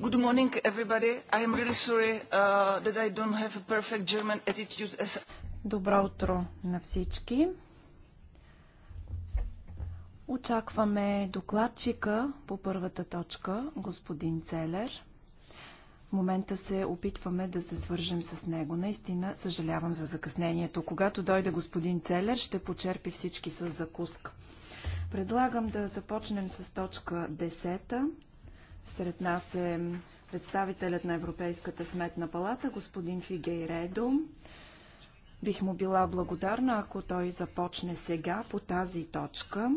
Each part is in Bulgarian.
Good morning, everybody. I am really sorry uh, that I don't have a perfect German attitude as... Добро утро на всички. Очакваме докладчика по първата точка, господин Целер. В момента се опитваме да се свържем с него. Наистина съжалявам за закъснението. Когато дойде господин Целер, ще почерпи всички с закуска. Предлагам да започнем с точка 10 сред нас е представителят на Европейската сметна палата, господин Фигей Редо, Бих му била благодарна, ако той започне сега по тази точка.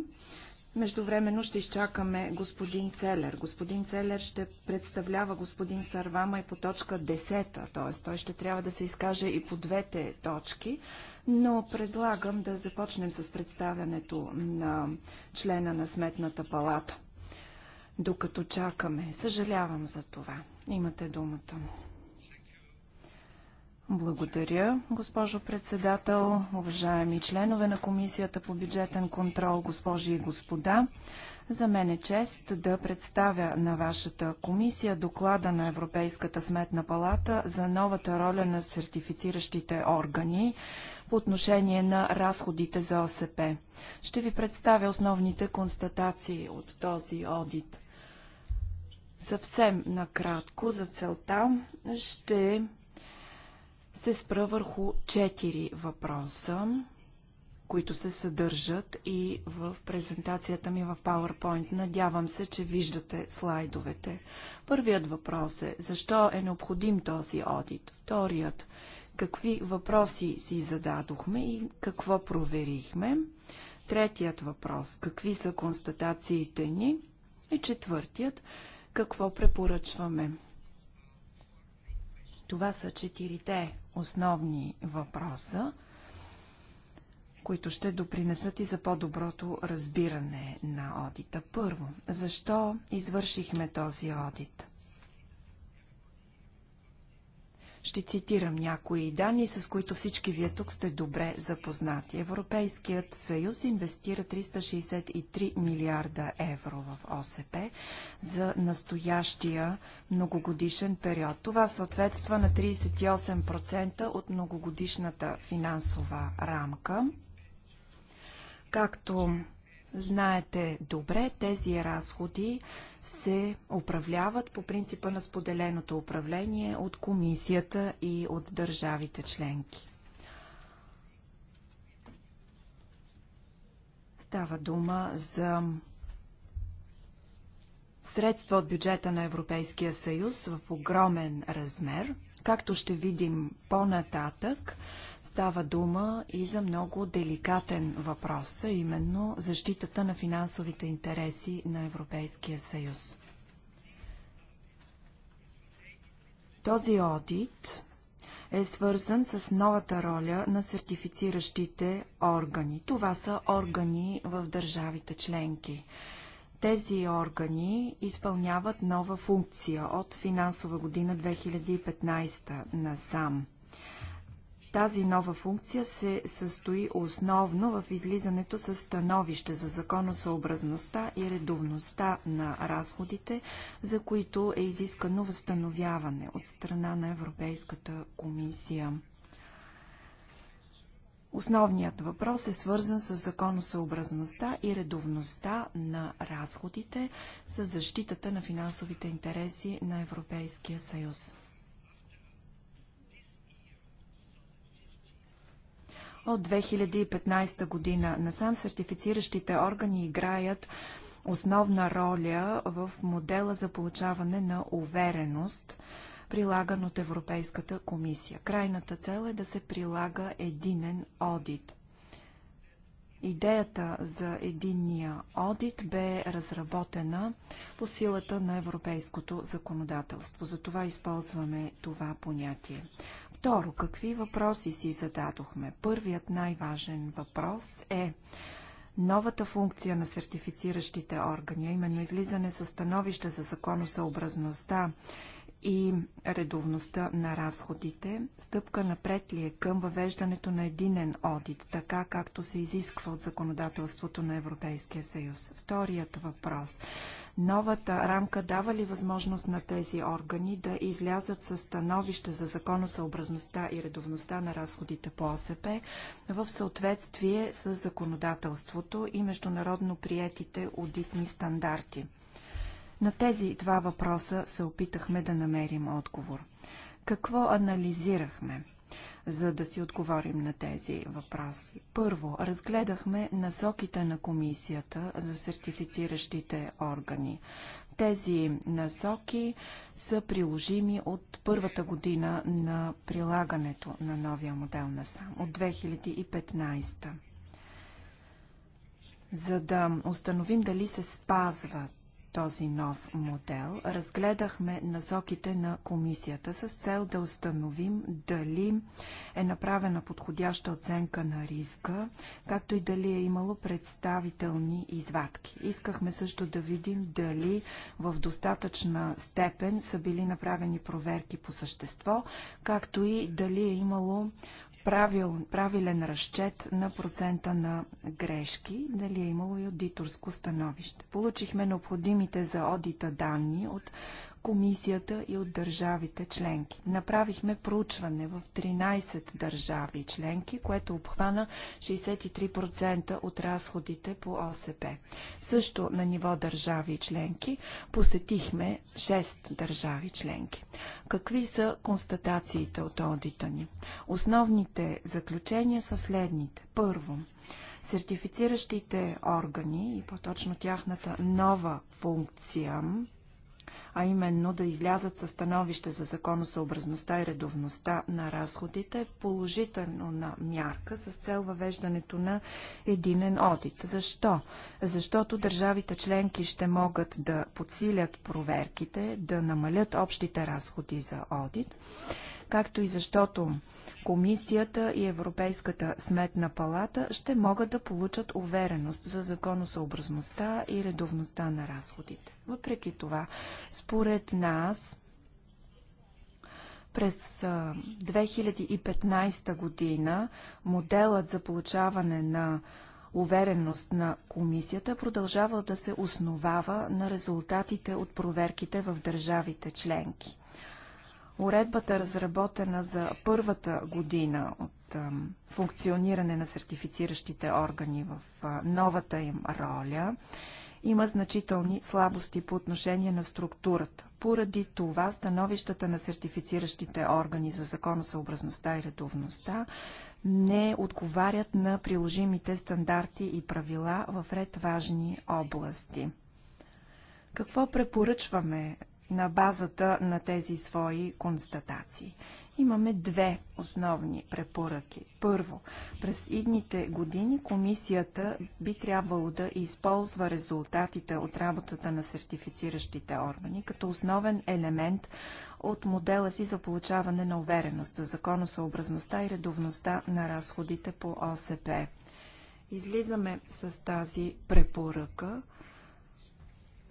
Междувременно ще изчакаме господин Целер. Господин Целер ще представлява господин Сарвама и по точка 10, т.е. той ще трябва да се изкаже и по двете точки, но предлагам да започнем с представянето на члена на Сметната палата докато чакаме. Съжалявам за това. Имате думата. Благодаря, госпожо председател, уважаеми членове на Комисията по бюджетен контрол, госпожи и господа. За мен е чест да представя на вашата комисия доклада на Европейската сметна палата за новата роля на сертифициращите органи по отношение на разходите за ОСП. Ще ви представя основните констатации от този одит. Съвсем накратко за целта ще се спра върху четири въпроса, които се съдържат и в презентацията ми в PowerPoint. Надявам се, че виждате слайдовете. Първият въпрос е защо е необходим този одит? Вторият какви въпроси си зададохме и какво проверихме? Третият въпрос какви са констатациите ни? И четвъртият какво препоръчваме. Това са четирите основни въпроса, които ще допринесат и за по-доброто разбиране на одита. Първо, защо извършихме този одит? Ще цитирам някои данни, с които всички вие тук сте добре запознати. Европейският съюз инвестира 363 милиарда евро в ОСП за настоящия многогодишен период. Това съответства на 38% от многогодишната финансова рамка. Както Знаете добре, тези разходи се управляват по принципа на споделеното управление от комисията и от държавите членки. Става дума за средства от бюджета на Европейския съюз в огромен размер. Както ще видим по-нататък, Става дума и за много деликатен въпрос, а именно защитата на финансовите интереси на Европейския съюз. Този одит е свързан с новата роля на сертифициращите органи. Това са органи в държавите членки. Тези органи изпълняват нова функция от финансова година 2015 насам – тази нова функция се състои основно в излизането с становище за законосъобразността и редовността на разходите, за които е изискано възстановяване от страна на Европейската комисия. Основният въпрос е свързан с законосъобразността и редовността на разходите с защитата на финансовите интереси на Европейския съюз. От 2015 година насам сертифициращите органи играят основна роля в модела за получаване на увереност, прилаган от Европейската комисия. Крайната цел е да се прилага единен одит. Идеята за единния одит бе разработена по силата на европейското законодателство. Затова използваме това понятие. Второ, какви въпроси си зададохме? Първият най-важен въпрос е новата функция на сертифициращите органи, а именно излизане със становище за законосъобразността и редовността на разходите, стъпка напред ли е към въвеждането на единен одит, така както се изисква от законодателството на Европейския съюз? Вторият въпрос – Новата рамка дава ли възможност на тези органи да излязат със становище за законосъобразността и редовността на разходите по ОСП в съответствие с законодателството и международно приетите аудитни стандарти? На тези два въпроса се опитахме да намерим отговор. Какво анализирахме? за да си отговорим на тези въпроси. Първо, разгледахме насоките на комисията за сертифициращите органи. Тези насоки са приложими от първата година на прилагането на новия модел на САМ, от 2015 за да установим дали се спазват този нов модел, разгледахме насоките на комисията с цел да установим дали е направена подходяща оценка на риска, както и дали е имало представителни извадки. Искахме също да видим дали в достатъчна степен са били направени проверки по същество, както и дали е имало правил, правилен разчет на процента на грешки, дали е имало и аудиторско становище. Получихме необходимите за одита данни от комисията и от държавите членки. Направихме проучване в 13 държави членки, което обхвана 63% от разходите по ОСП. Също на ниво държави членки посетихме 6 държави членки. Какви са констатациите от одита ни? Основните заключения са следните. Първо, сертифициращите органи и по-точно тяхната нова функция а именно да излязат със становище за законосъобразността и редовността на разходите, положително на мярка с цел въвеждането на единен одит. Защо? Защото държавите членки ще могат да подсилят проверките, да намалят общите разходи за одит, както и защото Комисията и Европейската сметна палата ще могат да получат увереност за законосъобразността и редовността на разходите. Въпреки това, според нас, през 2015 година моделът за получаване на увереност на комисията продължава да се основава на резултатите от проверките в държавите членки. Уредбата, разработена за първата година от функциониране на сертифициращите органи в новата им роля, има значителни слабости по отношение на структурата. Поради това становищата на сертифициращите органи за законосъобразността и редовността не отговарят на приложимите стандарти и правила в ред важни области. Какво препоръчваме на базата на тези свои констатации. Имаме две основни препоръки. Първо, през идните години комисията би трябвало да използва резултатите от работата на сертифициращите органи като основен елемент от модела си за получаване на увереност за законосъобразността и редовността на разходите по ОСП. Излизаме с тази препоръка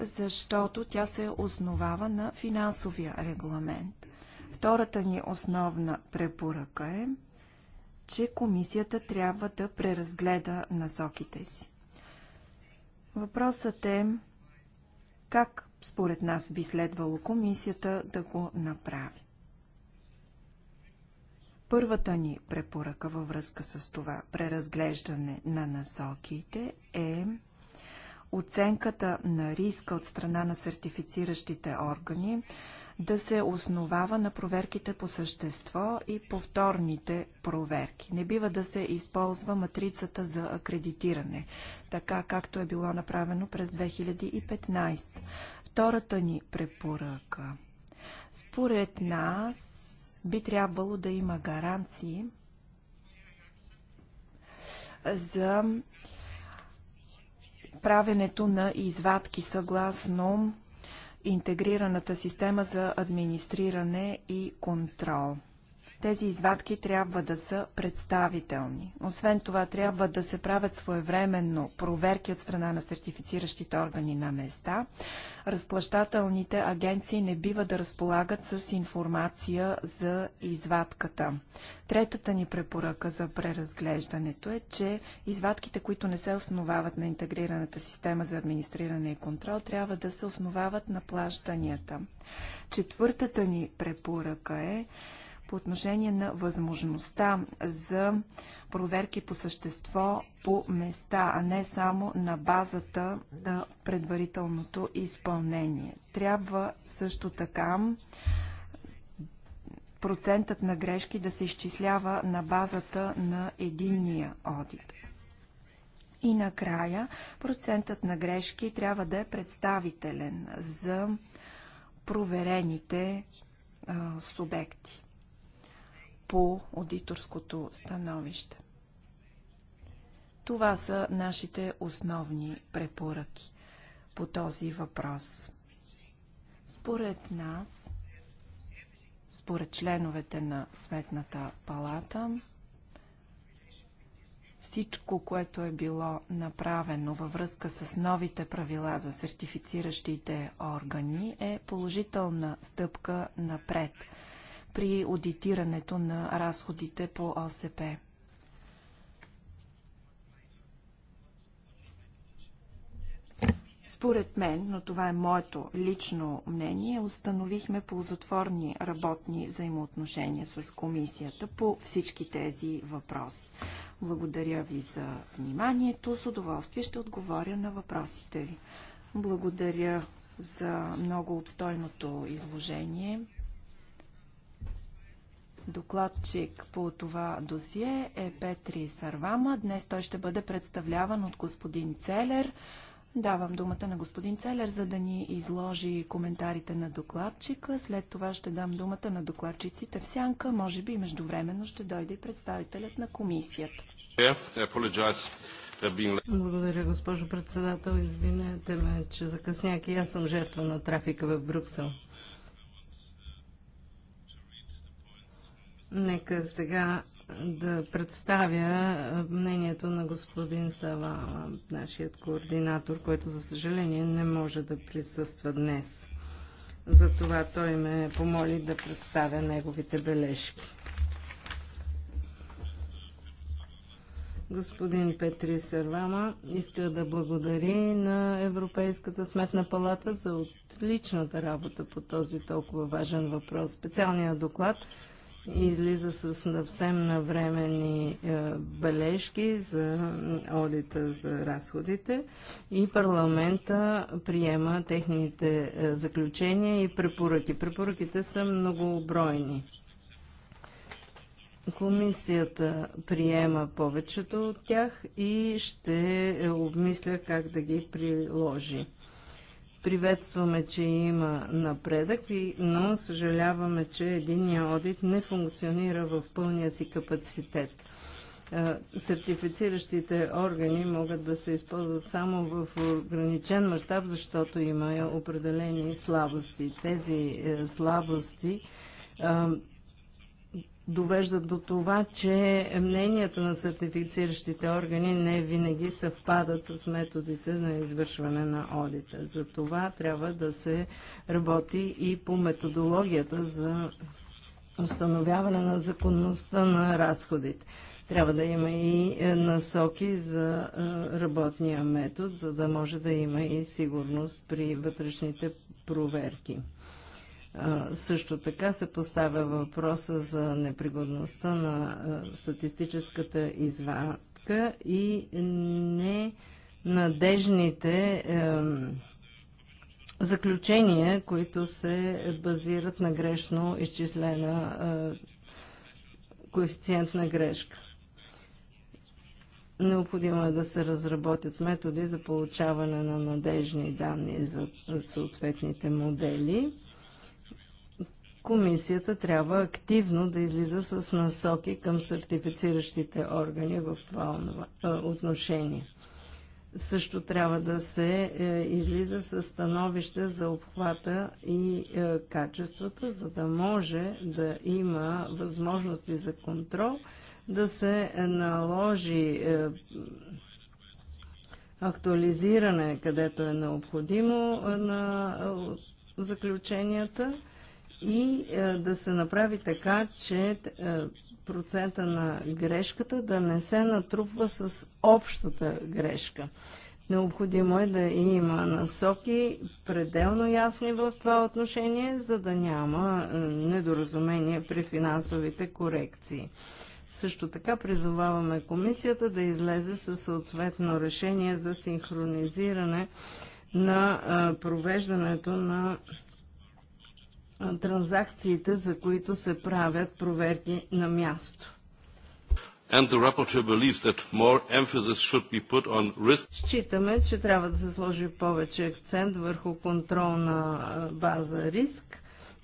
защото тя се основава на финансовия регламент. Втората ни основна препоръка е, че комисията трябва да преразгледа насоките си. Въпросът е как според нас би следвало комисията да го направи. Първата ни препоръка във връзка с това преразглеждане на насоките е оценката на риска от страна на сертифициращите органи да се основава на проверките по същество и повторните проверки. Не бива да се използва матрицата за акредитиране, така както е било направено през 2015. Втората ни препоръка. Според нас би трябвало да има гаранции за правенето на извадки съгласно интегрираната система за администриране и контрол. Тези извадки трябва да са представителни. Освен това, трябва да се правят своевременно проверки от страна на сертифициращите органи на места. Разплащателните агенции не бива да разполагат с информация за извадката. Третата ни препоръка за преразглеждането е, че извадките, които не се основават на интегрираната система за администриране и контрол, трябва да се основават на плащанията. Четвъртата ни препоръка е, по отношение на възможността за проверки по същество по места, а не само на базата на предварителното изпълнение. Трябва също така процентът на грешки да се изчислява на базата на единния одит. И накрая процентът на грешки трябва да е представителен за проверените а, субекти по аудиторското становище. Това са нашите основни препоръки по този въпрос. Според нас, според членовете на Светната палата, всичко, което е било направено във връзка с новите правила за сертифициращите органи, е положителна стъпка напред – при аудитирането на разходите по ОСП. Според мен, но това е моето лично мнение, установихме ползотворни работни взаимоотношения с комисията по всички тези въпроси. Благодаря ви за вниманието. С удоволствие ще отговоря на въпросите ви. Благодаря за много обстойното изложение. Докладчик по това досие е Петри Сарвама. Днес той ще бъде представляван от господин Целер. Давам думата на господин Целер, за да ни изложи коментарите на докладчика. След това ще дам думата на докладчиците в сянка. Може би междувременно ще дойде и представителят на комисията. Благодаря, госпожо председател. Извинете ме, че закъснях и аз съм жертва на трафика в Брюксел. Нека сега да представя мнението на господин Сава, нашият координатор, който за съжаление не може да присъства днес. Затова той ме помоли да представя неговите бележки. Господин Петри Сервама иска да благодари на Европейската сметна палата за отличната работа по този толкова важен въпрос. Специалният доклад – излиза с съвсем навремени е, бележки за одита за разходите и парламента приема техните е, заключения и препоръки. Препоръките са многобройни. Комисията приема повечето от тях и ще обмисля как да ги приложи. Приветстваме, че има напредък, но съжаляваме, че единния одит не функционира в пълния си капацитет. Сертифициращите органи могат да се използват само в ограничен мащаб, защото има определени слабости. Тези е, слабости довеждат до това, че мненията на сертифициращите органи не винаги съвпадат с методите на извършване на одита. За това трябва да се работи и по методологията за установяване на законността на разходите. Трябва да има и е, насоки за е, работния метод, за да може да има и сигурност при вътрешните проверки. Също така се поставя въпроса за непригодността на статистическата извадка и ненадежните заключения, които се базират на грешно изчислена коефициентна грешка. Необходимо е да се разработят методи за получаване на надежни данни за съответните модели комисията трябва активно да излиза с насоки към сертифициращите органи в това отношение. Също трябва да се излиза с становище за обхвата и качествата, за да може да има възможности за контрол, да се наложи актуализиране, където е необходимо на заключенията и е, да се направи така, че е, процента на грешката да не се натрупва с общата грешка. Необходимо е да има насоки пределно ясни в това отношение, за да няма е, недоразумение при финансовите корекции. Също така призоваваме комисията да излезе със съответно решение за синхронизиране на провеждането на транзакциите, за които се правят проверки на място. Считаме, че трябва да се сложи повече акцент върху контролна база риск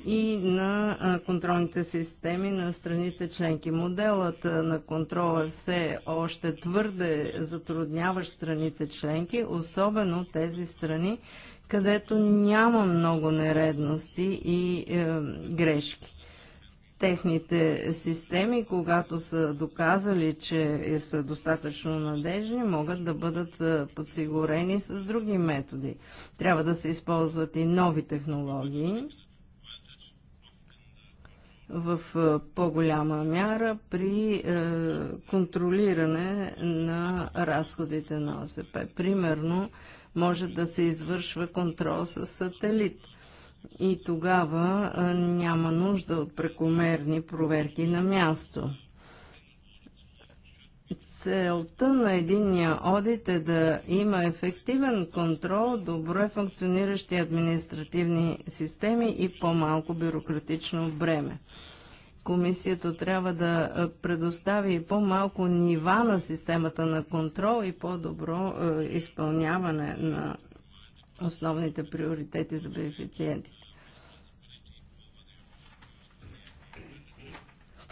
и на контролните системи на страните членки. Моделът на контрол е все още твърде затрудняващ страните членки, особено тези страни, където няма много нередности и е, грешки. Техните системи, когато са доказали, че са достатъчно надежни, могат да бъдат е, подсигурени с други методи. Трябва да се използват и нови технологии в е, по-голяма мяра при е, контролиране на разходите на ОСП. Примерно, може да се извършва контрол с сателит. И тогава няма нужда от прекомерни проверки на място. Целта на единния одит е да има ефективен контрол, добре функциониращи административни системи и по-малко бюрократично бреме комисията трябва да предостави по-малко нива на системата на контрол и по-добро изпълняване на основните приоритети за бенефициентите.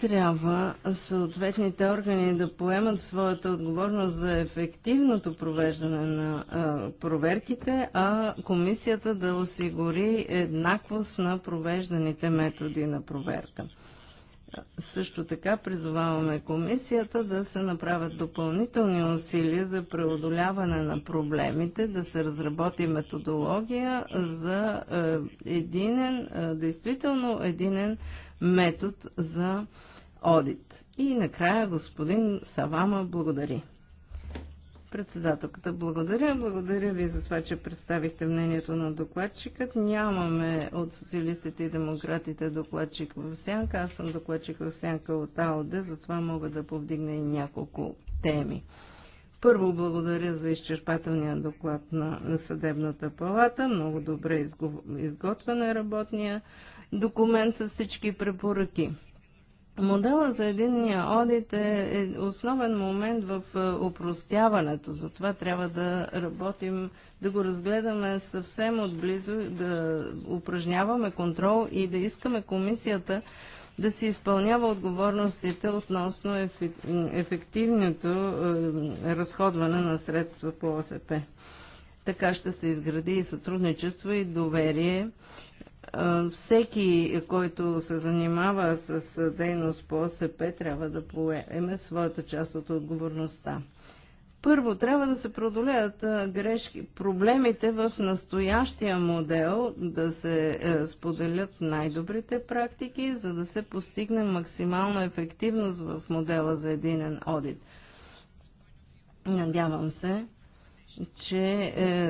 Трябва съответните органи да поемат своята отговорност за ефективното провеждане на проверките, а комисията да осигури еднаквост на провежданите методи на проверка. Също така призоваваме комисията да се направят допълнителни усилия за преодоляване на проблемите, да се разработи методология за е, единен, е, действително единен метод за одит. И накрая господин Савама благодари. Председателката, благодаря. Благодаря ви за това, че представихте мнението на докладчикът. Нямаме от социалистите и демократите докладчик в сянка. Аз съм докладчик в сянка от АОД, затова мога да повдигна и няколко теми. Първо благодаря за изчерпателния доклад на Съдебната палата. Много добре изготвен е работния документ с всички препоръки. Модела за единния одит е, е основен момент в опростяването. Е, затова трябва да работим, да го разгледаме съвсем отблизо, да упражняваме контрол и да искаме комисията да се изпълнява отговорностите относно ефективното е, разходване на средства по ОСП. Така ще се изгради и сътрудничество и доверие всеки, който се занимава с дейност по ОСП, трябва да поеме своята част от отговорността. Първо, трябва да се продолеят грешки, проблемите в настоящия модел, да се е, споделят най-добрите практики, за да се постигне максимална ефективност в модела за единен одит. Надявам се, че е,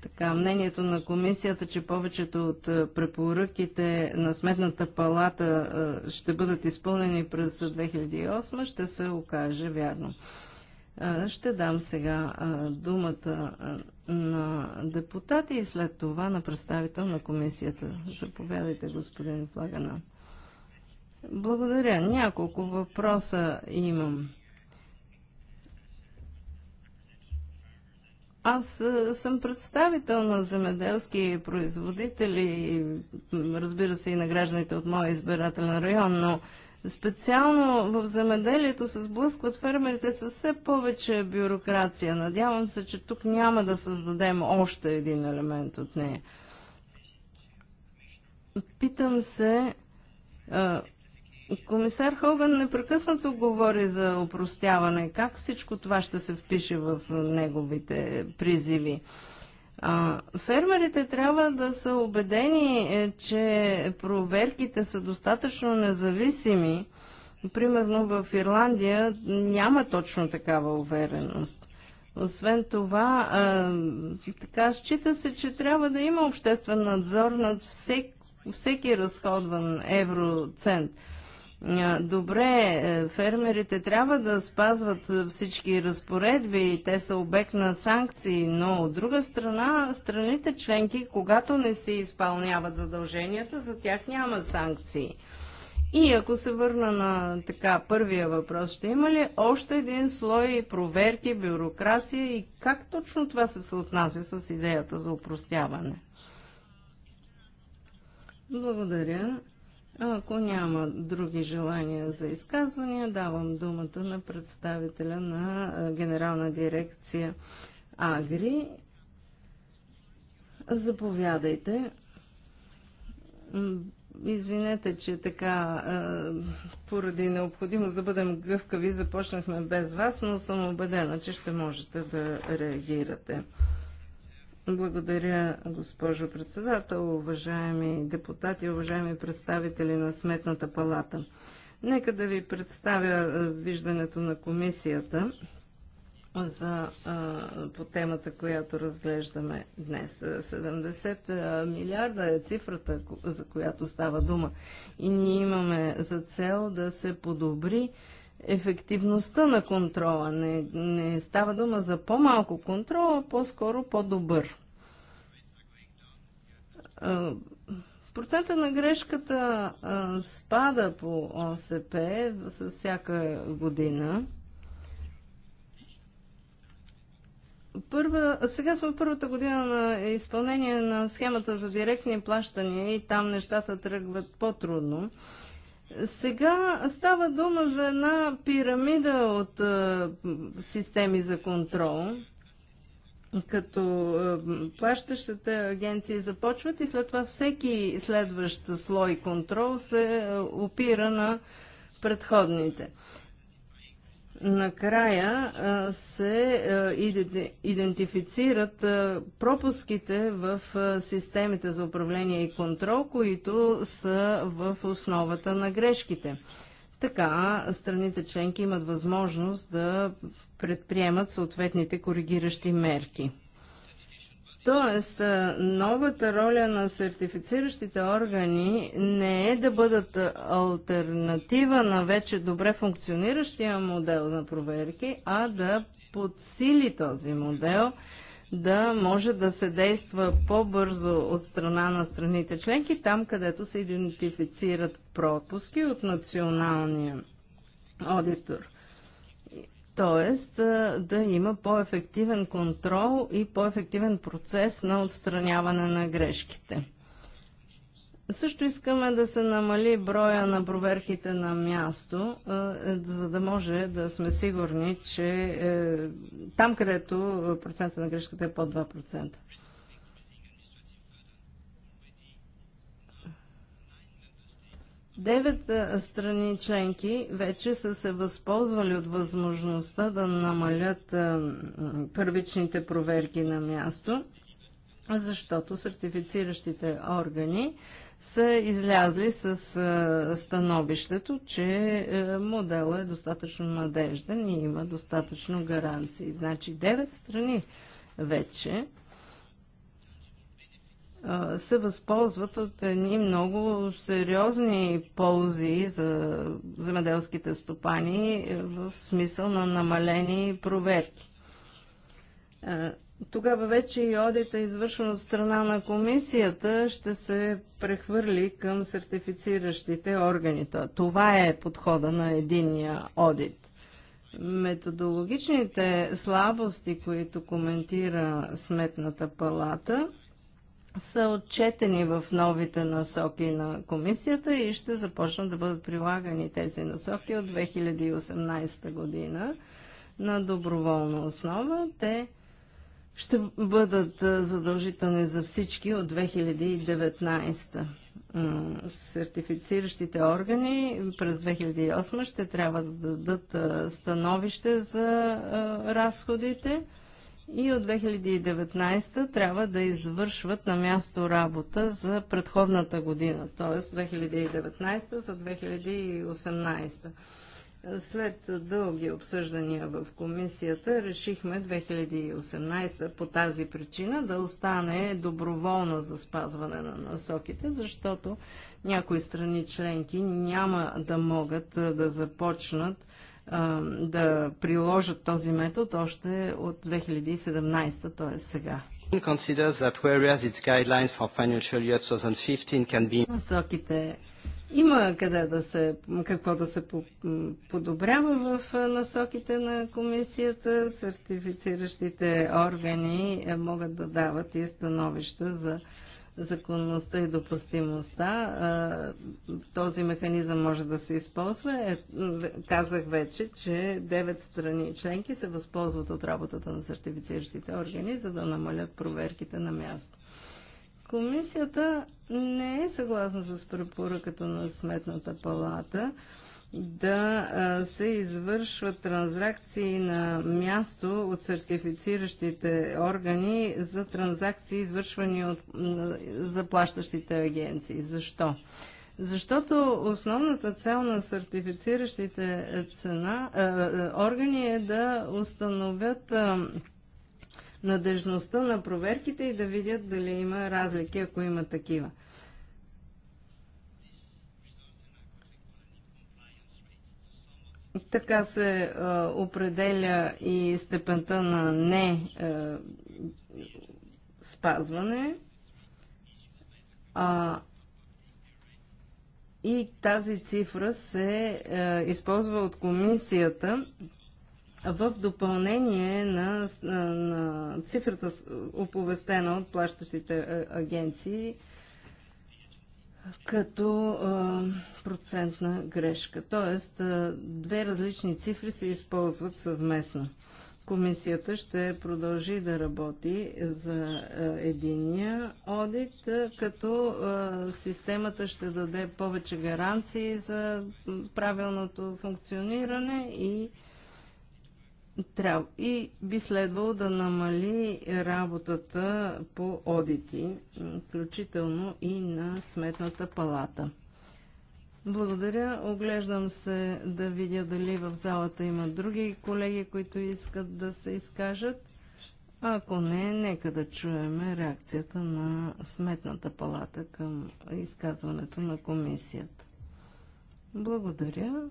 така, мнението на комисията, че повечето от е, препоръките на Сметната палата е, ще бъдат изпълнени през 2008, ще се окаже вярно. Е, ще дам сега е, думата е, на депутати и след това на представител на комисията. Заповядайте, господин Плагана. Благодаря. Няколко въпроса имам. Аз е, съм представител на земеделски производители, разбира се и на гражданите от моя избирателен район, но специално в земеделието се сблъскват фермерите с все повече бюрокрация. Надявам се, че тук няма да създадем още един елемент от нея. Питам се, е, Комисар Хоган непрекъснато говори за опростяване. Как всичко това ще се впише в неговите призиви? А, фермерите трябва да са убедени, е, че проверките са достатъчно независими. Примерно в Ирландия няма точно такава увереност. Освен това, а, така счита се, че трябва да има обществен надзор над всек, всеки разходван евроцент – Добре, е, фермерите трябва да спазват всички разпоредби и те са обект на санкции, но от друга страна, страните членки, когато не се изпълняват задълженията, за тях няма санкции. И ако се върна на така първия въпрос, ще има ли още един слой проверки, бюрокрация и как точно това се съотнася с идеята за упростяване? Благодаря. Ако няма други желания за изказвания, давам думата на представителя на Генерална дирекция Агри. Заповядайте. Извинете, че така поради необходимост да бъдем гъвкави започнахме без вас, но съм убедена, че ще можете да реагирате. Благодаря, госпожо председател, уважаеми депутати, уважаеми представители на Сметната палата. Нека да ви представя виждането на комисията за, по темата, която разглеждаме днес. 70 милиарда е цифрата, за която става дума. И ние имаме за цел да се подобри ефективността на контрола. Не, не става дума за по-малко контрол, а по-скоро по-добър. Процента на грешката а, спада по ОСП с всяка година. Първа, сега сме първата година на изпълнение на схемата за директни плащания и там нещата тръгват по-трудно. Сега става дума за една пирамида от а, е, системи за контрол, като а, е, плащащата агенция започват и след това всеки следващ слой контрол се е, опира на предходните накрая се идентифицират пропуските в системите за управление и контрол, които са в основата на грешките. Така страните членки имат възможност да предприемат съответните коригиращи мерки. Тоест, новата роля на сертифициращите органи не е да бъдат альтернатива на вече добре функциониращия модел на проверки, а да подсили този модел, да може да се действа по-бързо от страна на страните членки, там където се идентифицират пропуски от националния аудитор т.е. да има по-ефективен контрол и по-ефективен процес на отстраняване на грешките. Също искаме да се намали броя на проверките на място, за да може да сме сигурни, че е, там, където процента на грешката е под 2%. Девет страни членки вече са се възползвали от възможността да намалят първичните проверки на място, защото сертифициращите органи са излязли с становището, че модела е достатъчно надежден и има достатъчно гаранции. Значи девет страни вече се възползват от едни много сериозни ползи за земеделските стопани е, в смисъл на намалени проверки. Тогава вече и одита, извършен от страна на комисията, ще се прехвърли към сертифициращите органи. Това е подхода на единния одит. Методологичните слабости, които коментира Сметната палата – са отчетени в новите насоки на комисията и ще започнат да бъдат прилагани тези насоки от 2018 година на доброволна основа. Те ще бъдат задължителни за всички от 2019. Сертифициращите органи през 2008 ще трябва да дадат становище за разходите и от 2019 трябва да извършват на място работа за предходната година, т.е. 2019 за 2018. След дълги обсъждания в комисията решихме 2018 по тази причина да остане доброволна за спазване на насоките, защото някои страни членки няма да могат да започнат да приложат този метод още от 2017, т.е. сега. Насоките има къде да се, какво да се подобрява в насоките на комисията. Сертифициращите органи е, могат да дават и становища за законността и допустимостта. Този механизъм може да се използва. Е, казах вече, че 9 страни членки се възползват от работата на сертифициращите органи, за да намалят проверките на място. Комисията не е съгласна с препоръката на Сметната палата да се извършват транзакции на място от сертифициращите органи за транзакции, извършвани от заплащащите агенции. Защо? Защото основната цел на сертифициращите цена, е, органи е да установят е, надежността на проверките и да видят дали има разлики, ако има такива. Така се а, е, определя и степента на не а, е, спазване. А, и тази цифра се а, е, използва от комисията в допълнение на, на, на цифрата, оповестена от плащащите агенции като процентна грешка. Тоест, две различни цифри се използват съвместно. Комисията ще продължи да работи за единия одит, като системата ще даде повече гаранции за правилното функциониране и трябва и би следвало да намали работата по одити, включително и на Сметната палата. Благодаря. Оглеждам се да видя дали в залата има други колеги, които искат да се изкажат. Ако не, нека да чуем реакцията на Сметната палата към изказването на комисията. Благодаря.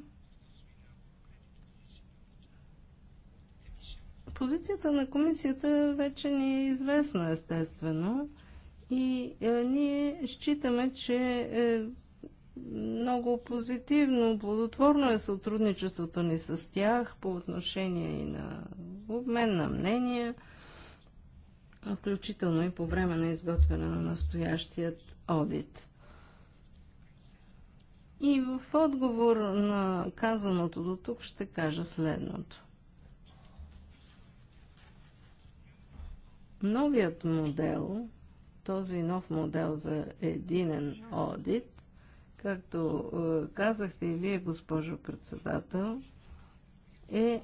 Позицията на комисията вече ни е известна, естествено, и е, ние считаме, че е, много позитивно, плодотворно е сътрудничеството ни с тях по отношение и на обмен на мнения, включително и по време на изготвяне на настоящият одит. И в отговор на казаното до тук ще кажа следното. Новият модел, този нов модел за единен одит, както е, казахте и вие, госпожо председател, е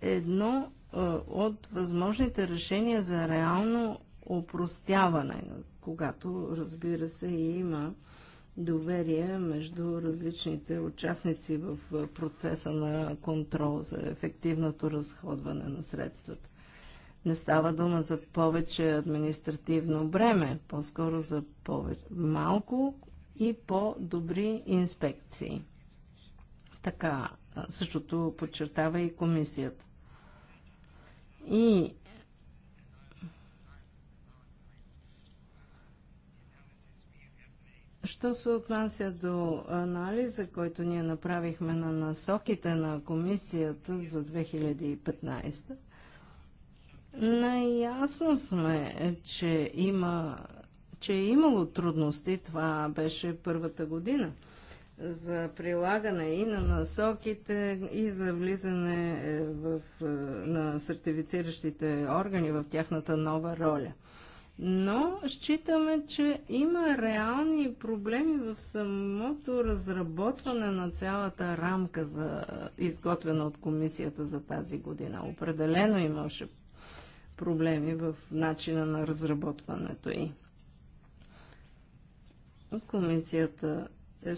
едно е, от възможните решения за реално опростяване, когато, разбира се, има доверие между различните участници в е, процеса на контрол за ефективното разходване на средствата не става дума за повече административно бреме, по-скоро за повече, малко и по-добри инспекции. Така, същото подчертава и комисията. И Що се отнася до анализа, който ние направихме на насоките на комисията за 2015, Наясно сме, че, има, че е имало трудности. Това беше първата година за прилагане и на насоките, и за влизане е, в, е, на сертифициращите органи в тяхната нова роля. Но считаме, че има реални проблеми в самото разработване на цялата рамка, за, изготвена от комисията за тази година. Определено имаше проблеми в начина на разработването й. Комисията е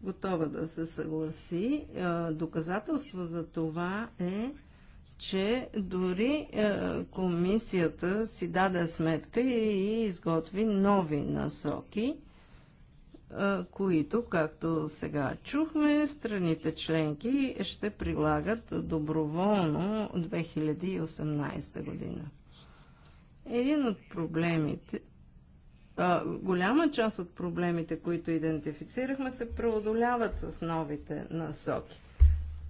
готова да се съгласи. Е, доказателство за това е, че дори е, комисията си даде сметка и изготви нови насоки, е, които, както сега чухме, страните членки ще прилагат доброволно 2018 година. Един от проблемите, а, голяма част от проблемите, които идентифицирахме, се преодоляват с новите насоки.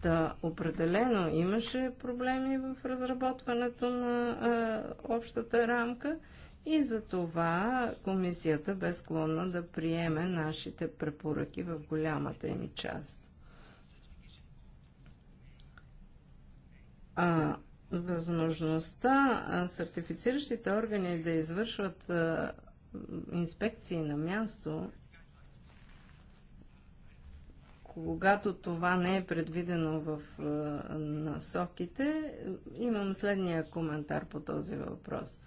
Та определено имаше проблеми в разработването на а, общата рамка и за това комисията бе склонна да приеме нашите препоръки в голямата им част. А, възможността сертифициращите органи да извършват инспекции на място, когато това не е предвидено в насоките, имам следния коментар по този въпрос.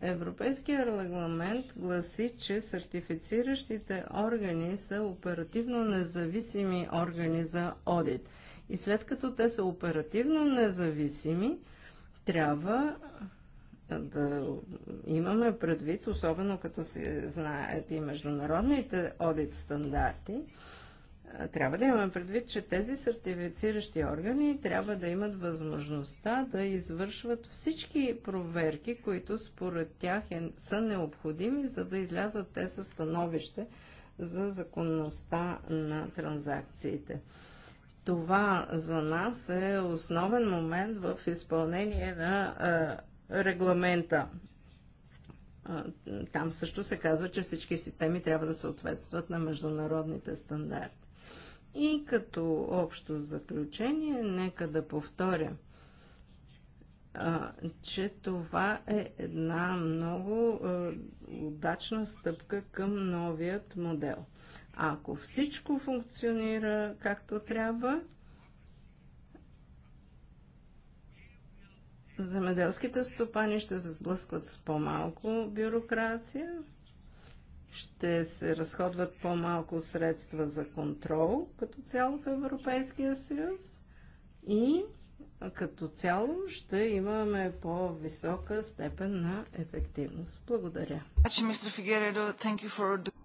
Европейския регламент гласи, че сертифициращите органи са оперативно независими органи за одит – и след като те са оперативно независими, трябва да имаме предвид, особено като се знаят и международните одит стандарти, трябва да имаме предвид, че тези сертифициращи органи трябва да имат възможността да извършват всички проверки, които според тях е, са необходими, за да излязат те със становище за законността на транзакциите. Това за нас е основен момент в изпълнение на регламента. Там също се казва, че всички системи трябва да съответстват на международните стандарти. И като общо заключение, нека да повторя, а, че това е една много а, удачна стъпка към новият модел. Ако всичко функционира както трябва, земеделските стопани ще се сблъскват с по-малко бюрокрация, ще се разходват по-малко средства за контрол като цяло в Европейския съюз и като цяло ще имаме по-висока степен на ефективност. Благодаря.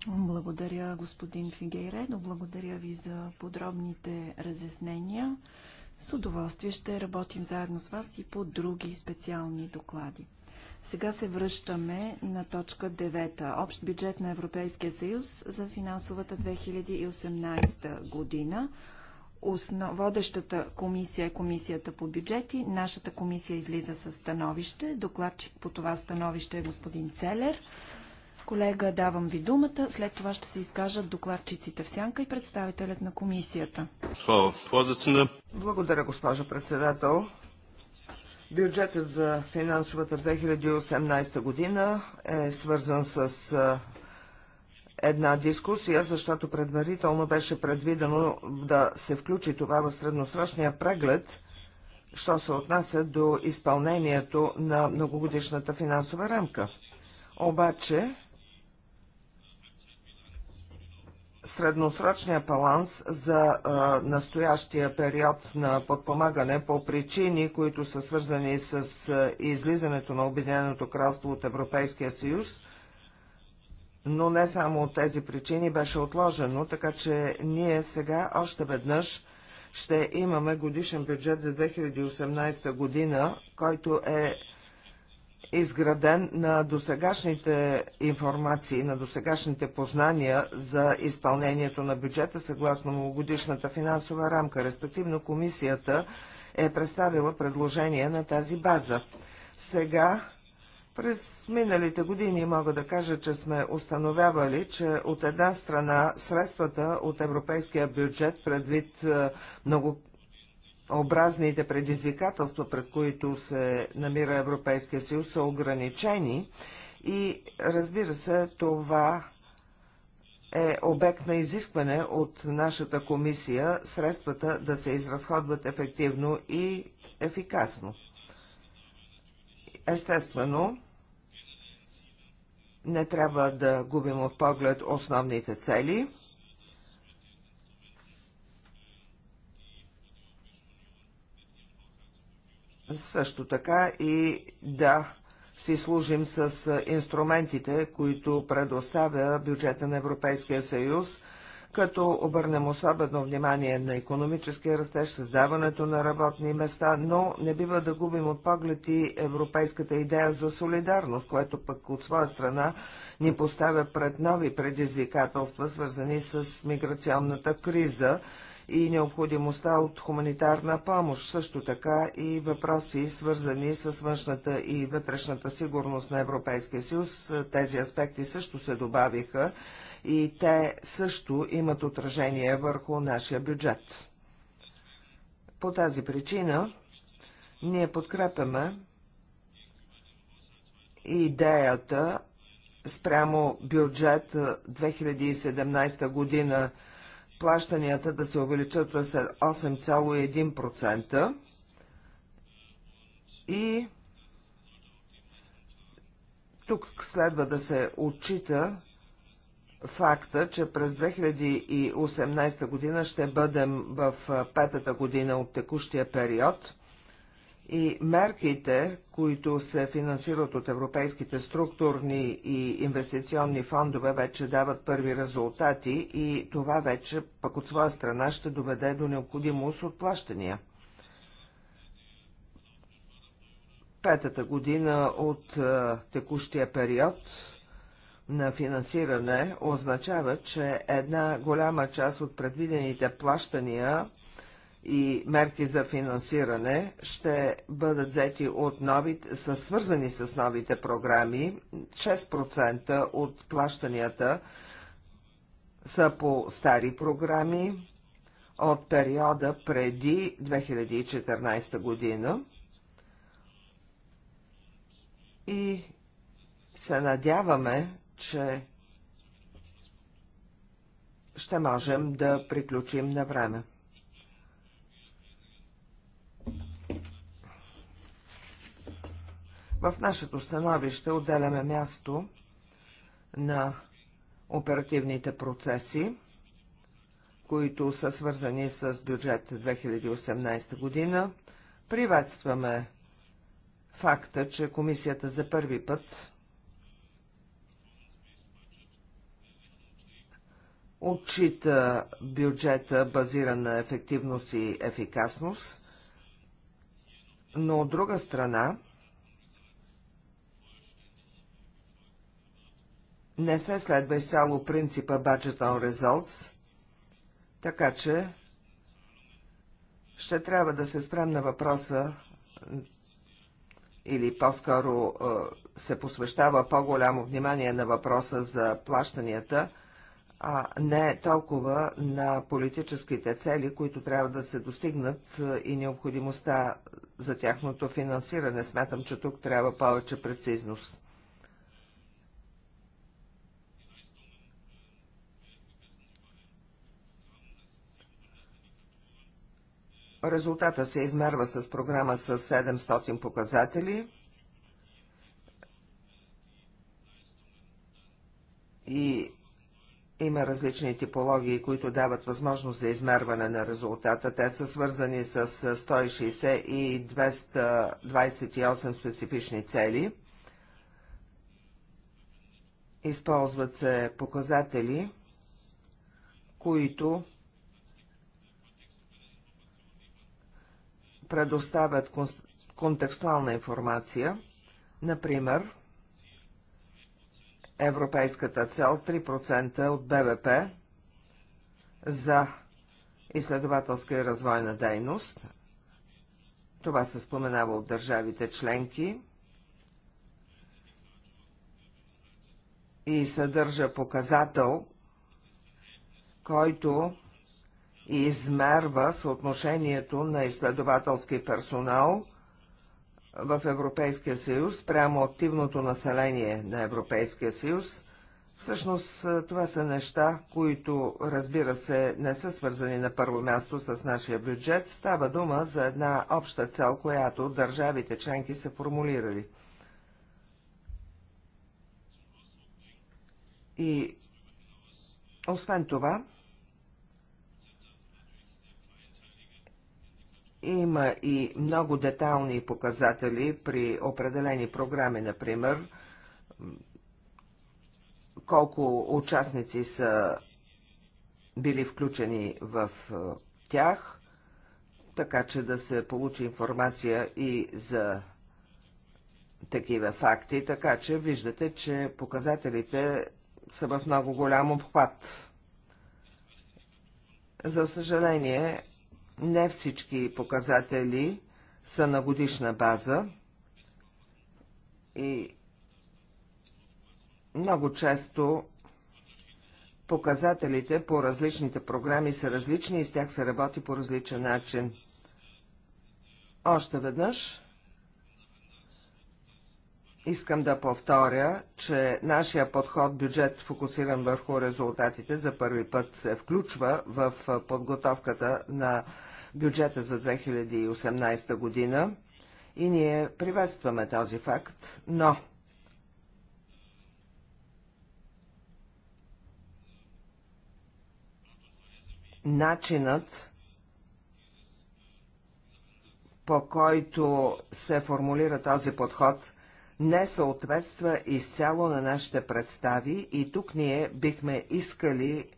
Благодаря, господин Фигейредо. Благодаря ви за подробните разяснения. С удоволствие ще работим заедно с вас и по други специални доклади. Сега се връщаме на точка 9. Общ бюджет на Европейския съюз за финансовата 2018 година. Водещата комисия е комисията по бюджети. Нашата комисия излиза със становище. Докладчик по това становище е господин Целер. Колега, давам ви думата. След това ще се изкажат докладчиците в сянка и представителят на комисията. Благодаря, госпожо председател. Бюджетът за финансовата 2018 година е свързан с една дискусия, защото предварително беше предвидено да се включи това в средносрочния преглед, що се отнася до изпълнението на многогодишната финансова рамка. Обаче, средносрочния баланс за а, настоящия период на подпомагане по причини, които са свързани с а, излизането на Обединеното кралство от Европейския съюз, но не само от тези причини беше отложено, така че ние сега още веднъж ще имаме годишен бюджет за 2018 година, който е изграден на досегашните информации, на досегашните познания за изпълнението на бюджета съгласно годишната финансова рамка. Респективно комисията е представила предложение на тази база. Сега през миналите години мога да кажа, че сме установявали, че от една страна средствата от европейския бюджет, предвид е, много образните предизвикателства, пред които се намира Европейския съюз, са ограничени и разбира се, това е обект на изискване от нашата комисия средствата да се изразходват ефективно и ефикасно. Естествено, не трябва да губим от поглед основните цели. Също така и да си служим с инструментите, които предоставя бюджета на Европейския съюз като обърнем особено внимание на економическия растеж, създаването на работни места, но не бива да губим от поглед и европейската идея за солидарност, което пък от своя страна ни поставя пред нови предизвикателства, свързани с миграционната криза и необходимостта от хуманитарна помощ, също така и въпроси, свързани с външната и вътрешната сигурност на Европейския съюз. Тези аспекти също се добавиха и те също имат отражение върху нашия бюджет. По тази причина ние подкрепяме идеята спрямо бюджет 2017 година плащанията да се увеличат с 8,1% и тук следва да се отчита факта, че през 2018 година ще бъдем в петата година от текущия период и мерките, които се финансират от европейските структурни и инвестиционни фондове, вече дават първи резултати и това вече пък от своя страна ще доведе до необходимост от плащания. Петата година от текущия период – на финансиране означава, че една голяма част от предвидените плащания и мерки за финансиране ще бъдат взети от нови, са свързани с новите програми. 6% от плащанията са по стари програми от периода преди 2014 година. И се надяваме, че ще можем да приключим на време. В нашето становище отделяме място на оперативните процеси, които са свързани с бюджет 2018 година. Приветстваме факта, че комисията за първи път отчита бюджета базиран на ефективност и ефикасност, но от друга страна не се следва изцяло принципа Budget on Results, така че ще трябва да се спрем на въпроса или по-скоро е, се посвещава по-голямо внимание на въпроса за плащанията, а не толкова на политическите цели, които трябва да се достигнат и необходимостта за тяхното финансиране. Смятам, че тук трябва повече прецизност. Резултата се измерва с програма с 700 показатели и има различни типологии, които дават възможност за измерване на резултата. Те са свързани с 160 и 228 специфични цели. Използват се показатели, които предоставят контекстуална информация, например – европейската цел 3% от БВП за изследователска и развойна дейност. Това се споменава от държавите членки и съдържа показател, който измерва съотношението на изследователски персонал в Европейския съюз прямо активното население на Европейския съюз. Всъщност това са неща, които разбира се не са свързани на първо място с нашия бюджет. Става дума за една обща цел, която държавите членки са формулирали. И освен това, Има и много детални показатели при определени програми, например, колко участници са били включени в е, тях, така че да се получи информация и за такива факти, така че виждате, че показателите са в много голям обхват. За съжаление, не всички показатели са на годишна база и много често показателите по различните програми са различни и с тях се работи по различен начин. Още веднъж искам да повторя, че нашия подход бюджет фокусиран върху резултатите за първи път се включва в подготовката на бюджета за 2018 година и ние приветстваме този факт, но начинът по който се формулира този подход, не съответства изцяло на нашите представи и тук ние бихме искали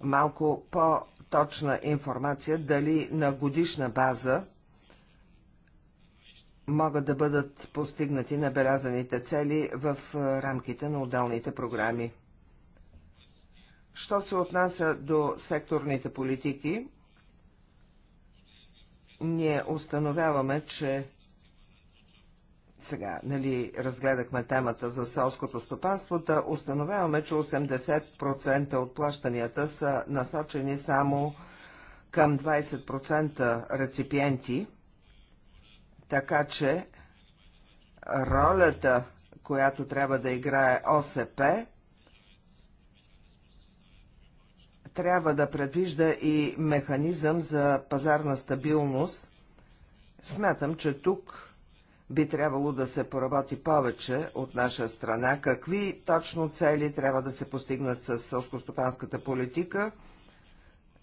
малко по- точна информация дали на годишна база могат да бъдат постигнати набелязаните цели в рамките на отделните програми. Що се отнася до секторните политики, ние установяваме, че сега, нали, разгледахме темата за селското стопанство, да установяваме, че 80% от плащанията са насочени само към 20% реципиенти, така че ролята, която трябва да играе ОСП, трябва да предвижда и механизъм за пазарна стабилност. Смятам, че тук би трябвало да се поработи повече от наша страна. Какви точно цели трябва да се постигнат с селскостопанската политика,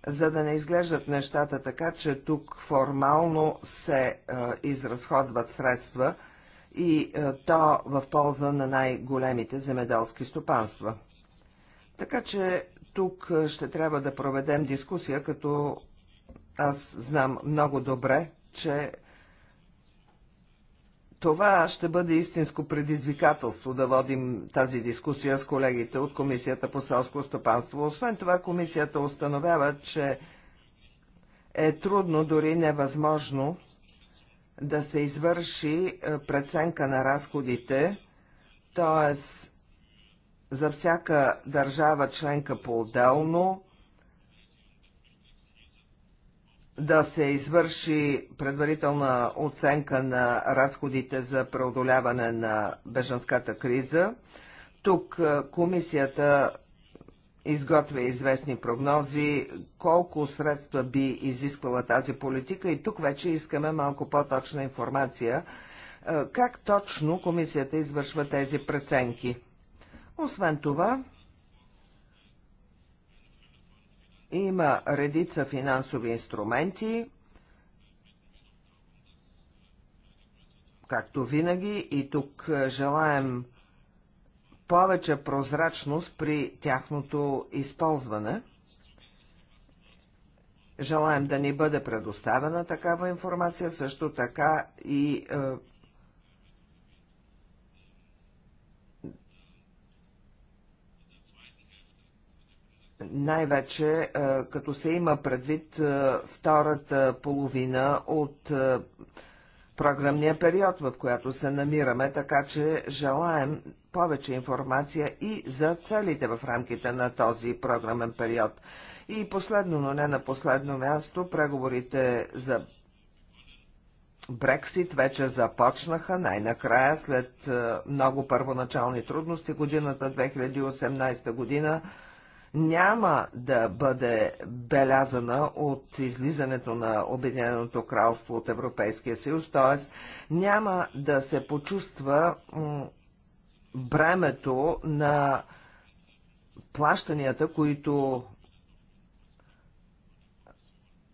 за да не изглеждат нещата така, че тук формално се е, изразходват средства и е, то в полза на най-големите земеделски стопанства. Така че тук е, ще трябва да проведем дискусия, като аз знам много добре, че това ще бъде истинско предизвикателство да водим тази дискусия с колегите от Комисията по селско стопанство. Освен това, Комисията установява, че е трудно, дори невъзможно да се извърши е, преценка на разходите, т.е. за всяка държава членка по-отделно, да се извърши предварителна оценка на разходите за преодоляване на бежанската криза. Тук е, комисията изготвя известни прогнози, колко средства би изисквала тази политика и тук вече искаме малко по-точна информация, е, как точно комисията извършва тези преценки. Освен това, Има редица финансови инструменти, както винаги, и тук е, желаем повече прозрачност при тяхното използване. Желаем да ни бъде предоставена такава информация, също така и е, най-вече е, като се има предвид е, втората половина от е, програмния период, в която се намираме, така че желаем повече информация и за целите в рамките на този програмен период. И последно, но не на последно място, преговорите за Брексит вече започнаха най-накрая след много първоначални трудности. Годината 2018 година няма да бъде белязана от излизането на Обединеното кралство от Европейския съюз, т.е. няма да се почувства бремето на плащанията, които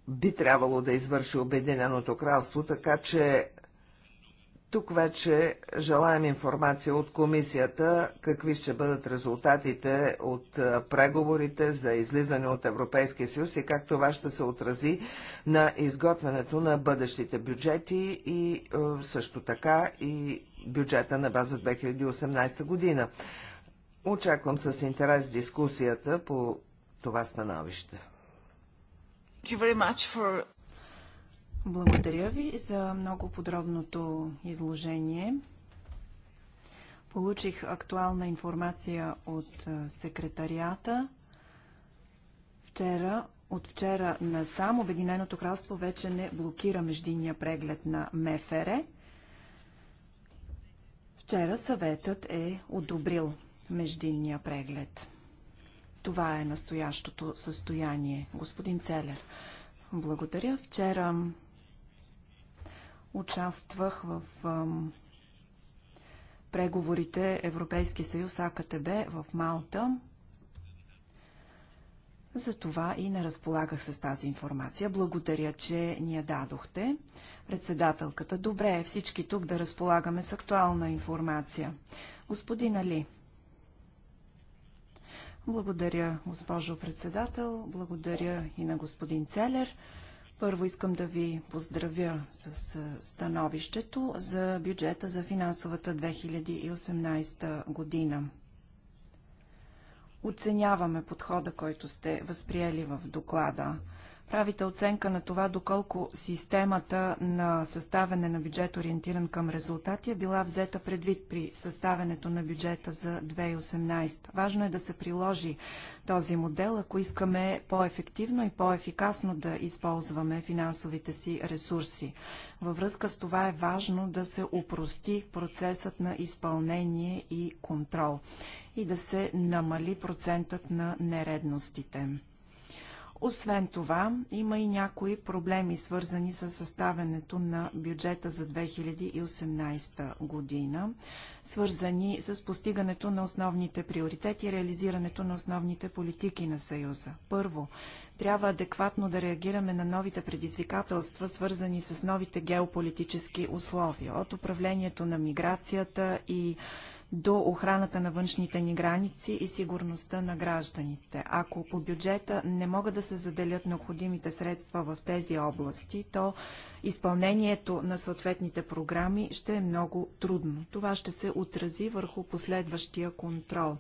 би трябвало да извърши Обединеното кралство, така че тук вече желаем информация от комисията, какви ще бъдат резултатите от преговорите за излизане от Европейския съюз и как това ще се отрази на изготвянето на бъдещите бюджети и също така и бюджета на база 2018 година. Очаквам с интерес дискусията по това становище. For... Благодаря ви за много подробното изложение. Получих актуална информация от секретарията. Вчера, от вчера насам Обединеното кралство вече не блокира междинния преглед на МФР. Вчера съветът е одобрил междинния преглед. Това е настоящото състояние, господин Целер. Благодаря. Вчера Участвах в ам, преговорите Европейски съюз АКТБ в Малта. Затова и не разполагах с тази информация. Благодаря, че ни я дадохте. Председателката, добре е всички тук да разполагаме с актуална информация. Господин Али. Благодаря, госпожо председател. Благодаря и на господин Целер. Първо искам да ви поздравя с становището за бюджета за финансовата 2018 година. Оценяваме подхода, който сте възприели в доклада правите оценка на това доколко системата на съставяне на бюджет ориентиран към резултати е била взета предвид при съставянето на бюджета за 2018. Важно е да се приложи този модел, ако искаме по-ефективно и по-ефикасно да използваме финансовите си ресурси. Във връзка с това е важно да се упрости процесът на изпълнение и контрол и да се намали процентът на нередностите. Освен това, има и някои проблеми, свързани с съставянето на бюджета за 2018 година, свързани с постигането на основните приоритети и реализирането на основните политики на Съюза. Първо, трябва адекватно да реагираме на новите предизвикателства, свързани с новите геополитически условия. От управлението на миграцията и до охраната на външните ни граници и сигурността на гражданите. Ако по бюджета не могат да се заделят необходимите средства в тези области, то изпълнението на съответните програми ще е много трудно. Това ще се отрази върху последващия контрол.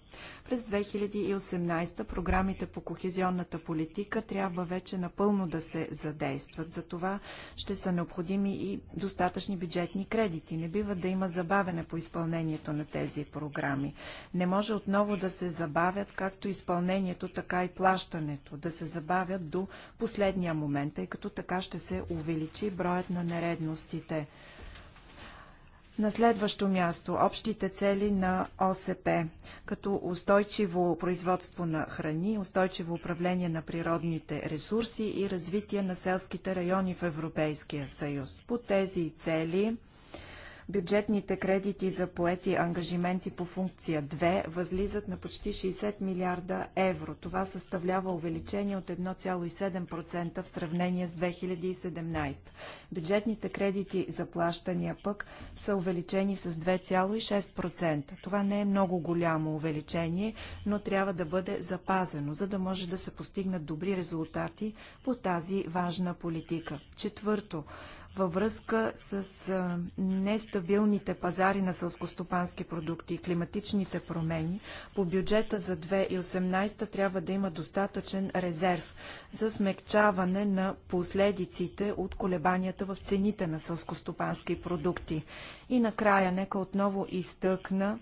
През 2018 програмите по кохезионната политика трябва вече напълно да се задействат. За това ще са необходими и достатъчни бюджетни кредити. Не бива да има забавене по изпълнението на тези програми. Не може отново да се забавят както изпълнението, така и плащането. Да се забавят до последния момент, тъй като така ще се увеличи броя броят на нередностите. На следващо място общите цели на ОСП, като устойчиво производство на храни, устойчиво управление на природните ресурси и развитие на селските райони в Европейския съюз. По тези цели бюджетните кредити за поети ангажименти по функция 2 възлизат на почти 60 милиарда евро. Това съставлява увеличение от 1,7% в сравнение с 2017. Бюджетните кредити за плащания пък са увеличени с 2,6%. Това не е много голямо увеличение, но трябва да бъде запазено, за да може да се постигнат добри резултати по тази важна политика. Четвърто, във връзка с нестабилните пазари на сълскостопански продукти и климатичните промени, по бюджета за 2018 трябва да има достатъчен резерв за смекчаване на последиците от колебанията в цените на сълскостопански продукти. И накрая, нека отново изтъкна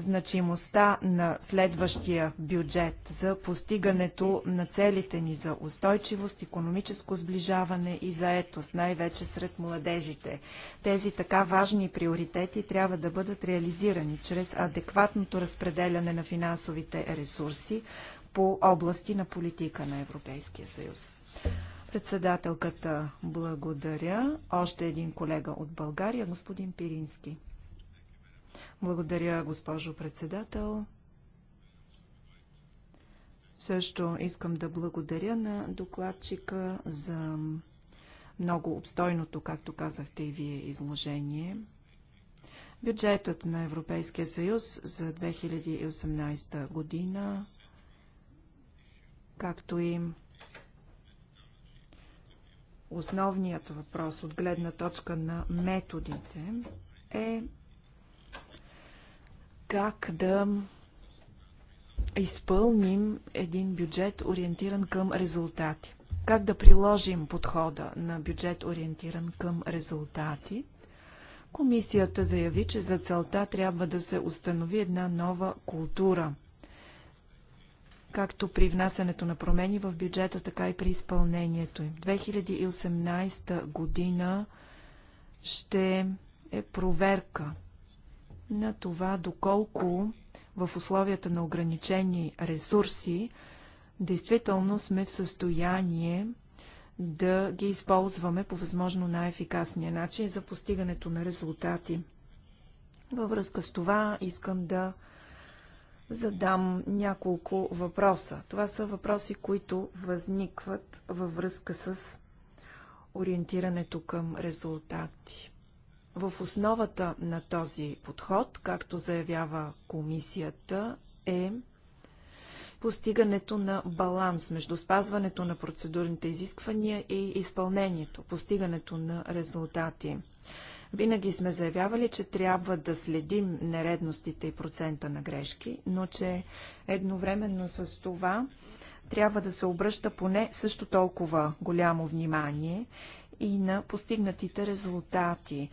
значимостта на следващия бюджет за постигането на целите ни за устойчивост, економическо сближаване и заетост, най-вече сред младежите. Тези така важни приоритети трябва да бъдат реализирани чрез адекватното разпределяне на финансовите ресурси по области на политика на Европейския съюз. Председателката благодаря. Още един колега от България, господин Пирински. Благодаря, госпожо председател. Също искам да благодаря на докладчика за много обстойното, както казахте и вие, изложение. Бюджетът на Европейския съюз за 2018 година, както и основният въпрос от гледна точка на методите, е как да изпълним един бюджет ориентиран към резултати. Как да приложим подхода на бюджет ориентиран към резултати? Комисията заяви, че за целта трябва да се установи една нова култура – както при внасянето на промени в бюджета, така и при изпълнението им. 2018 година ще е проверка на това доколко в условията на ограничени ресурси действително сме в състояние да ги използваме по възможно най-ефикасния начин за постигането на резултати. Във връзка с това искам да задам няколко въпроса. Това са въпроси, които възникват във връзка с ориентирането към резултати. В основата на този подход, както заявява комисията, е постигането на баланс между спазването на процедурните изисквания и изпълнението, постигането на резултати. Винаги сме заявявали, че трябва да следим нередностите и процента на грешки, но че едновременно с това трябва да се обръща поне също толкова голямо внимание и на постигнатите резултати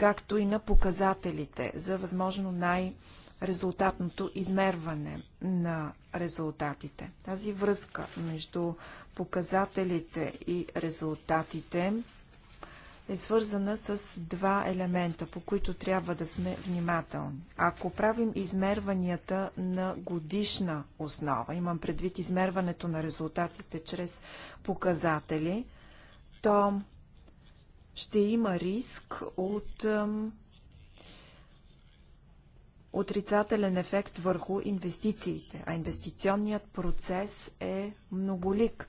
както и на показателите за възможно най-резултатното измерване на резултатите. Тази връзка между показателите и резултатите е свързана с два елемента, по които трябва да сме внимателни. Ако правим измерванията на годишна основа, имам предвид измерването на резултатите чрез показатели, то ще има риск от отрицателен ефект върху инвестициите, а инвестиционният процес е многолик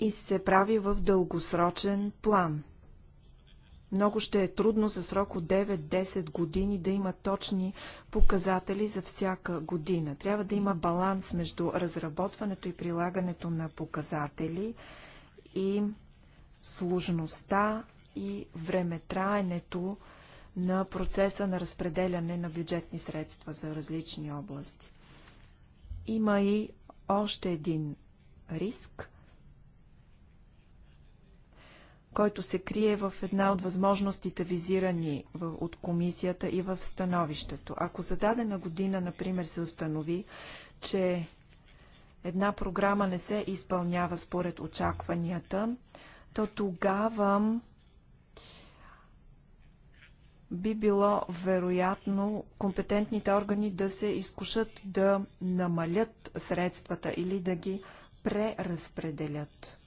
и се прави в дългосрочен план. Много ще е трудно за срок от 9-10 години да има точни показатели за всяка година. Трябва да има баланс между разработването и прилагането на показатели – и сложността и времетраенето на процеса на разпределяне на бюджетни средства за различни области. Има и още един риск, който се крие в една от възможностите визирани от комисията и в становището. Ако за дадена година, например, се установи, че една програма не се изпълнява според очакванията, то тогава би било вероятно компетентните органи да се изкушат да намалят средствата или да ги преразпределят.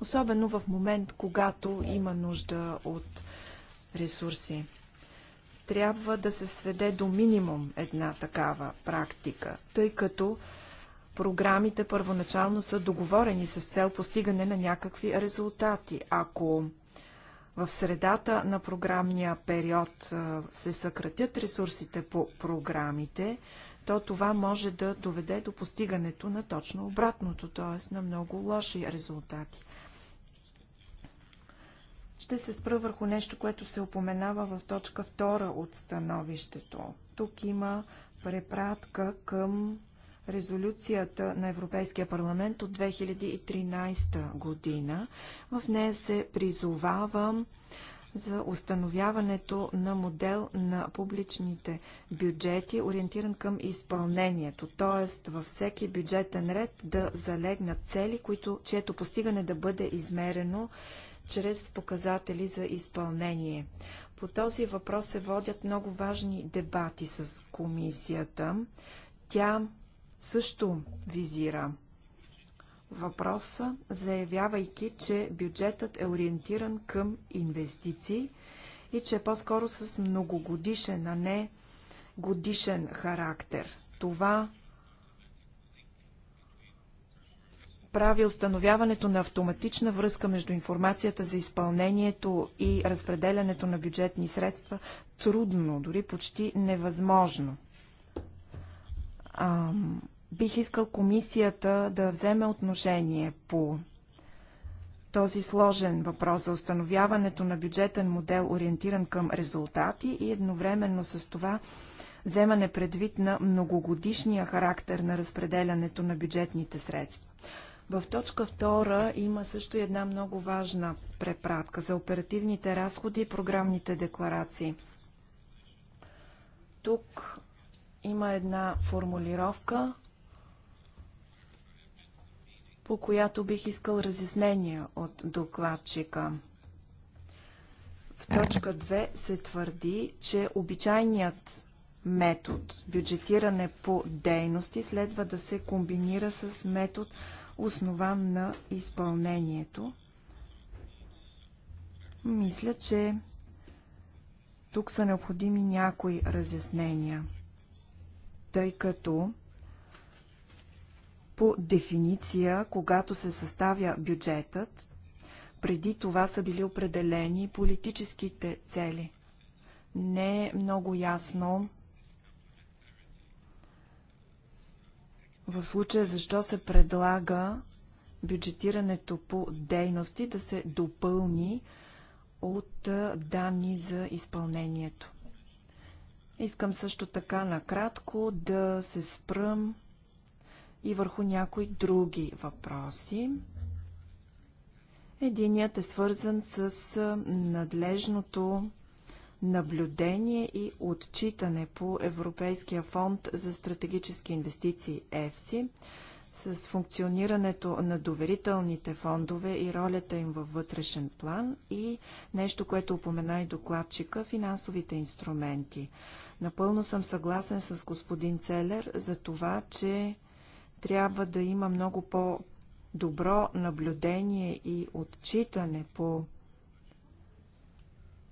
Особено в момент, когато има нужда от ресурси. Трябва да се сведе до минимум една такава практика, тъй като програмите първоначално са договорени с цел постигане на някакви резултати. Ако в средата на програмния период се съкратят ресурсите по програмите, то това може да доведе до постигането на точно обратното, т.е. на много лоши резултати. Ще се спра върху нещо, което се упоменава в точка 2 от становището. Тук има препратка към резолюцията на Европейския парламент от 2013 година. В нея се призовава за установяването на модел на публичните бюджети, ориентиран към изпълнението, т.е. във всеки бюджетен ред да залегнат цели, които, чието постигане да бъде измерено чрез показатели за изпълнение. По този въпрос се водят много важни дебати с комисията. Тя също визира въпроса, заявявайки, че бюджетът е ориентиран към инвестиции и че е по-скоро с многогодишен, а не годишен характер. Това прави установяването на автоматична връзка между информацията за изпълнението и разпределянето на бюджетни средства трудно, дори почти невъзможно. А, бих искал комисията да вземе отношение по този сложен въпрос за установяването на бюджетен модел, ориентиран към резултати и едновременно с това вземане предвид на многогодишния характер на разпределянето на бюджетните средства. В точка 2 има също една много важна препратка за оперативните разходи и програмните декларации. Тук има една формулировка, по която бих искал разяснение от докладчика. В точка 2 се твърди, че обичайният метод бюджетиране по дейности следва да се комбинира с метод основан на изпълнението. Мисля, че тук са необходими някои разяснения – тъй като по дефиниция, когато се съставя бюджетът, преди това са били определени политическите цели. Не е много ясно в случая защо се предлага бюджетирането по дейности да се допълни от данни за изпълнението. Искам също така накратко да се спръм и върху някои други въпроси. Единият е свързан с надлежното наблюдение и отчитане по Европейския фонд за стратегически инвестиции ЕФСИ, с функционирането на доверителните фондове и ролята им във вътрешен план и нещо, което упомена и докладчика – финансовите инструменти – Напълно съм съгласен с господин Целер за това, че трябва да има много по-добро наблюдение и отчитане по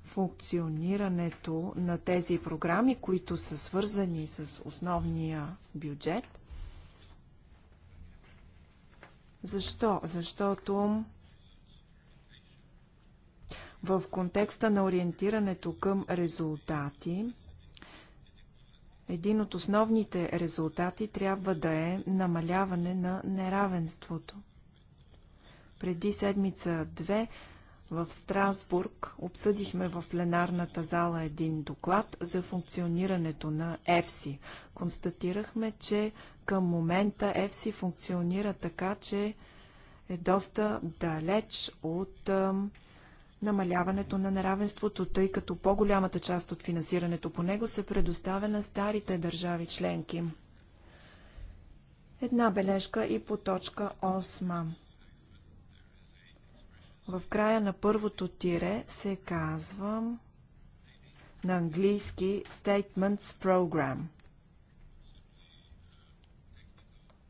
функционирането на тези програми, които са свързани с основния бюджет. Защо? Защото в контекста на ориентирането към резултати, един от основните резултати трябва да е намаляване на неравенството. Преди седмица-две в Страсбург обсъдихме в пленарната зала един доклад за функционирането на ЕФСИ. Констатирахме, че към момента ЕФСИ функционира така, че е доста далеч от намаляването на неравенството, тъй като по-голямата част от финансирането по него се предоставя на старите държави членки. Една бележка и по точка 8. В края на първото тире се казва на английски Statements Program.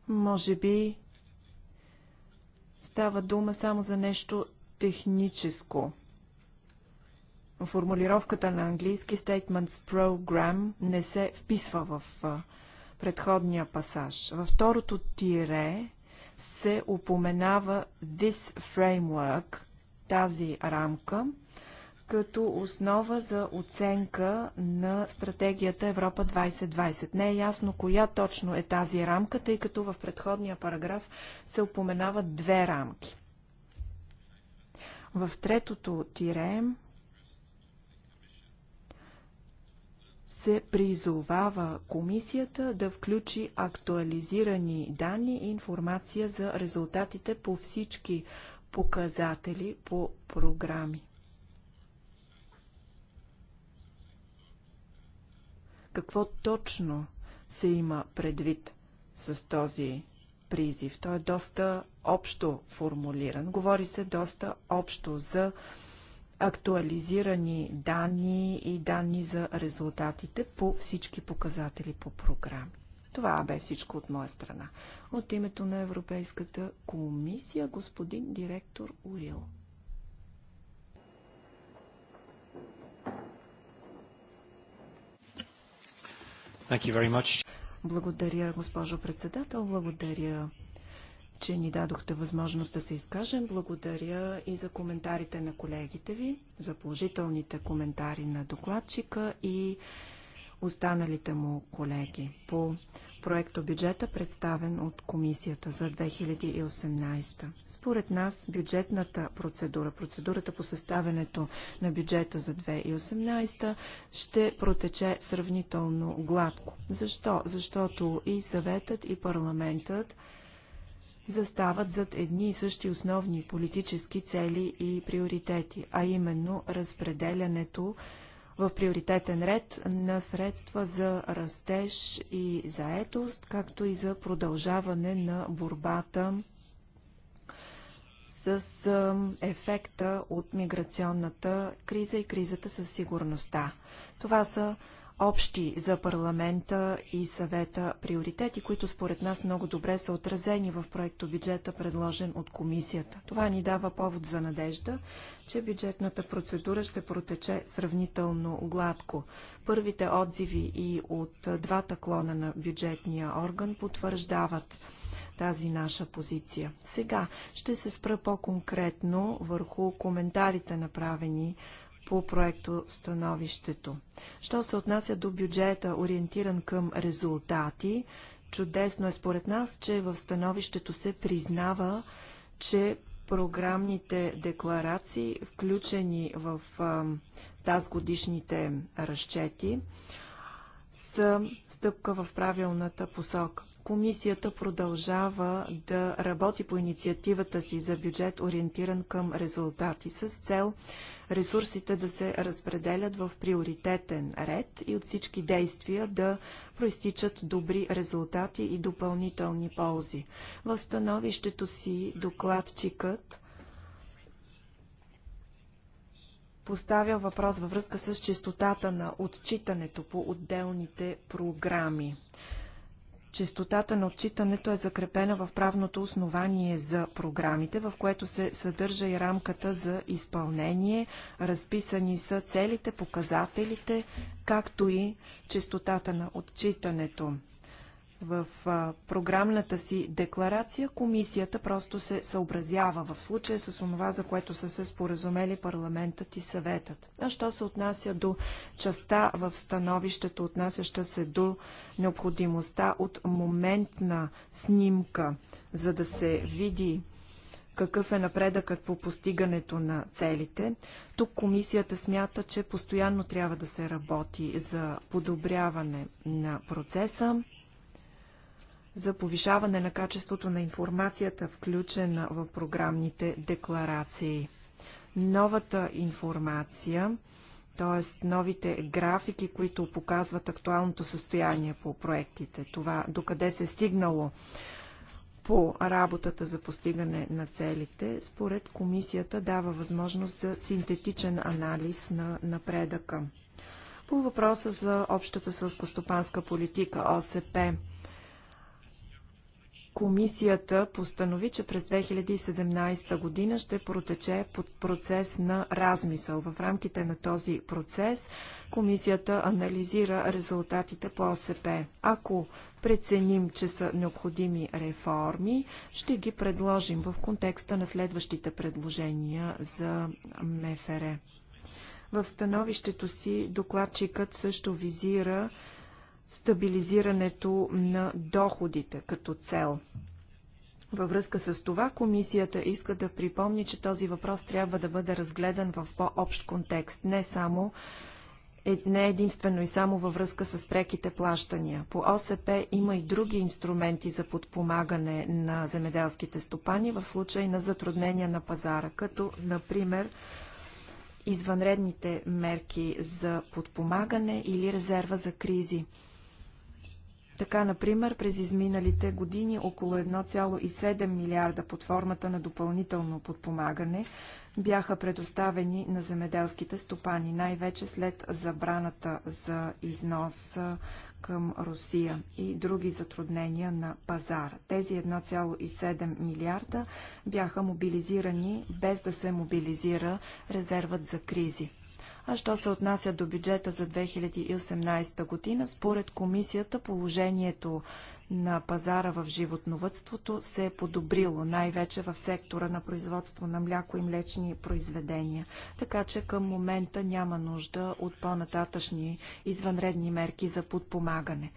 Може би става дума само за нещо техническо. Формулировката на английски Statements Program не се вписва в предходния пасаж. Във второто тире се упоменава This Framework, тази рамка, като основа за оценка на стратегията Европа 2020. Не е ясно коя точно е тази рамка, тъй като в предходния параграф се упоменават две рамки. В третото тире се призовава комисията да включи актуализирани данни и информация за резултатите по всички показатели по програми. Какво точно се има предвид с този призив? Той е доста общо формулиран. Говори се доста общо за актуализирани данни и данни за резултатите по всички показатели по програми. Това бе всичко от моя страна. От името на Европейската комисия, господин директор Урил. Благодаря, госпожо председател. Благодаря, че ни дадохте възможност да се изкажем. Благодаря и за коментарите на колегите ви, за положителните коментари на докладчика и останалите му колеги по проекто бюджета, представен от Комисията за 2018. Според нас бюджетната процедура, процедурата по съставянето на бюджета за 2018 ще протече сравнително гладко. Защо? Защото и съветът, и парламентът застават зад едни и същи основни политически цели и приоритети, а именно разпределянето в приоритетен ред на средства за растеж и заетост, както и за продължаване на борбата с ефекта от миграционната криза и кризата със сигурността. Това са общи за парламента и съвета приоритети, които според нас много добре са отразени в проекто бюджета, предложен от комисията. Това ни дава повод за надежда, че бюджетната процедура ще протече сравнително гладко. Първите отзиви и от двата клона на бюджетния орган потвърждават тази наша позиция. Сега ще се спра по-конкретно върху коментарите направени по проекто становището. Що се отнася до бюджета, ориентиран към резултати, чудесно е според нас, че в становището се признава, че програмните декларации, включени в тази годишните разчети, са стъпка в правилната посока. Комисията продължава да работи по инициативата си за бюджет ориентиран към резултати с цел ресурсите да се разпределят в приоритетен ред и от всички действия да проистичат добри резултати и допълнителни ползи. В становището си докладчикът поставя въпрос във връзка с чистотата на отчитането по отделните програми. Честотата на отчитането е закрепена в правното основание за програмите, в което се съдържа и рамката за изпълнение. Разписани са целите, показателите, както и честотата на отчитането. В програмната си декларация комисията просто се съобразява в случая с онова, за което са се споразумели парламентът и съветът. А що се отнася до частта в становището, отнасяща се до необходимостта от моментна снимка, за да се види какъв е напредъкът по постигането на целите. Тук комисията смята, че постоянно трябва да се работи за подобряване на процеса за повишаване на качеството на информацията, включена в програмните декларации. Новата информация, т.е. новите графики, които показват актуалното състояние по проектите, това докъде се е стигнало по работата за постигане на целите, според комисията дава възможност за синтетичен анализ на напредъка. По въпроса за общата сълскостопанска политика, ОСП, Комисията постанови, че през 2017 година ще протече под процес на размисъл. В рамките на този процес комисията анализира резултатите по ОСП. Ако преценим, че са необходими реформи, ще ги предложим в контекста на следващите предложения за МФР. В становището си докладчикът също визира стабилизирането на доходите като цел. Във връзка с това комисията иска да припомни, че този въпрос трябва да бъде разгледан в по-общ контекст, не само е, не единствено и само във връзка с преките плащания. По ОСП има и други инструменти за подпомагане на земеделските стопани в случай на затруднения на пазара, като например извънредните мерки за подпомагане или резерва за кризи. Така, например, през изминалите години около 1,7 милиарда под формата на допълнително подпомагане бяха предоставени на земеделските стопани, най-вече след забраната за износ към Русия и други затруднения на пазара. Тези 1,7 милиарда бяха мобилизирани без да се мобилизира резервът за кризи. А що се отнася до бюджета за 2018 година, според комисията положението на пазара в животновътството се е подобрило, най-вече в сектора на производство на мляко и млечни произведения. Така че към момента няма нужда от по-нататъчни извънредни мерки за подпомагане.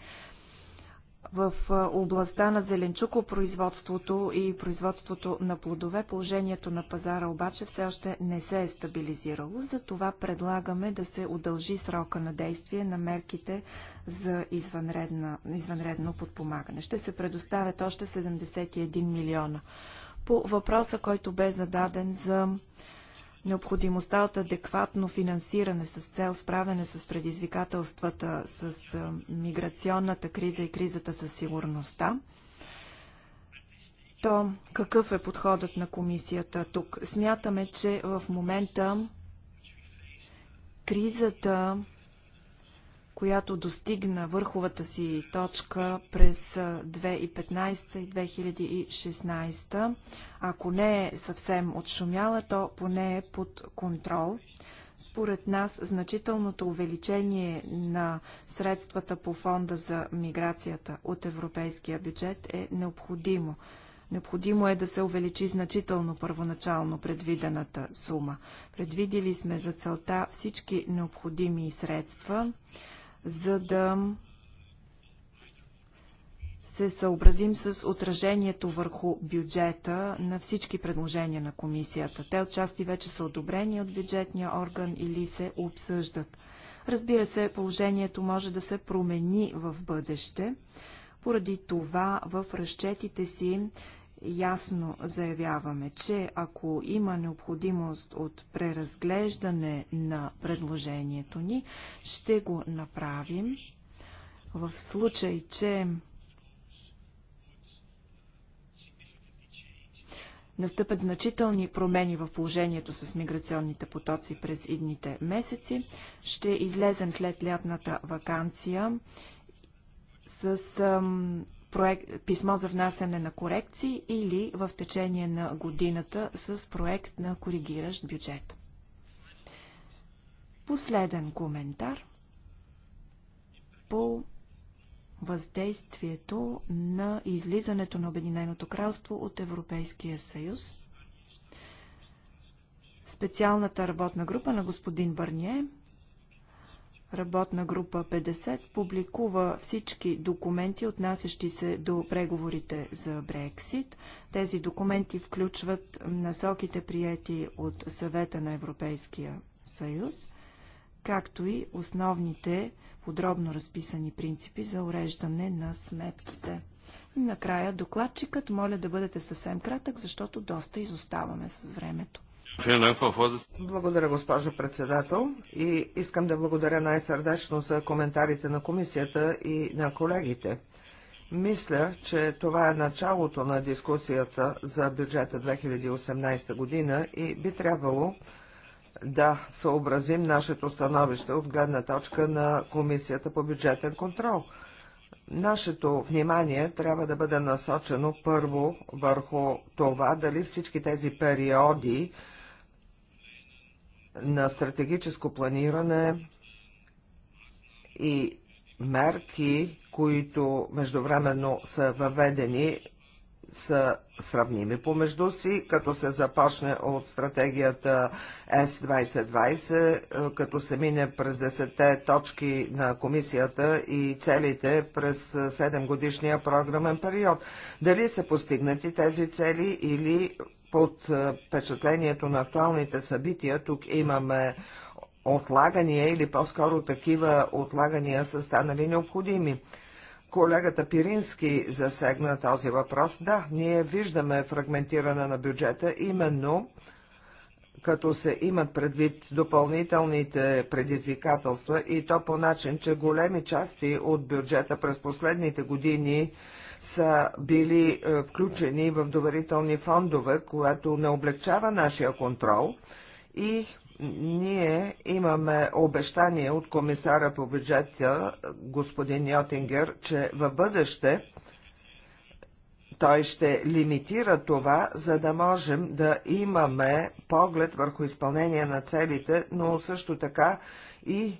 В областта на зеленчукопроизводството и производството на плодове положението на пазара обаче все още не се е стабилизирало, затова предлагаме да се удължи срока на действие на мерките за извънредно подпомагане. Ще се предоставят още 71 милиона. По въпроса, който бе зададен за необходимостта от адекватно финансиране с цел справяне с предизвикателствата с миграционната криза и кризата със сигурността, то какъв е подходът на комисията тук? Смятаме, че в момента кризата която достигна върховата си точка през 2015 и 2016. Ако не е съвсем отшумяла, то поне е под контрол. Според нас значителното увеличение на средствата по фонда за миграцията от европейския бюджет е необходимо. Необходимо е да се увеличи значително първоначално предвидената сума. Предвидили сме за целта всички необходими средства за да се съобразим с отражението върху бюджета на всички предложения на комисията. Те отчасти вече са одобрени от бюджетния орган или се обсъждат. Разбира се, положението може да се промени в бъдеще. Поради това в разчетите си ясно заявяваме, че ако има необходимост от преразглеждане на предложението ни, ще го направим. В случай, че настъпят значителни промени в положението с миграционните потоци през идните месеци, ще излезем след лятната вакансия с проект, писмо за внасяне на корекции или в течение на годината с проект на коригиращ бюджет. Последен коментар по въздействието на излизането на Обединеното кралство от Европейския съюз. Специалната работна група на господин Бърние Работна група 50 публикува всички документи, отнасящи се до преговорите за Брексит. Тези документи включват насоките прияти от Съвета на Европейския съюз, както и основните подробно разписани принципи за уреждане на сметките. И накрая докладчикът моля да бъдете съвсем кратък, защото доста изоставаме с времето. Благодаря, госпожо председател. И искам да благодаря най-сърдечно за коментарите на комисията и на колегите. Мисля, че това е началото на дискусията за бюджета 2018 година и би трябвало да съобразим нашето становище от гледна точка на Комисията по бюджетен контрол. Нашето внимание трябва да бъде насочено първо върху това дали всички тези периоди, на стратегическо планиране и мерки, които междувременно са въведени, са сравними помежду си, като се започне от стратегията С-2020, като се мине през 10-те точки на комисията и целите през 7 годишния програмен период. Дали са постигнати тези цели или под впечатлението на актуалните събития. Тук имаме отлагания или по-скоро такива отлагания са станали необходими. Колегата Пирински засегна този въпрос. Да, ние виждаме фрагментиране на бюджета именно като се имат предвид допълнителните предизвикателства и то по начин, че големи части от бюджета през последните години са били е, включени в доверителни фондове, което не облегчава нашия контрол и ние имаме обещание от комисара по бюджета, господин Йотингер, че в бъдеще той ще лимитира това, за да можем да имаме поглед върху изпълнение на целите, но също така и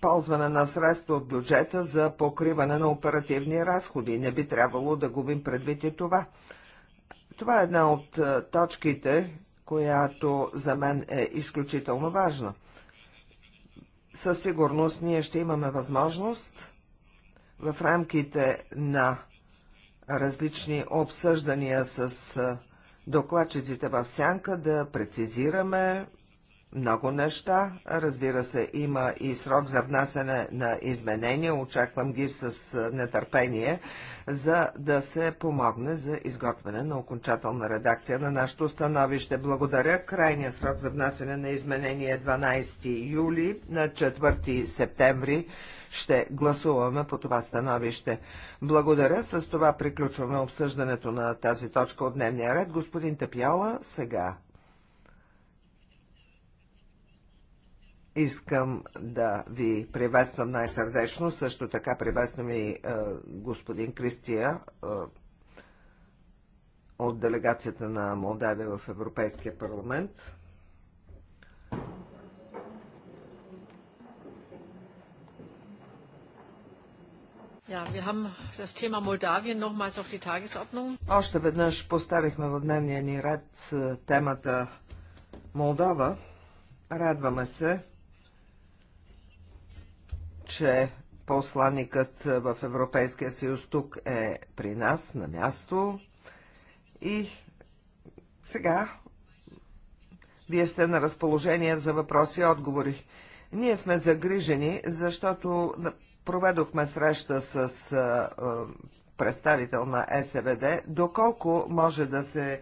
ползване на средства от бюджета за покриване на оперативни разходи. Не би трябвало да губим предвид и това. Това е една от е, точките, която за мен е изключително важна. Със сигурност ние ще имаме възможност в рамките на различни обсъждания с е, докладчиците в сянка да прецизираме много неща. Разбира се, има и срок за внасяне на изменения. Очаквам ги с нетърпение, за да се помогне за изготвяне на окончателна редакция на нашето становище. Благодаря. Крайният срок за внасяне на изменения е 12 юли на 4 септември ще гласуваме по това становище. Благодаря. С това приключваме обсъждането на тази точка от дневния ред. Господин Тепяла, сега Искам да ви приветствам най-сърдечно, също така приветствам и е, господин Кристия е, от делегацията на Молдавия в Европейския парламент. Още веднъж поставихме в дневния ни ред е, темата Молдова. Радваме се, че посланникът в Европейския съюз тук е при нас, на място. И сега вие сте на разположение за въпроси и отговори. Ние сме загрижени, защото проведохме среща с представител на СВД, доколко може да се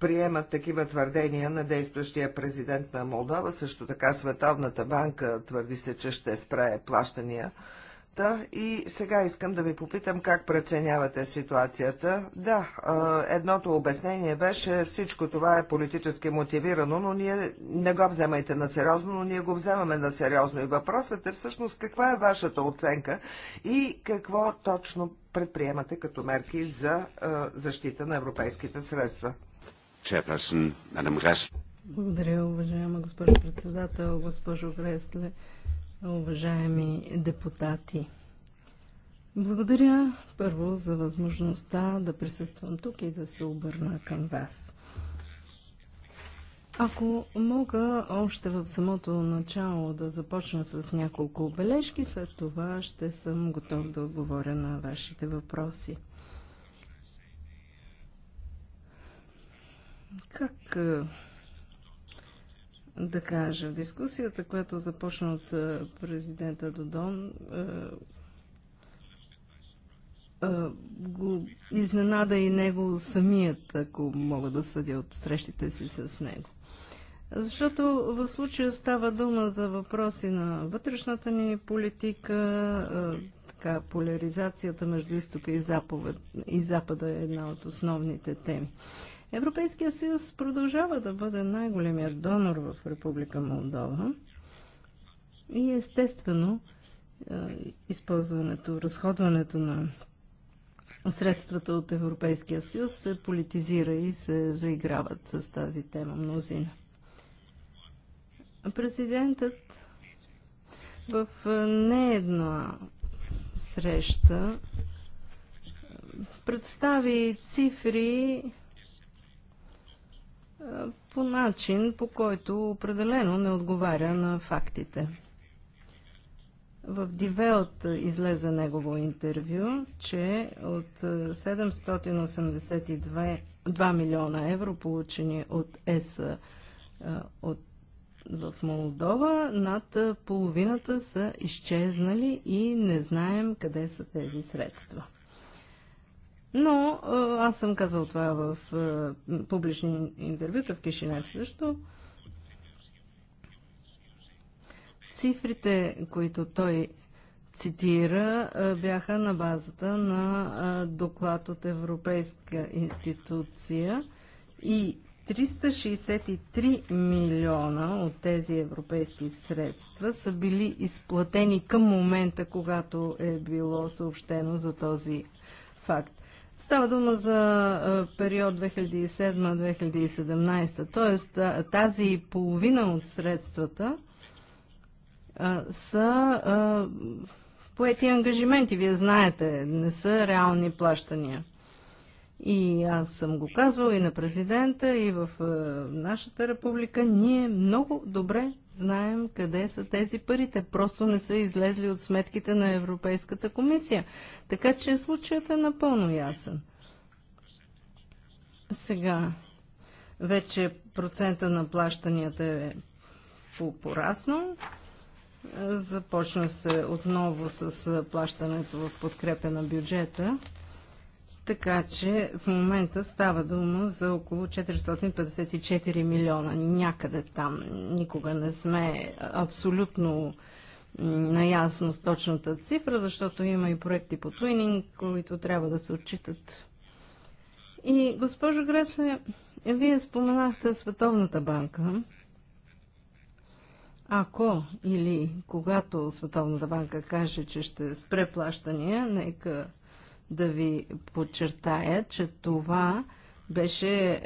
приемат такива твърдения на действащия президент на Молдова. Също така Световната банка твърди се, че ще спрае плащания. И сега искам да ви попитам как преценявате ситуацията. Да, едното обяснение беше всичко това е политически мотивирано, но ние не го вземайте на сериозно, но ние го вземаме на сериозно. И въпросът е всъщност каква е вашата оценка и какво точно предприемате като мерки за защита на европейските средства. Благодаря, уважаема госпожо председател, госпожо Гресле, уважаеми депутати. Благодаря първо за възможността да присъствам тук и да се обърна към вас. Ако мога още в самото начало да започна с няколко обележки, след това ще съм готов да отговоря на вашите въпроси. Как е, да кажа, дискусията, която започна от е, президента Додон, е, го изненада и него самият, ако мога да съдя от срещите си с него. Защото в случая става дума за въпроси на вътрешната ни политика, така, поляризацията между изтока и, и запада е една от основните теми. Европейския съюз продължава да бъде най-големият донор в Република Молдова и естествено използването, разходването на средствата от Европейския съюз се политизира и се заиграват с тази тема мнозина. Президентът в не една среща представи цифри по начин, по който определено не отговаря на фактите. В Дивелт излезе негово интервю, че от 782 милиона евро, получени от ЕС от, в Молдова, над половината са изчезнали и не знаем къде са тези средства. Но аз съм казал това в публични интервюта в Кишинев също. Цифрите, които той цитира, бяха на базата на доклад от Европейска институция и 363 милиона от тези европейски средства са били изплатени към момента, когато е било съобщено за този факт. Става дума за период 2007-2017, т.е. тази половина от средствата са поети ангажименти, вие знаете, не са реални плащания. И аз съм го казвал и на президента, и в е, нашата република. Ние много добре знаем къде са тези парите. Просто не са излезли от сметките на Европейската комисия. Така че случаят е напълно ясен. Сега, вече процента на плащанията е порасно. Започна се отново с е, плащането в подкрепа на бюджета. Така че в момента става дума за около 454 милиона. Някъде там никога не сме абсолютно наясно с точната цифра, защото има и проекти по туининг, които трябва да се отчитат. И, госпожо Гресле, вие споменахте Световната банка. Ако или когато Световната банка каже, че ще спре плащания, нека да ви подчертая, че това беше е,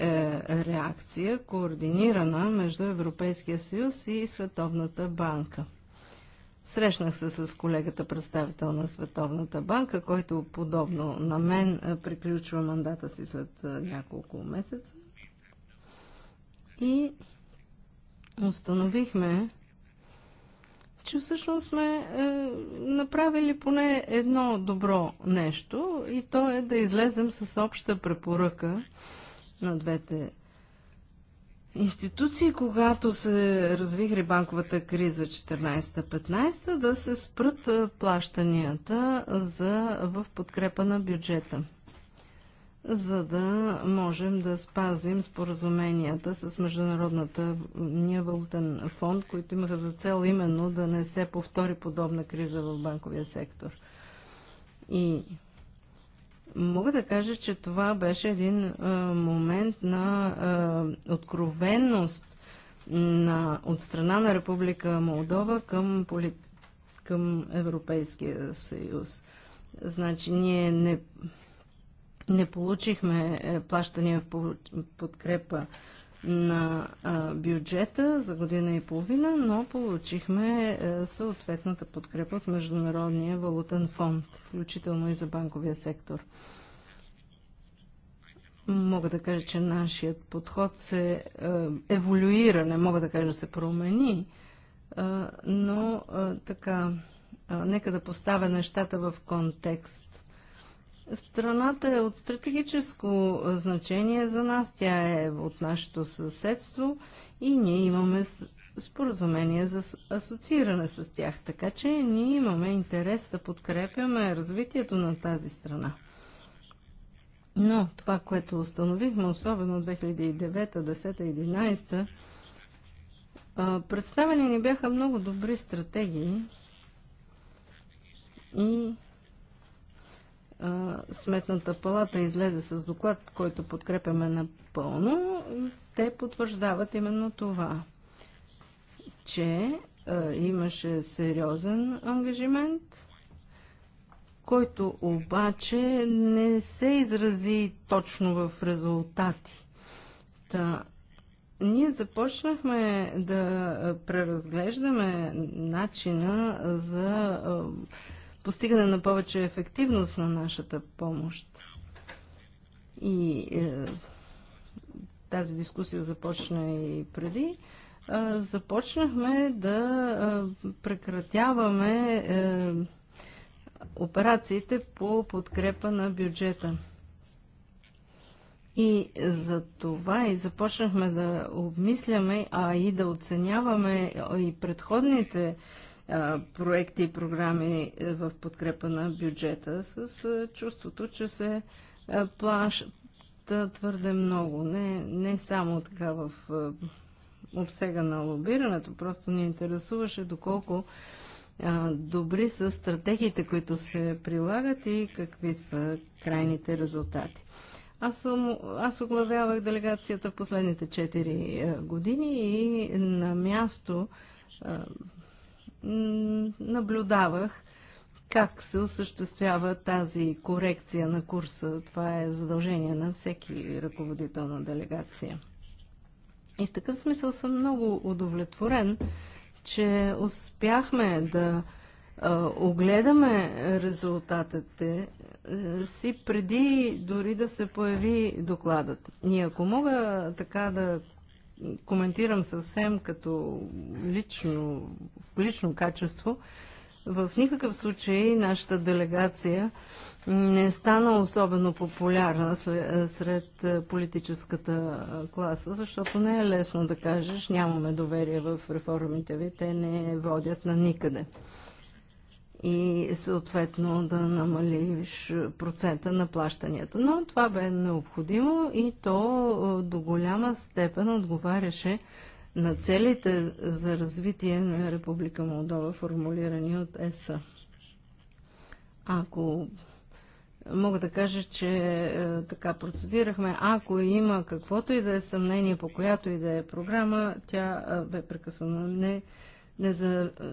реакция координирана между Европейския съюз и Световната банка. Срещнах се с колегата представител на Световната банка, който подобно на мен е, приключва мандата си след е, няколко месеца. И установихме, че всъщност сме е, направили поне едно добро нещо и то е да излезем с обща препоръка на двете институции, когато се развихри банковата криза 14-15, да се спрат е, плащанията за, в подкрепа на бюджета за да можем да спазим споразуменията с Международната ния валутен фонд, които имаха за цел именно да не се повтори подобна криза в банковия сектор. И мога да кажа, че това беше един а, момент на а, откровенност на, от страна на Република Молдова към, поли, към Европейския съюз. Значи ние не не получихме е, плащания в подкрепа на бюджета за година и половина, но получихме е, съответната подкрепа от Международния валутен фонд, включително и за банковия сектор. Мога да кажа, че нашият подход се е, еволюира, не мога да кажа се промени, но така, нека да поставя нещата в контекст Страната е от стратегическо значение за нас. Тя е от нашето съседство и ние имаме споразумение за асоцииране с тях. Така че ние имаме интерес да подкрепяме развитието на тази страна. Но това, което установихме, особено 2009, 2010, 2011, представени ни бяха много добри стратегии и Сметната палата излезе с доклад, който подкрепяме напълно. Те потвърждават именно това, че имаше сериозен ангажимент, който обаче не се изрази точно в резултати. Та, ние започнахме да преразглеждаме начина за постигане на повече ефективност на нашата помощ. И е, тази дискусия започна и преди. Е, започнахме да е, прекратяваме е, операциите по подкрепа на бюджета. И за това и започнахме да обмисляме, а и да оценяваме и предходните проекти и програми е, в подкрепа на бюджета с чувството, че се плаща твърде много. Не, не само така в обсега на лобирането, просто ни интересуваше доколко добри са стратегиите, които се прилагат и какви са крайните резултати. Аз, съм, аз оглавявах делегацията в последните 4 години и на място наблюдавах как се осъществява тази корекция на курса. Това е задължение на всеки ръководител на делегация. И в такъв смисъл съм много удовлетворен, че успяхме да огледаме резултатите е, си преди дори да се появи докладът. И ако мога така да коментирам съвсем като лично, в лично качество, в никакъв случай нашата делегация не стана особено популярна сред е, политическата е, класа, защото не е лесно да кажеш нямаме доверие в реформите ви, те не водят на никъде и съответно да намалиш процента на плащанията. Но това бе необходимо и то до голяма степен отговаряше на целите за развитие на Република Молдова, формулирани от ЕСА. Ако мога да кажа, че така процедирахме, ако има каквото и да е съмнение по която и да е програма, тя бе прекъсвана не,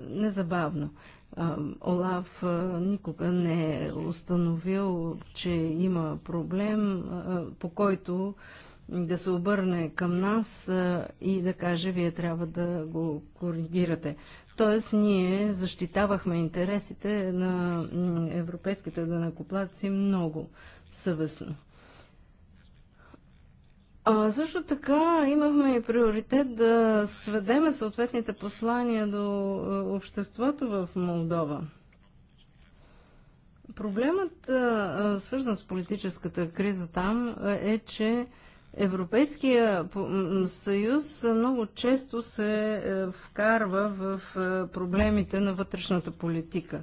незабавно. Не Олаф никога не е установил, че има проблем, по който да се обърне към нас и да каже, вие трябва да го коригирате. Тоест, ние защитавахме интересите на европейските данакоплаци много съвестно. А, също така имахме и приоритет да сведеме съответните послания до е, обществото в Молдова. Проблемът, е, е, свързан с политическата криза там, е, че Европейския съюз много често се вкарва в проблемите на вътрешната политика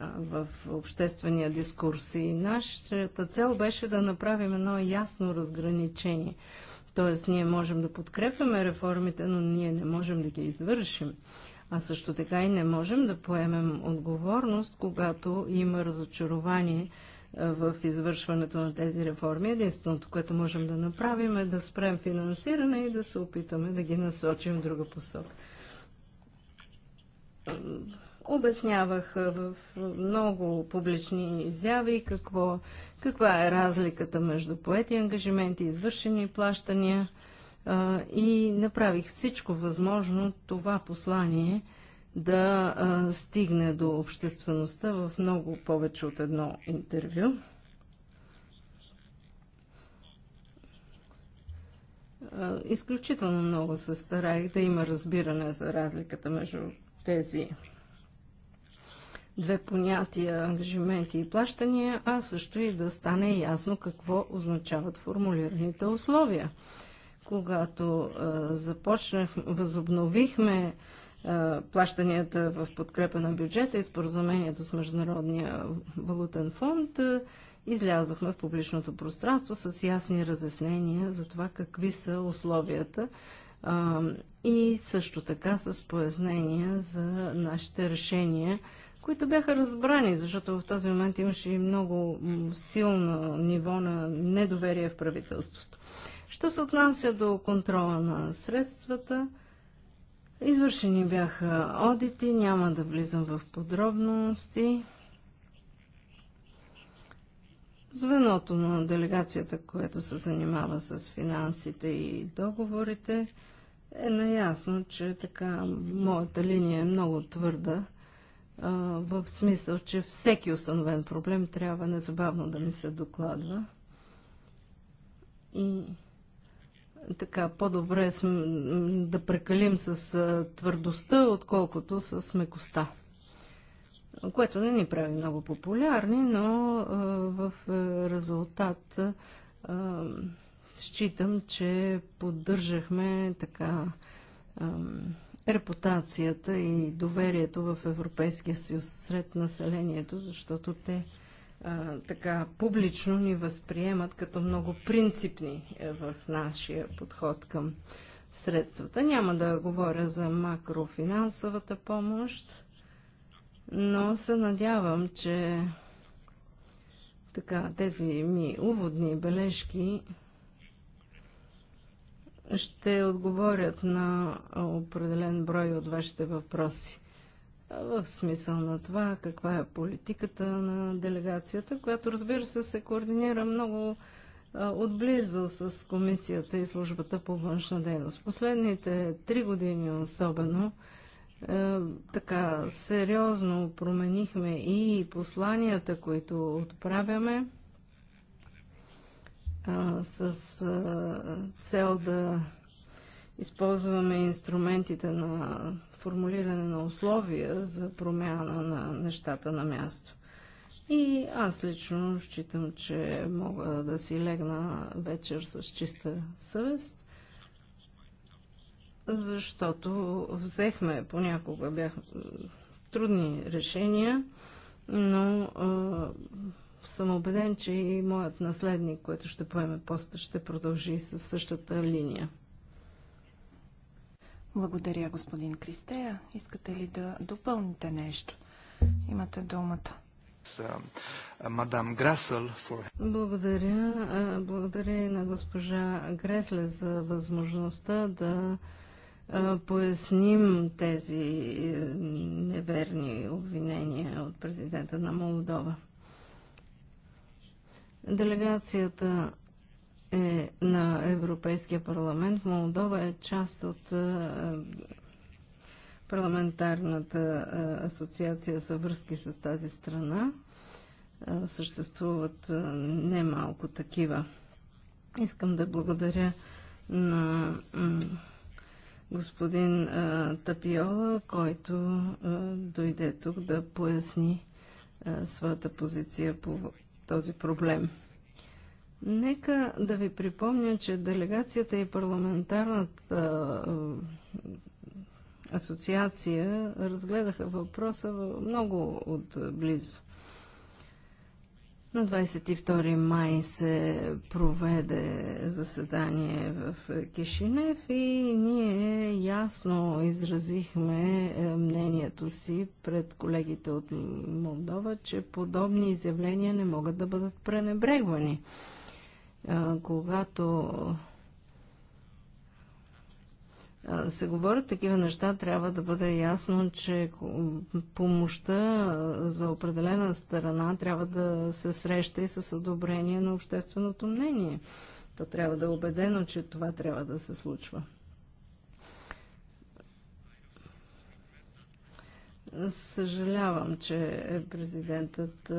в обществения дискурс. И нашата цел беше да направим едно ясно разграничение. Тоест, ние можем да подкрепяме реформите, но ние не можем да ги извършим. А също така и не можем да поемем отговорност, когато има разочарование в извършването на тези реформи. Единственото, което можем да направим е да спрем финансиране и да се опитаме да ги насочим в друга посока Обяснявах в много публични изяви какво, каква е разликата между поети ангажименти, извършени плащания и направих всичко възможно това послание да стигне до обществеността в много повече от едно интервю. Изключително много се старах да има разбиране за разликата между тези две понятия ангажименти и плащания, а също и да стане ясно какво означават формулираните условия. Когато а, започнах, възобновихме а, плащанията в подкрепа на бюджета и споразумението с Международния валутен фонд, а, излязохме в публичното пространство с ясни разяснения за това какви са условията а, и също така с пояснения за нашите решения които бяха разбрани, защото в този момент имаше и много силно ниво на недоверие в правителството. Що се отнася до контрола на средствата, извършени бяха одити, няма да влизам в подробности. Звеното на делегацията, което се занимава с финансите и договорите, е наясно, че така моята линия е много твърда в смисъл, че всеки установен проблем трябва незабавно да ми се докладва. И така, по-добре е да прекалим с твърдостта, отколкото с мекостта. Което не ни прави много популярни, но а, в е, резултат а, считам, че поддържахме така а, репутацията и доверието в Европейския съюз сред населението, защото те а, така публично ни възприемат като много принципни е, в нашия подход към средствата. Няма да говоря за макрофинансовата помощ, но се надявам, че така, тези ми уводни бележки ще отговорят на определен брой от вашите въпроси. В смисъл на това, каква е политиката на делегацията, която разбира се се координира много отблизо с комисията и службата по външна дейност. Последните три години особено така сериозно променихме и посланията, които отправяме с а, цел да използваме инструментите на формулиране на условия за промяна на нещата на място. И аз лично считам, че мога да си легна вечер с чиста съвест, защото взехме понякога бях трудни решения, но а, съм убеден, че и моят наследник, който ще поеме поста, ще продължи с същата линия. Благодаря, господин Кристея. Искате ли да допълните нещо? Имате думата. Мадам Грасъл. Благодаря. Благодаря и на госпожа Гресле за възможността да поясним тези е, неверни обвинения от президента на Молдова. Делегацията е на Европейския парламент в Молдова е част от е, парламентарната е, асоциация за връзки с тази страна. Е, съществуват немалко такива. Искам да благодаря на господин Тапиола, който дойде тук да поясни своята позиция по този проблем. Нека да ви припомня, че делегацията и парламентарната асоциация разгледаха въпроса много отблизо. На 22 май се проведе заседание в Кишинев и ние ясно изразихме е, мнението си пред колегите от Молдова, че подобни изявления не могат да бъдат пренебрегвани. Когато се говорят такива неща, трябва да бъде ясно, че помощта за определена страна трябва да се среща и с одобрение на общественото мнение. То трябва да е убедено, че това трябва да се случва. Съжалявам, че президентът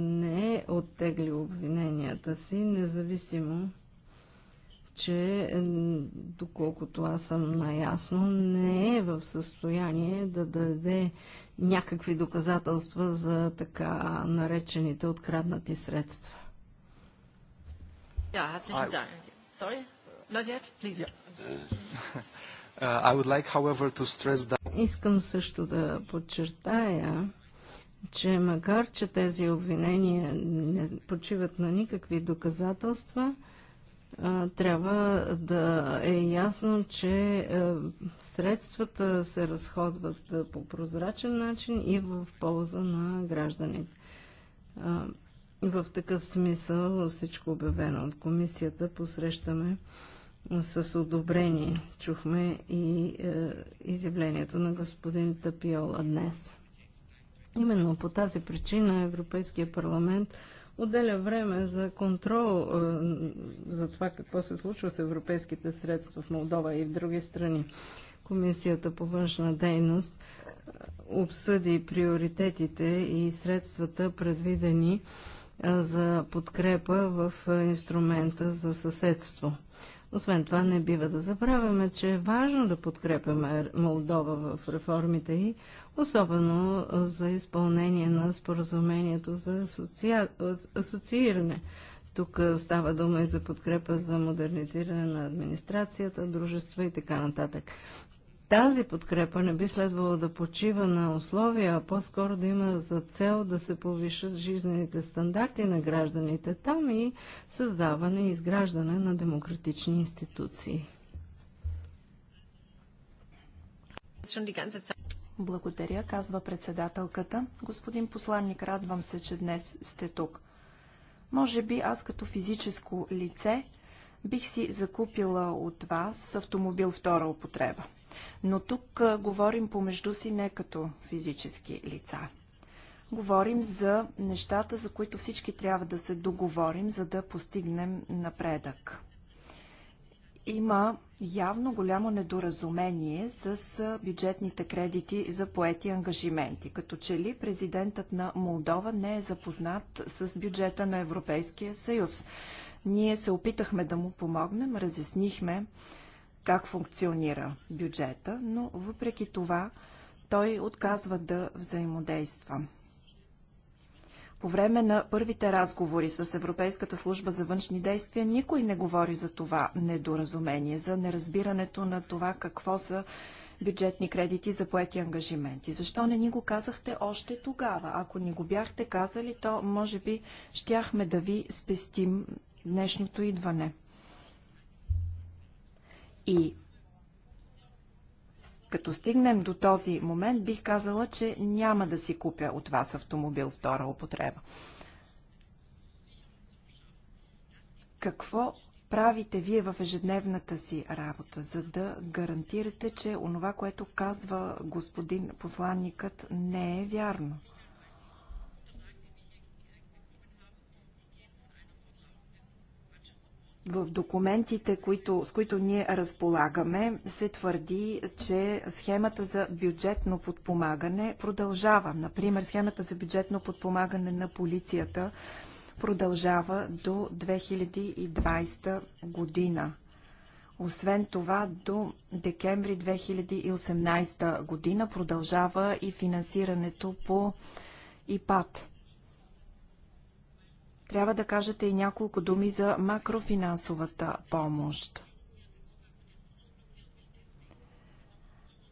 не е оттегли обвиненията си, независимо че доколкото аз съм наясно, не е в състояние да даде някакви доказателства за така наречените откраднати средства. Uh, Искам също да подчертая, че макар, че тези обвинения не почиват на никакви доказателства, трябва да е ясно, че е, средствата се разходват е, по прозрачен начин и в полза на гражданите. В такъв смисъл всичко обявено от комисията посрещаме с одобрение. Чухме и е, изявлението на господин Тапиола днес. Именно по тази причина Европейския парламент – отделя време за контрол е, за това какво се случва с европейските средства в Молдова и в други страни. Комисията по външна дейност е, обсъди приоритетите и средствата предвидени е, за подкрепа в инструмента за съседство. Освен това, не бива да забравяме, че е важно да подкрепяме Молдова в реформите и особено за изпълнение на споразумението за асоцииране. Тук става дума и за подкрепа за модернизиране на администрацията, дружества и така нататък тази подкрепа не би следвало да почива на условия, а по-скоро да има за цел да се повишат жизнените стандарти на гражданите там и създаване и изграждане на демократични институции. Благодаря, казва председателката. Господин посланник, радвам се, че днес сте тук. Може би аз като физическо лице бих си закупила от вас автомобил втора употреба. Но тук а, говорим помежду си не като физически лица. Говорим за нещата, за които всички трябва да се договорим, за да постигнем напредък. Има явно голямо недоразумение с бюджетните кредити за поети ангажименти, като че ли президентът на Молдова не е запознат с бюджета на Европейския съюз. Ние се опитахме да му помогнем, разяснихме как функционира бюджета, но въпреки това той отказва да взаимодейства. По време на първите разговори с Европейската служба за външни действия никой не говори за това недоразумение, за неразбирането на това какво са бюджетни кредити за поети ангажименти. Защо не ни го казахте още тогава? Ако ни го бяхте казали, то може би щяхме да ви спестим днешното идване. И като стигнем до този момент, бих казала, че няма да си купя от вас автомобил втора употреба. Какво правите вие в ежедневната си работа, за да гарантирате, че онова, което казва господин посланникът, не е вярно? В документите, които, с които ние разполагаме, се твърди, че схемата за бюджетно подпомагане продължава. Например, схемата за бюджетно подпомагане на полицията продължава до 2020 година. Освен това, до декември 2018 година продължава и финансирането по ИПАД. Трябва да кажете и няколко думи за макрофинансовата помощ.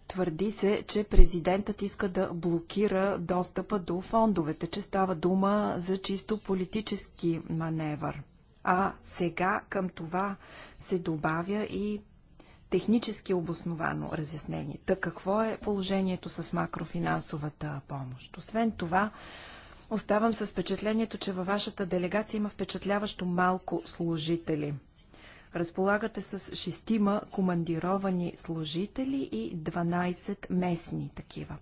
Твърди се, че президентът иска да блокира достъпа до фондовете, че става дума за чисто политически маневър. А сега към това се добавя и технически обосновано разяснение. Та какво е положението с макрофинансовата помощ? Освен това, Оставам с впечатлението, че във вашата делегация има впечатляващо малко служители. Разполагате с шестима командировани служители и 12 местни такива.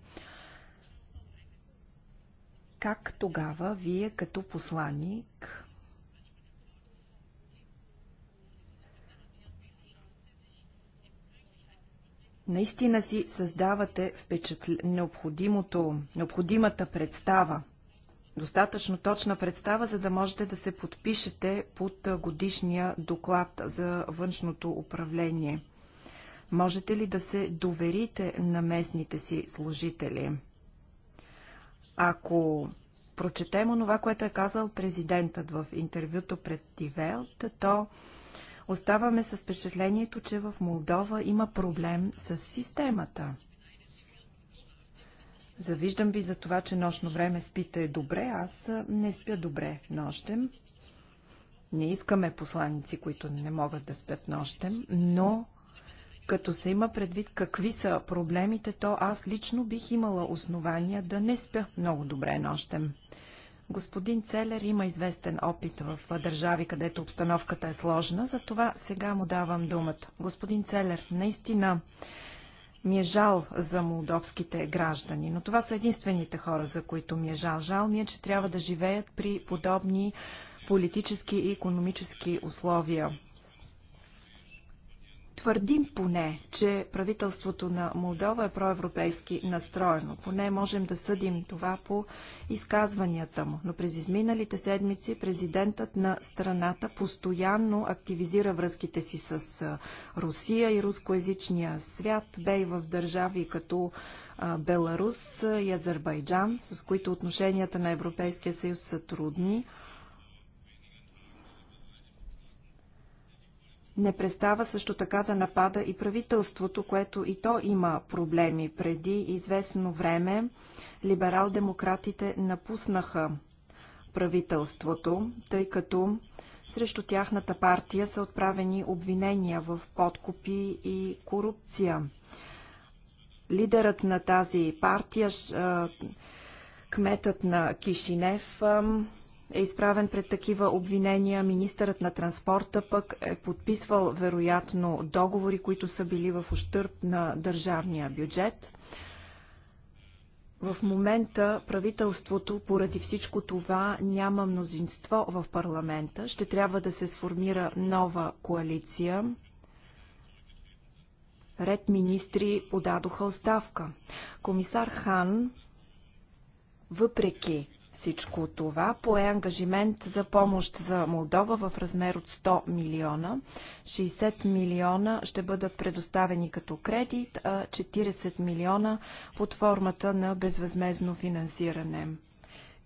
Как тогава вие като посланник наистина си създавате впечатл... необходимото, необходимата представа достатъчно точна представа, за да можете да се подпишете под годишния доклад за външното управление. Можете ли да се доверите на местните си служители? Ако прочетем онова, което е казал президентът в интервюто пред Тивелт, то оставаме с впечатлението, че в Молдова има проблем с системата – Завиждам ви за това, че нощно време спите добре. Аз не спя добре нощем. Не искаме посланици, които не могат да спят нощем, но като се има предвид какви са проблемите, то аз лично бих имала основания да не спя много добре нощем. Господин Целер има известен опит в държави, където обстановката е сложна, затова сега му давам думата. Господин Целер, наистина ми е жал за молдовските граждани, но това са единствените хора, за които ми е жал. Жал ми е, че трябва да живеят при подобни политически и економически условия твърдим поне, че правителството на Молдова е проевропейски настроено. Поне можем да съдим това по изказванията му. Но през изминалите седмици президентът на страната постоянно активизира връзките си с Русия и рускоязичния свят, бе и в държави като Беларус и Азербайджан, с които отношенията на Европейския съюз са трудни – не престава също така да напада и правителството, което и то има проблеми. Преди известно време либерал-демократите напуснаха правителството, тъй като срещу тяхната партия са отправени обвинения в подкупи и корупция. Лидерът на тази партия, кметът на Кишинев, е изправен пред такива обвинения. Министърът на транспорта пък е подписвал вероятно договори, които са били в ущърп на държавния бюджет. В момента правителството, поради всичко това, няма мнозинство в парламента. Ще трябва да се сформира нова коалиция. Ред министри подадоха оставка. Комисар Хан, въпреки всичко това. Пое ангажимент за помощ за Молдова в размер от 100 милиона. 60 милиона ще бъдат предоставени като кредит, а 40 милиона под формата на безвъзмезно финансиране.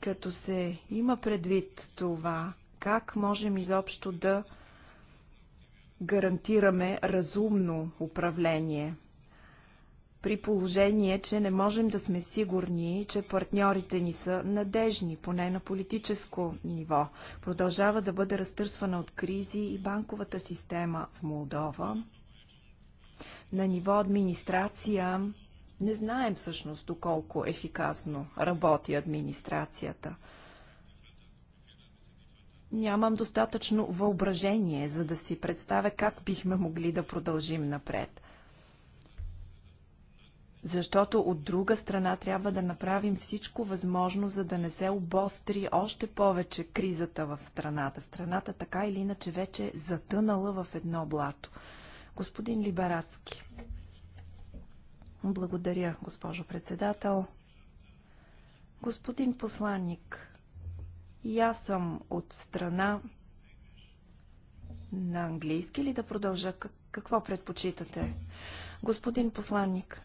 Като се има предвид това, как можем изобщо да гарантираме разумно управление при положение, че не можем да сме сигурни, че партньорите ни са надежни, поне на политическо ниво. Продължава да бъде разтърсвана от кризи и банковата система в Молдова. На ниво администрация не знаем всъщност доколко ефикасно работи администрацията. Нямам достатъчно въображение, за да си представя как бихме могли да продължим напред. Защото от друга страна трябва да направим всичко възможно, за да не се обостри още повече кризата в страната. Страната така или иначе вече е затънала в едно блато. Господин Либарацки. Благодаря, госпожо председател. Господин посланник, и аз съм от страна на английски ли да продължа? Какво предпочитате? Господин посланник,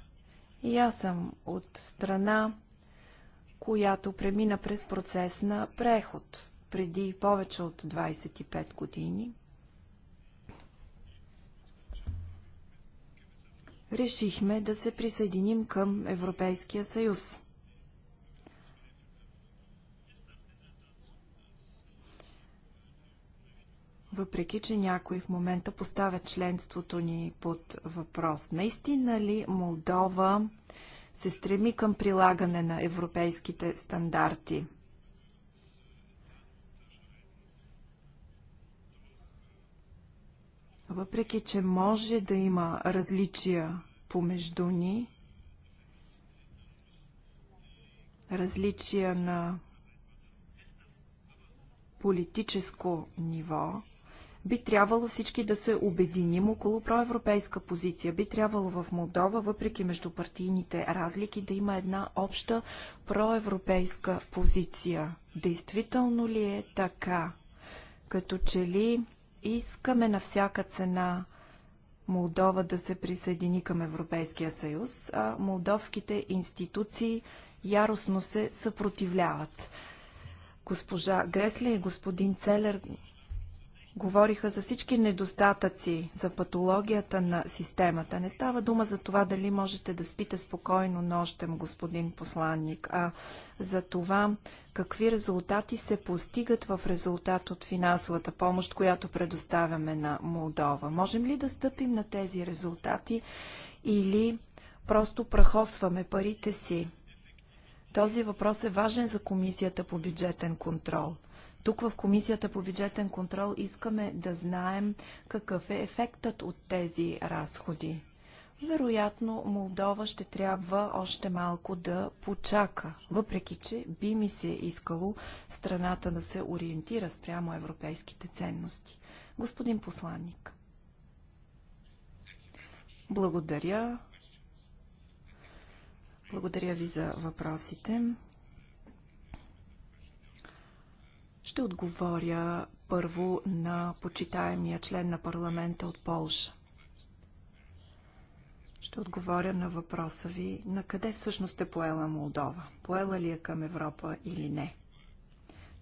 и аз съм от страна, която премина през процес на преход преди повече от 25 години. Решихме да се присъединим към Европейския съюз. въпреки че някои в момента поставят членството ни под въпрос. Наистина ли Молдова се стреми към прилагане на европейските стандарти? Въпреки, че може да има различия помежду ни, различия на политическо ниво, би трябвало всички да се обединим около проевропейска позиция. Би трябвало в Молдова, въпреки междупартийните разлики, да има една обща проевропейска позиция. Действително ли е така? Като че ли искаме на всяка цена Молдова да се присъедини към Европейския съюз, а молдовските институции яростно се съпротивляват. Госпожа Гресле и господин Целер говориха за всички недостатъци, за патологията на системата. Не става дума за това дали можете да спите спокойно нощем, господин посланник, а за това какви резултати се постигат в резултат от финансовата помощ, която предоставяме на Молдова. Можем ли да стъпим на тези резултати или просто прахосваме парите си? Този въпрос е важен за Комисията по бюджетен контрол – тук в Комисията по бюджетен контрол искаме да знаем какъв е ефектът от тези разходи. Вероятно, Молдова ще трябва още малко да почака, въпреки че би ми се искало страната да се ориентира спрямо европейските ценности. Господин посланник. Благодаря. Благодаря ви за въпросите. Ще отговоря първо на почитаемия член на парламента от Полша. Ще отговоря на въпроса ви, на къде всъщност е поела Молдова? Поела ли е към Европа или не?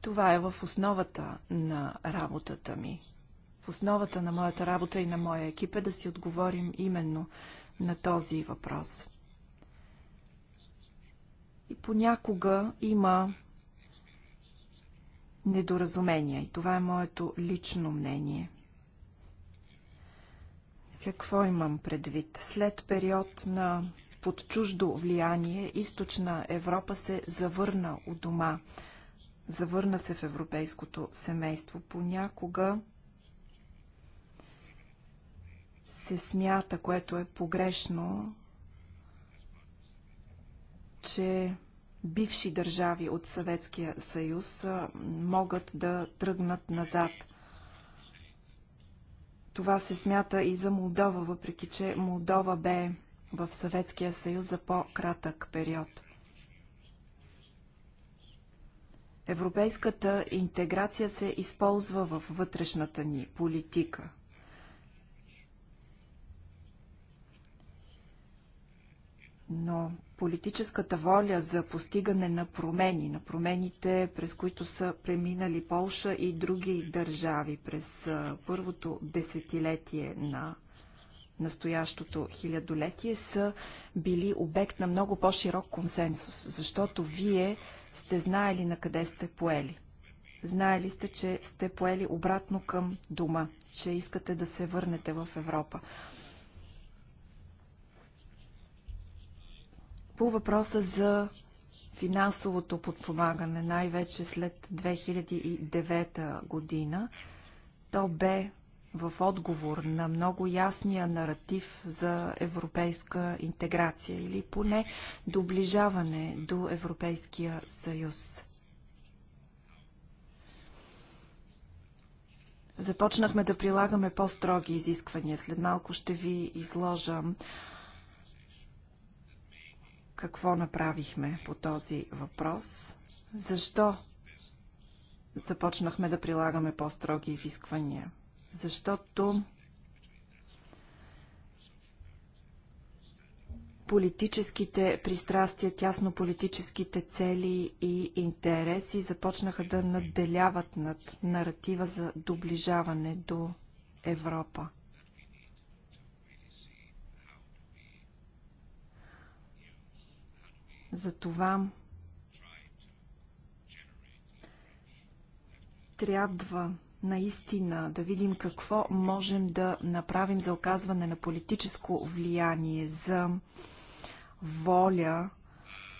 Това е в основата на работата ми. В основата на моята работа и на моя екип е да си отговорим именно на този въпрос. И понякога има недоразумения. И това е моето лично мнение. Какво имам предвид? След период на под чуждо влияние, източна Европа се завърна у дома. Завърна се в европейското семейство. Понякога се смята, което е погрешно, че бивши държави от Съветския съюз могат да тръгнат назад. Това се смята и за Молдова, въпреки че Молдова бе в Съветския съюз за по-кратък период. Европейската интеграция се използва в вътрешната ни политика. Но политическата воля за постигане на промени, на промените, през които са преминали Полша и други държави през първото десетилетие на настоящото хилядолетие, са били обект на много по-широк консенсус, защото вие сте знаели на къде сте поели. Знаели сте, че сте поели обратно към дома, че искате да се върнете в Европа. По въпроса за финансовото подпомагане, най-вече след 2009 година, то бе в отговор на много ясния наратив за европейска интеграция или поне доближаване до Европейския съюз. Започнахме да прилагаме по-строги изисквания. След малко ще ви изложа какво направихме по този въпрос, защо започнахме да прилагаме по-строги изисквания. Защото политическите пристрастия, тясно политическите цели и интереси започнаха да надделяват над наратива за доближаване до Европа. Затова трябва наистина да видим какво можем да направим за оказване на политическо влияние, за воля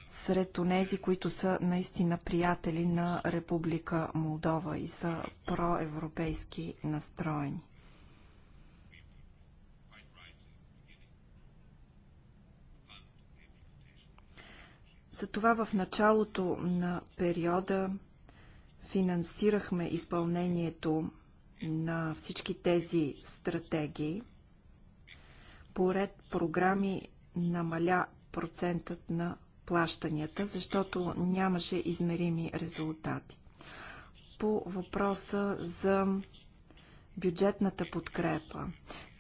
сред тези, които са наистина приятели на Република Молдова и са проевропейски настроени. Затова в началото на периода финансирахме изпълнението на всички тези стратегии. Поред програми намаля процентът на плащанията, защото нямаше измерими резултати. По въпроса за бюджетната подкрепа.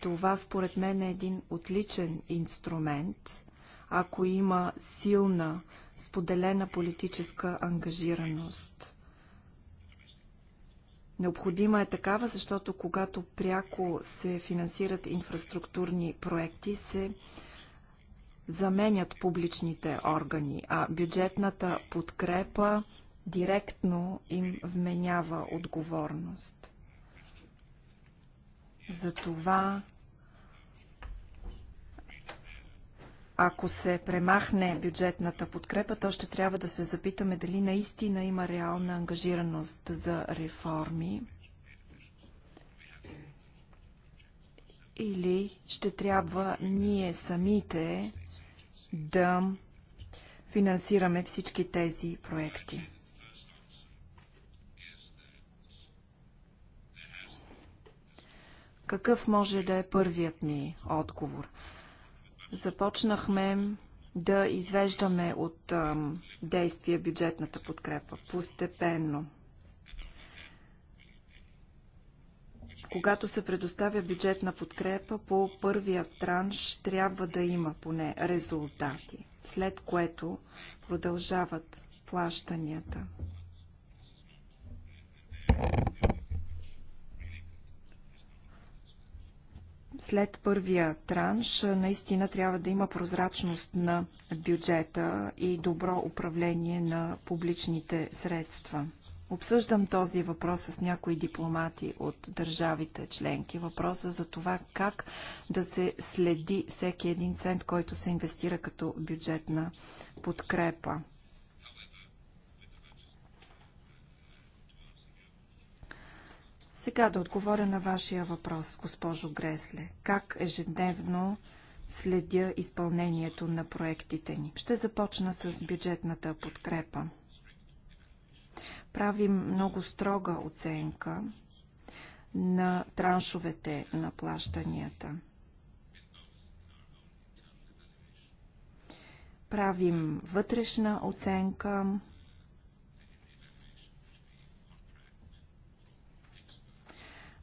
Това според мен е един отличен инструмент. Ако има силна споделена политическа ангажираност. Необходима е такава, защото когато пряко се финансират инфраструктурни проекти, се заменят публичните органи, а бюджетната подкрепа директно им вменява отговорност. Затова Ако се премахне бюджетната подкрепа, то ще трябва да се запитаме дали наистина има реална ангажираност за реформи или ще трябва ние самите да финансираме всички тези проекти. Какъв може да е първият ми отговор? Започнахме да извеждаме от действия бюджетната подкрепа постепенно. Когато се предоставя бюджетна подкрепа, по първия транш трябва да има поне резултати, след което продължават плащанията. след първия транш наистина трябва да има прозрачност на бюджета и добро управление на публичните средства. Обсъждам този въпрос с някои дипломати от държавите членки. Въпроса за това как да се следи всеки един цент, който се инвестира като бюджетна подкрепа. Сега да отговоря на вашия въпрос, госпожо Гресле. Как ежедневно следя изпълнението на проектите ни? Ще започна с бюджетната подкрепа. Правим много строга оценка на траншовете на плащанията. Правим вътрешна оценка,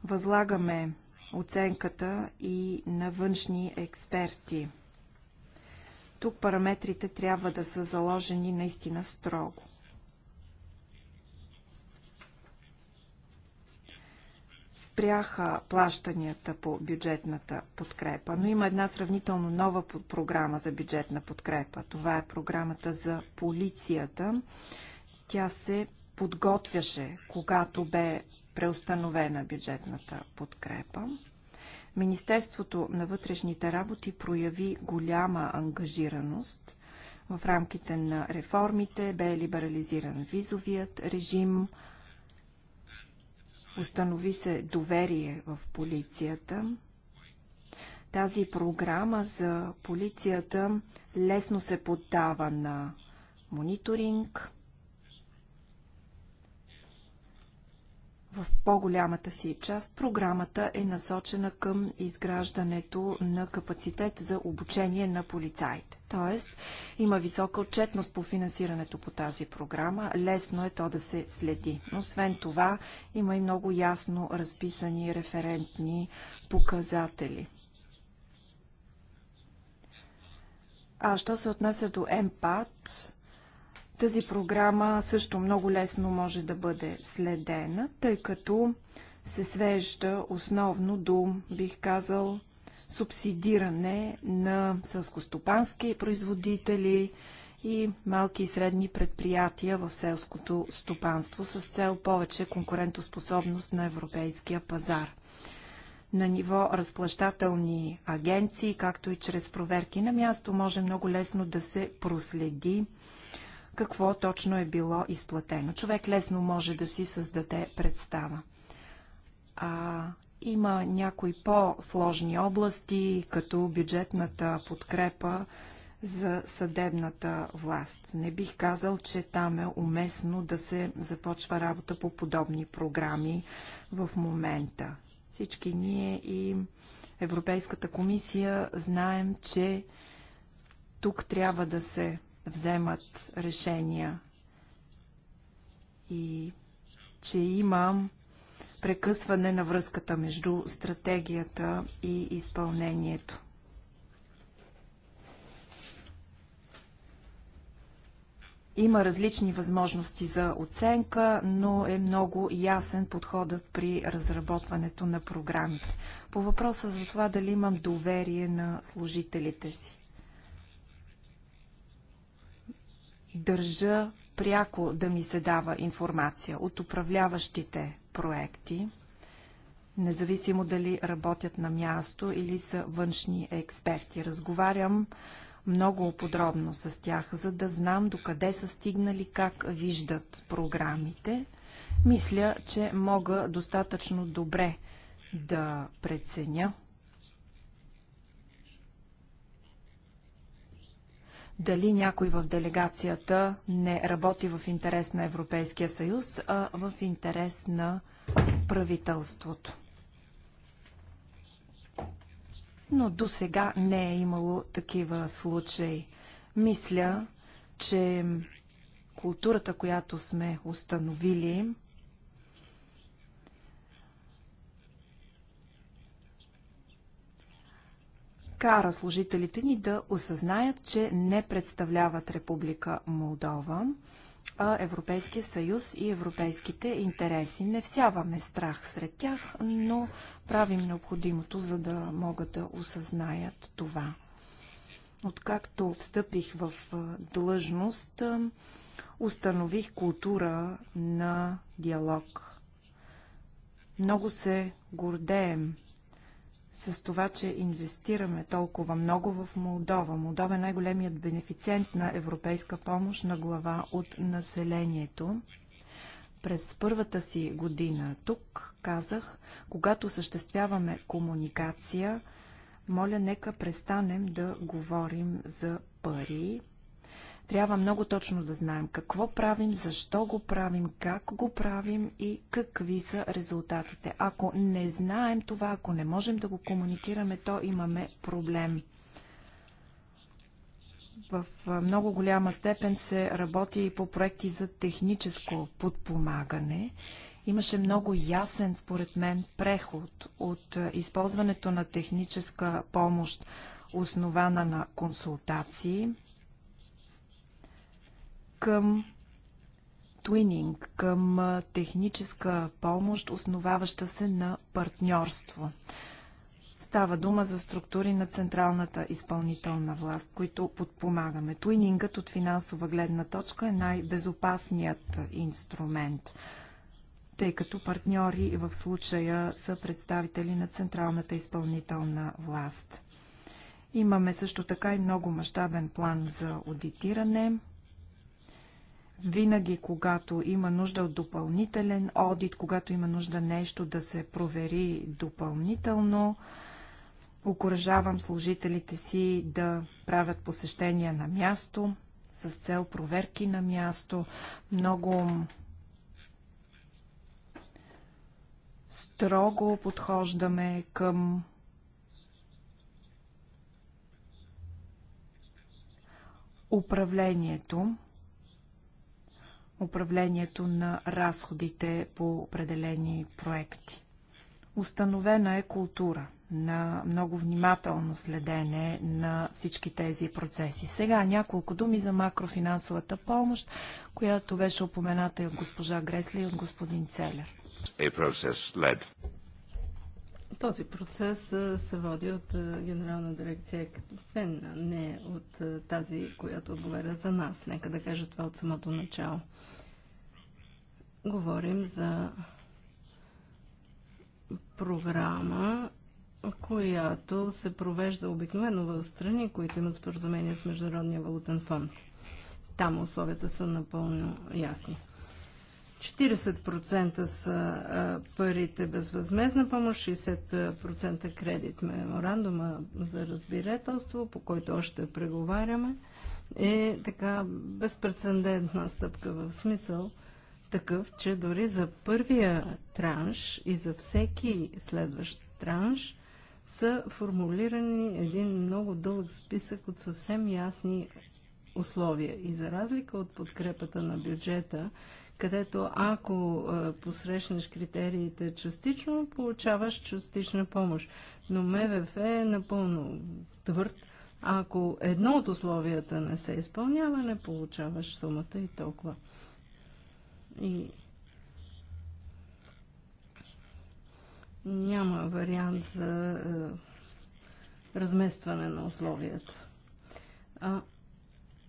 Възлагаме оценката и на външни експерти. Тук параметрите трябва да са заложени наистина строго. спряха плащанията по бюджетната подкрепа, но има една сравнително нова програма за бюджетна подкрепа. Това е програмата за полицията. Тя се подготвяше, когато бе преустановена бюджетната подкрепа. Министерството на вътрешните работи прояви голяма ангажираност. В рамките на реформите бе либерализиран визовият режим, установи се доверие в полицията. Тази програма за полицията лесно се поддава на мониторинг. В по-голямата си част програмата е насочена към изграждането на капацитет за обучение на полицаите. Тоест, има висока отчетност по финансирането по тази програма. Лесно е то да се следи. Но освен това, има и много ясно разписани референтни показатели. А що се отнася до МПАД, тази програма също много лесно може да бъде следена, тъй като се свежда основно до, бих казал, субсидиране на селскостопански производители и малки и средни предприятия в селското стопанство с цел повече конкурентоспособност на европейския пазар. На ниво разплащателни агенции, както и чрез проверки на място, може много лесно да се проследи какво точно е било изплатено. Човек лесно може да си създаде представа. А, има някои по-сложни области, като бюджетната подкрепа за съдебната власт. Не бих казал, че там е уместно да се започва работа по подобни програми в момента. Всички ние и Европейската комисия знаем, че тук трябва да се вземат решения и че има прекъсване на връзката между стратегията и изпълнението. Има различни възможности за оценка, но е много ясен подходът при разработването на програмите. По въпроса за това дали имам доверие на служителите си. държа пряко да ми се дава информация от управляващите проекти, независимо дали работят на място или са външни експерти. Разговарям много подробно с тях, за да знам докъде са стигнали, как виждат програмите. Мисля, че мога достатъчно добре да преценя дали някой в делегацията не работи в интерес на Европейския съюз, а в интерес на правителството. Но до сега не е имало такива случаи. Мисля, че културата, която сме установили, кара служителите ни да осъзнаят, че не представляват Република Молдова, а Европейския съюз и европейските интереси. Не всяваме страх сред тях, но правим необходимото, за да могат да осъзнаят това. Откакто встъпих в длъжност, установих култура на диалог. Много се гордеем с това, че инвестираме толкова много в Молдова. Молдова е най-големият бенефициент на европейска помощ на глава от населението. През първата си година тук казах, когато съществяваме комуникация, моля, нека престанем да говорим за пари, трябва много точно да знаем какво правим, защо го правим, как го правим и какви са резултатите. Ако не знаем това, ако не можем да го комуникираме, то имаме проблем в много голяма степен се работи и по проекти за техническо подпомагане. Имаше много ясен, според мен, преход от използването на техническа помощ, основана на консултации, към твининг, към техническа помощ, основаваща се на партньорство. Става дума за структури на централната изпълнителна власт, които подпомагаме. Туинингът от финансова гледна точка е най-безопасният инструмент, тъй като партньори в случая са представители на централната изпълнителна власт. Имаме също така и много мащабен план за аудитиране, винаги, когато има нужда от допълнителен одит, когато има нужда нещо да се провери допълнително, окоръжавам служителите си да правят посещения на място с цел проверки на място. Много строго подхождаме към управлението управлението на разходите по определени проекти. Установена е култура на много внимателно следене на всички тези процеси. Сега няколко думи за макрофинансовата помощ, която беше упомената и от госпожа Гресли и от господин Целер. Този процес се води от Генерална дирекция като а не от тази, която отговаря за нас. Нека да кажа това от самото начало. Говорим за програма, която се провежда обикновено в страни, които имат споразумение с Международния валутен фонд. Там условията са напълно ясни. 40% са парите безвъзмезна помощ, 60% кредит. Меморандума за разбирателство, по който още преговаряме, е така безпредседентна стъпка в смисъл такъв, че дори за първия транш и за всеки следващ транш са формулирани един много дълъг списък от съвсем ясни условия. И за разлика от подкрепата на бюджета, където ако е, посрещнеш критериите частично, получаваш частична помощ. Но МВФ е напълно твърд. Ако едно от условията не се изпълнява, не получаваш сумата и толкова. И няма вариант за е, разместване на условията. А,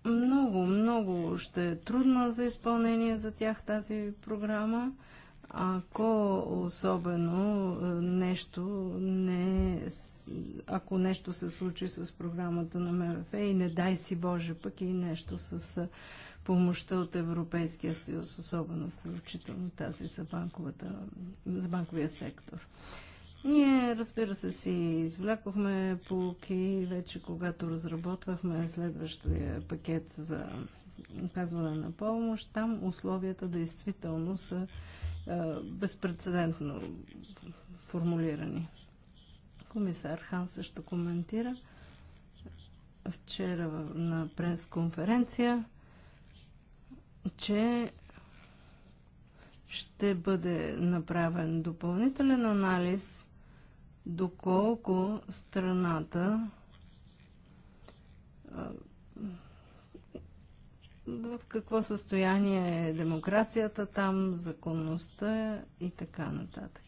много, много ще е трудна за изпълнение за тях тази програма, ако особено е, нещо не ако нещо се случи с програмата на МВФ и не дай си Боже пък и нещо с е, помощта от Европейския съюз, особено включително тази за, банковата, за банковия сектор. Ние, разбира се, си извлякохме полуки вече, когато разработвахме следващия пакет за оказване на помощ. Там условията действително са е, безпредседентно формулирани. Комисар Хан също коментира вчера на пресконференция, че ще бъде направен допълнителен анализ доколко страната в какво състояние е демокрацията там, законността и така нататък.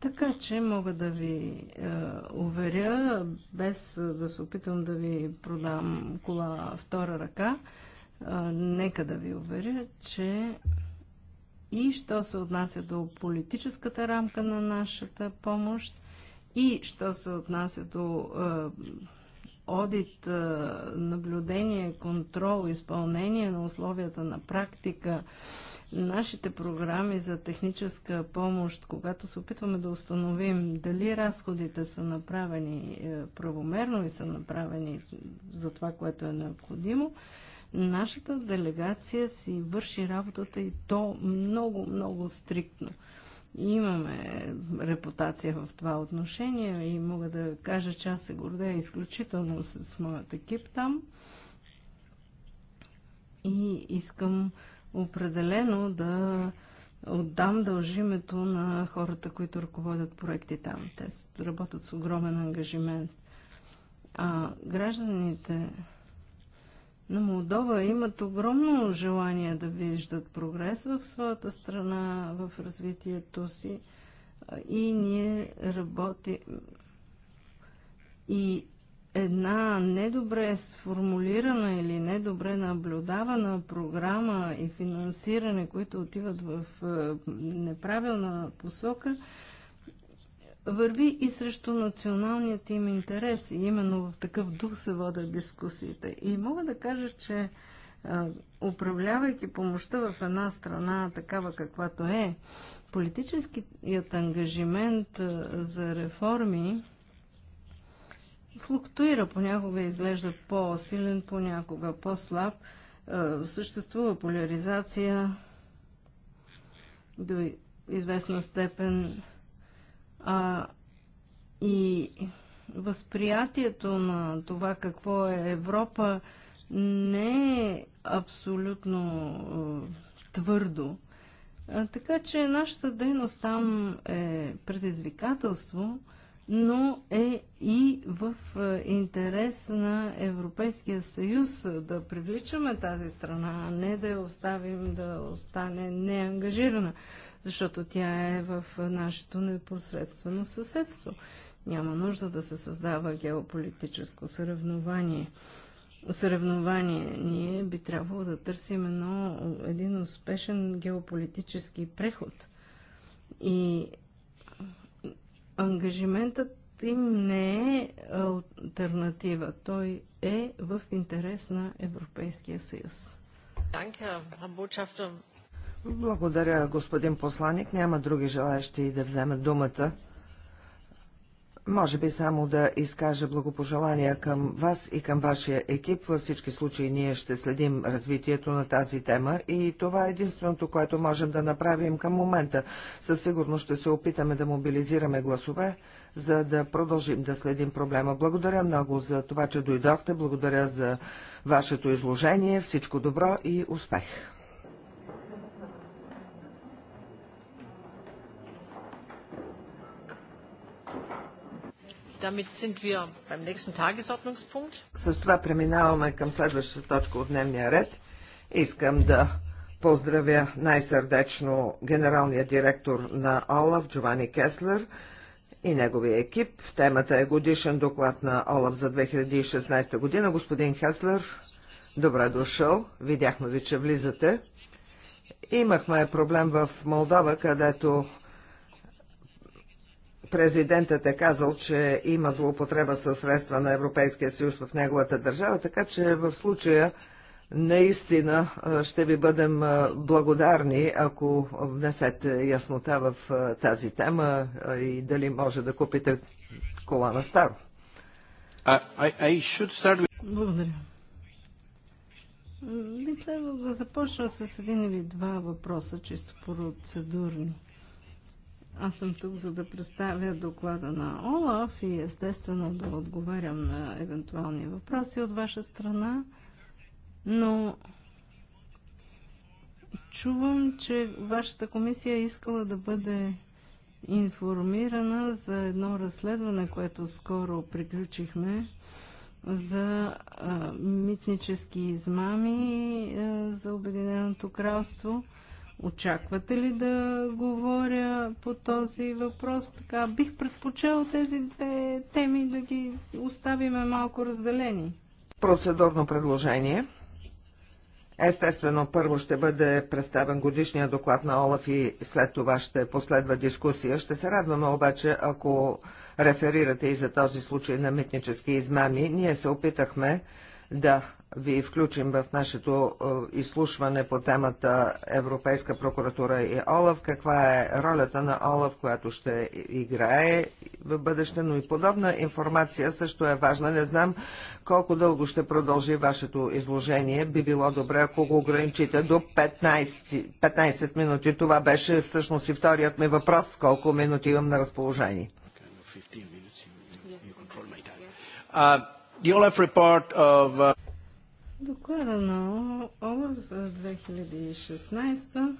Така че мога да ви е, уверя, без да се опитам да ви продам кола втора ръка, е, нека да ви уверя, че и що се отнася до политическата рамка на нашата помощ и що се отнася до е, одит, е, наблюдение, контрол, изпълнение на условията на практика, нашите програми за техническа помощ, когато се опитваме да установим дали разходите са направени е, правомерно и са направени за това, което е необходимо, Нашата делегация си върши работата и то много, много стриктно. Имаме репутация в това отношение и мога да кажа, че аз се гордея изключително с моят екип там. И искам определено да отдам дължимето на хората, които ръководят проекти там. Те работят с огромен ангажимент. А гражданите на Молдова имат огромно желание да виждат прогрес в своята страна, в развитието си и ние работим. И една недобре сформулирана или недобре наблюдавана програма и финансиране, които отиват в неправилна посока, върви и срещу националният им интерес. И именно в такъв дух се водят дискусиите. И мога да кажа, че управлявайки помощта в една страна, такава каквато е, политическият ангажимент за реформи флуктуира. Понякога изглежда по-силен, понякога по-слаб. Съществува поляризация до известна степен а, и възприятието на това какво е Европа не е абсолютно е, твърдо. А, така че нашата дейност там е предизвикателство, но е и в е, интерес на Европейския съюз е, да привличаме тази страна, а не да я оставим да остане неангажирана, защото тя е в е, нашето непосредствено съседство. Няма нужда да се създава геополитическо съревнование. Съревнование. Ние би трябвало да търсим едно, един успешен геополитически преход. И ангажиментът им не е альтернатива. Той е в интерес на Европейския съюз. Благодаря, господин посланик. Няма други желаящи да вземат думата. Може би само да изкажа благопожелания към вас и към вашия екип. Във всички случаи ние ще следим развитието на тази тема и това е единственото, което можем да направим към момента. Със сигурност ще се опитаме да мобилизираме гласове, за да продължим да следим проблема. Благодаря много за това, че дойдохте. Благодаря за вашето изложение. Всичко добро и успех! С това преминаваме към следващата точка от дневния ред. Искам да поздравя най-сърдечно генералния директор на ОЛАФ Джовани Кеслер и неговия екип. Темата е годишен доклад на ОЛАФ за 2016 година. Господин Кеслер, добре дошъл. Видяхме ви, че влизате. Имахме проблем в Молдова, където президентът е казал, че има злоупотреба със средства на Европейския съюз в неговата държава, така че в случая наистина ще ви бъдем благодарни, ако внесете яснота в тази тема и дали може да купите кола на старо. Благодаря. Би следвало да започна с един или два въпроса, чисто процедурни. Аз съм тук, за да представя доклада на ОЛАФ и естествено да отговарям на евентуални въпроси от ваша страна, но чувам, че вашата комисия искала да бъде информирана за едно разследване, което скоро приключихме за а, митнически измами а, за Обединеното кралство – Очаквате ли да говоря по този въпрос? Така, бих предпочел тези две теми да ги оставиме малко разделени. Процедурно предложение. Естествено, първо ще бъде представен годишния доклад на Олаф и след това ще последва дискусия. Ще се радваме обаче, ако реферирате и за този случай на митнически измами. Ние се опитахме да ви включим в нашето е, изслушване по темата Европейска прокуратура и ОЛАВ, каква е ролята на ОЛАВ, която ще играе в бъдеще, но и подобна информация също е важна. Не знам колко дълго ще продължи вашето изложение. Би било добре, ако го ограничите до 15, 15 минути. Това беше всъщност и вторият ми въпрос, колко минути имам на разположение. Uh, the Olaf report of uh... Доклада на ОЛАФ за 2016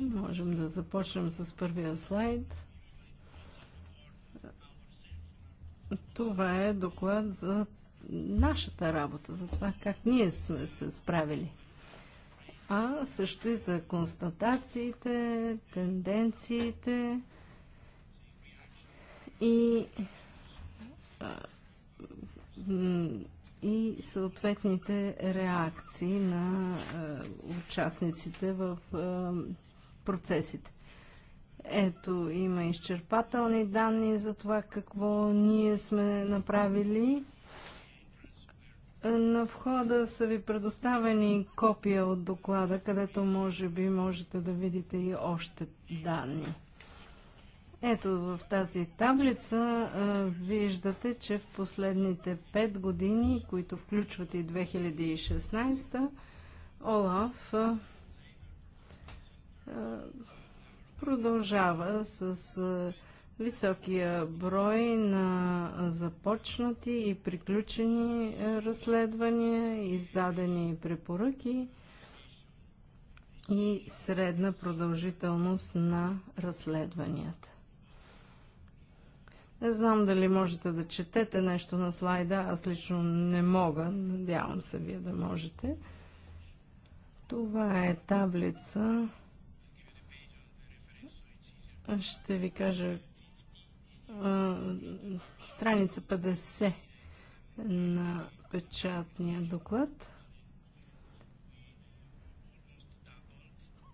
можем да започнем с първия слайд. Това е доклад за нашата работа, за това как ние сме се справили. А също и за констатациите, тенденциите и и съответните реакции на е, участниците в е, процесите. Ето, има изчерпателни данни за това какво ние сме направили. Е, на входа са ви предоставени копия от доклада, където може би можете да видите и още данни. Ето в тази таблица виждате, че в последните 5 години, които включват и 2016, Олаф продължава с високия брой на започнати и приключени разследвания, издадени препоръки и средна продължителност на разследванията. Не знам дали можете да четете нещо на слайда, аз лично не мога, надявам се вие да можете. Това е таблица. Ще ви кажа страница 50 на печатния доклад.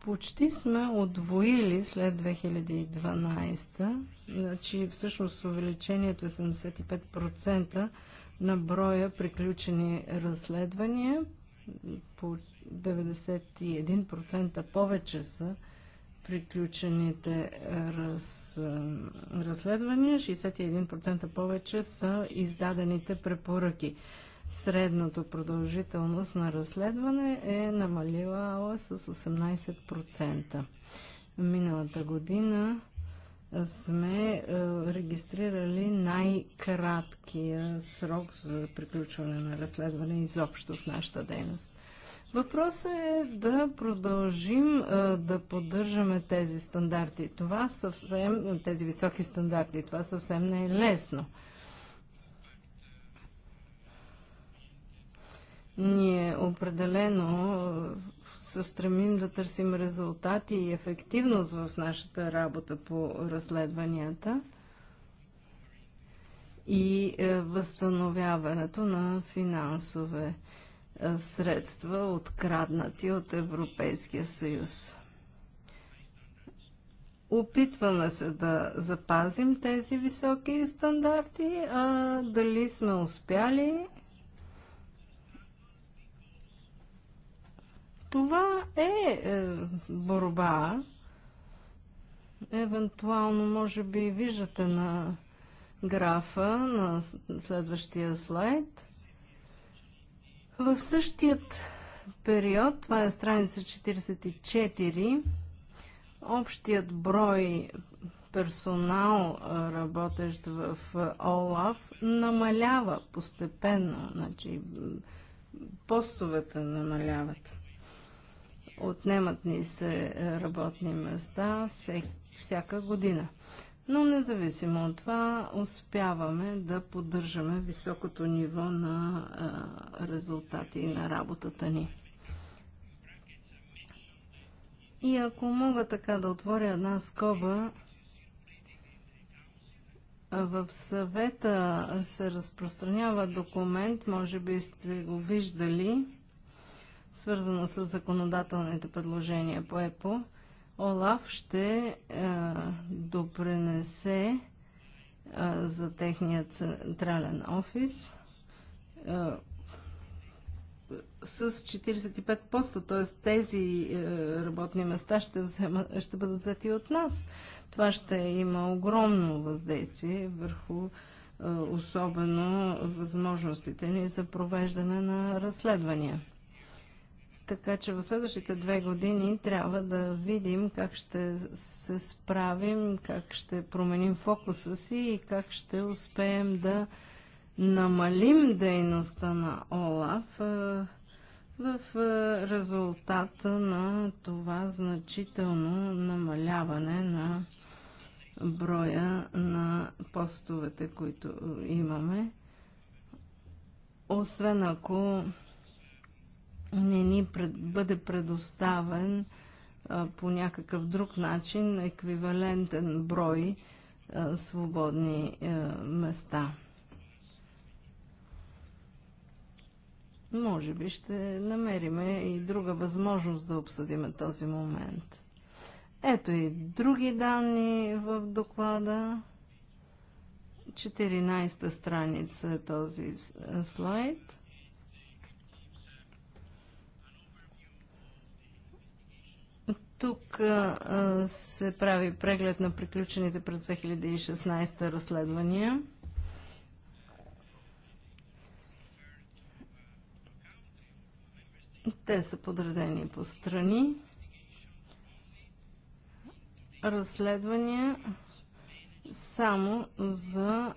почти сме отвоили след 2012, значи всъщност увеличението е 75% на броя приключени разследвания, по 91% повече са приключените е, раз, разследвания, 61% повече са издадените препоръки средната продължителност на разследване е намалила с 18%. Миналата година сме регистрирали най-краткия срок за приключване на разследване изобщо в нашата дейност. Въпросът е да продължим да поддържаме тези стандарти. Това съвсем, тези високи стандарти, това съвсем не е лесно. Ние определено е, се стремим да търсим резултати и ефективност в нашата работа по разследванията и е, възстановяването на финансове е, средства, откраднати от Европейския съюз. Опитваме се да запазим тези високи стандарти, а дали сме успяли Това е, е борба. Евентуално, може би, виждате на графа на следващия слайд. В същият период, това е страница 44, общият брой персонал, работещ в ОЛАВ, намалява постепенно. Значи, постовете намаляват отнемат ни се е, работни места всяка година. Но независимо от това, успяваме да поддържаме високото ниво на е, резултати резултати на работата ни. И ако мога така да отворя една скоба, в съвета се разпространява документ, може би сте го виждали, свързано с законодателните предложения по ЕПО, ОЛАФ ще а, е, допренесе е, за техния централен офис е, с 45 поста, т.е. тези е, работни места ще, взема, ще бъдат взети от нас. Това ще има огромно въздействие върху е, особено възможностите ни за провеждане на разследвания. Така че в следващите две години трябва да видим как ще се справим, как ще променим фокуса си и как ще успеем да намалим дейността на ОЛАФ е, в е, резултата на това значително намаляване на броя на постовете, които имаме. Освен ако не ни пред, бъде предоставен а, по някакъв друг начин еквивалентен брой а, свободни а, места. Може би ще намериме и друга възможност да обсъдим този момент. Ето и други данни в доклада. 14-та страница е този слайд. Тук а, се прави преглед на приключените през 2016 разследвания. Те са подредени по страни. Разследвания само за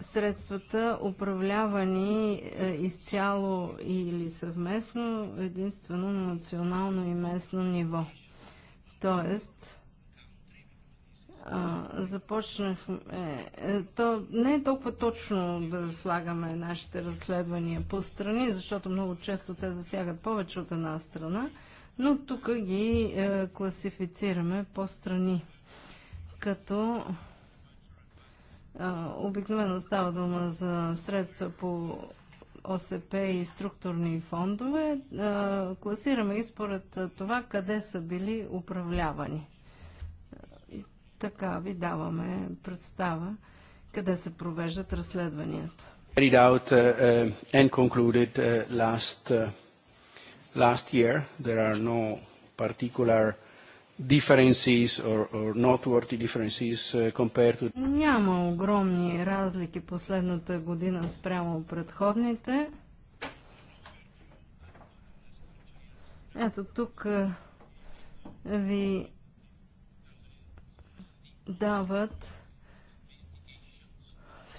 средствата, управлявани е, изцяло или съвместно, единствено на национално и местно ниво. Тоест, започнахме. Е, то не е толкова точно да слагаме нашите разследвания по страни, защото много често те засягат повече от една страна, но тук ги е, класифицираме по страни. Като Обикновено става дума за средства по ОСП и структурни фондове. Класираме и според това къде са били управлявани. Така ви даваме представа къде се провеждат разследванията. Out, uh, uh, and concluded uh, last uh, last year there are no particular uh, differences or, or noteworthy differences uh, compared to... Няма огромни разлики последната година спрямо предходните. Ето тук е, ви дават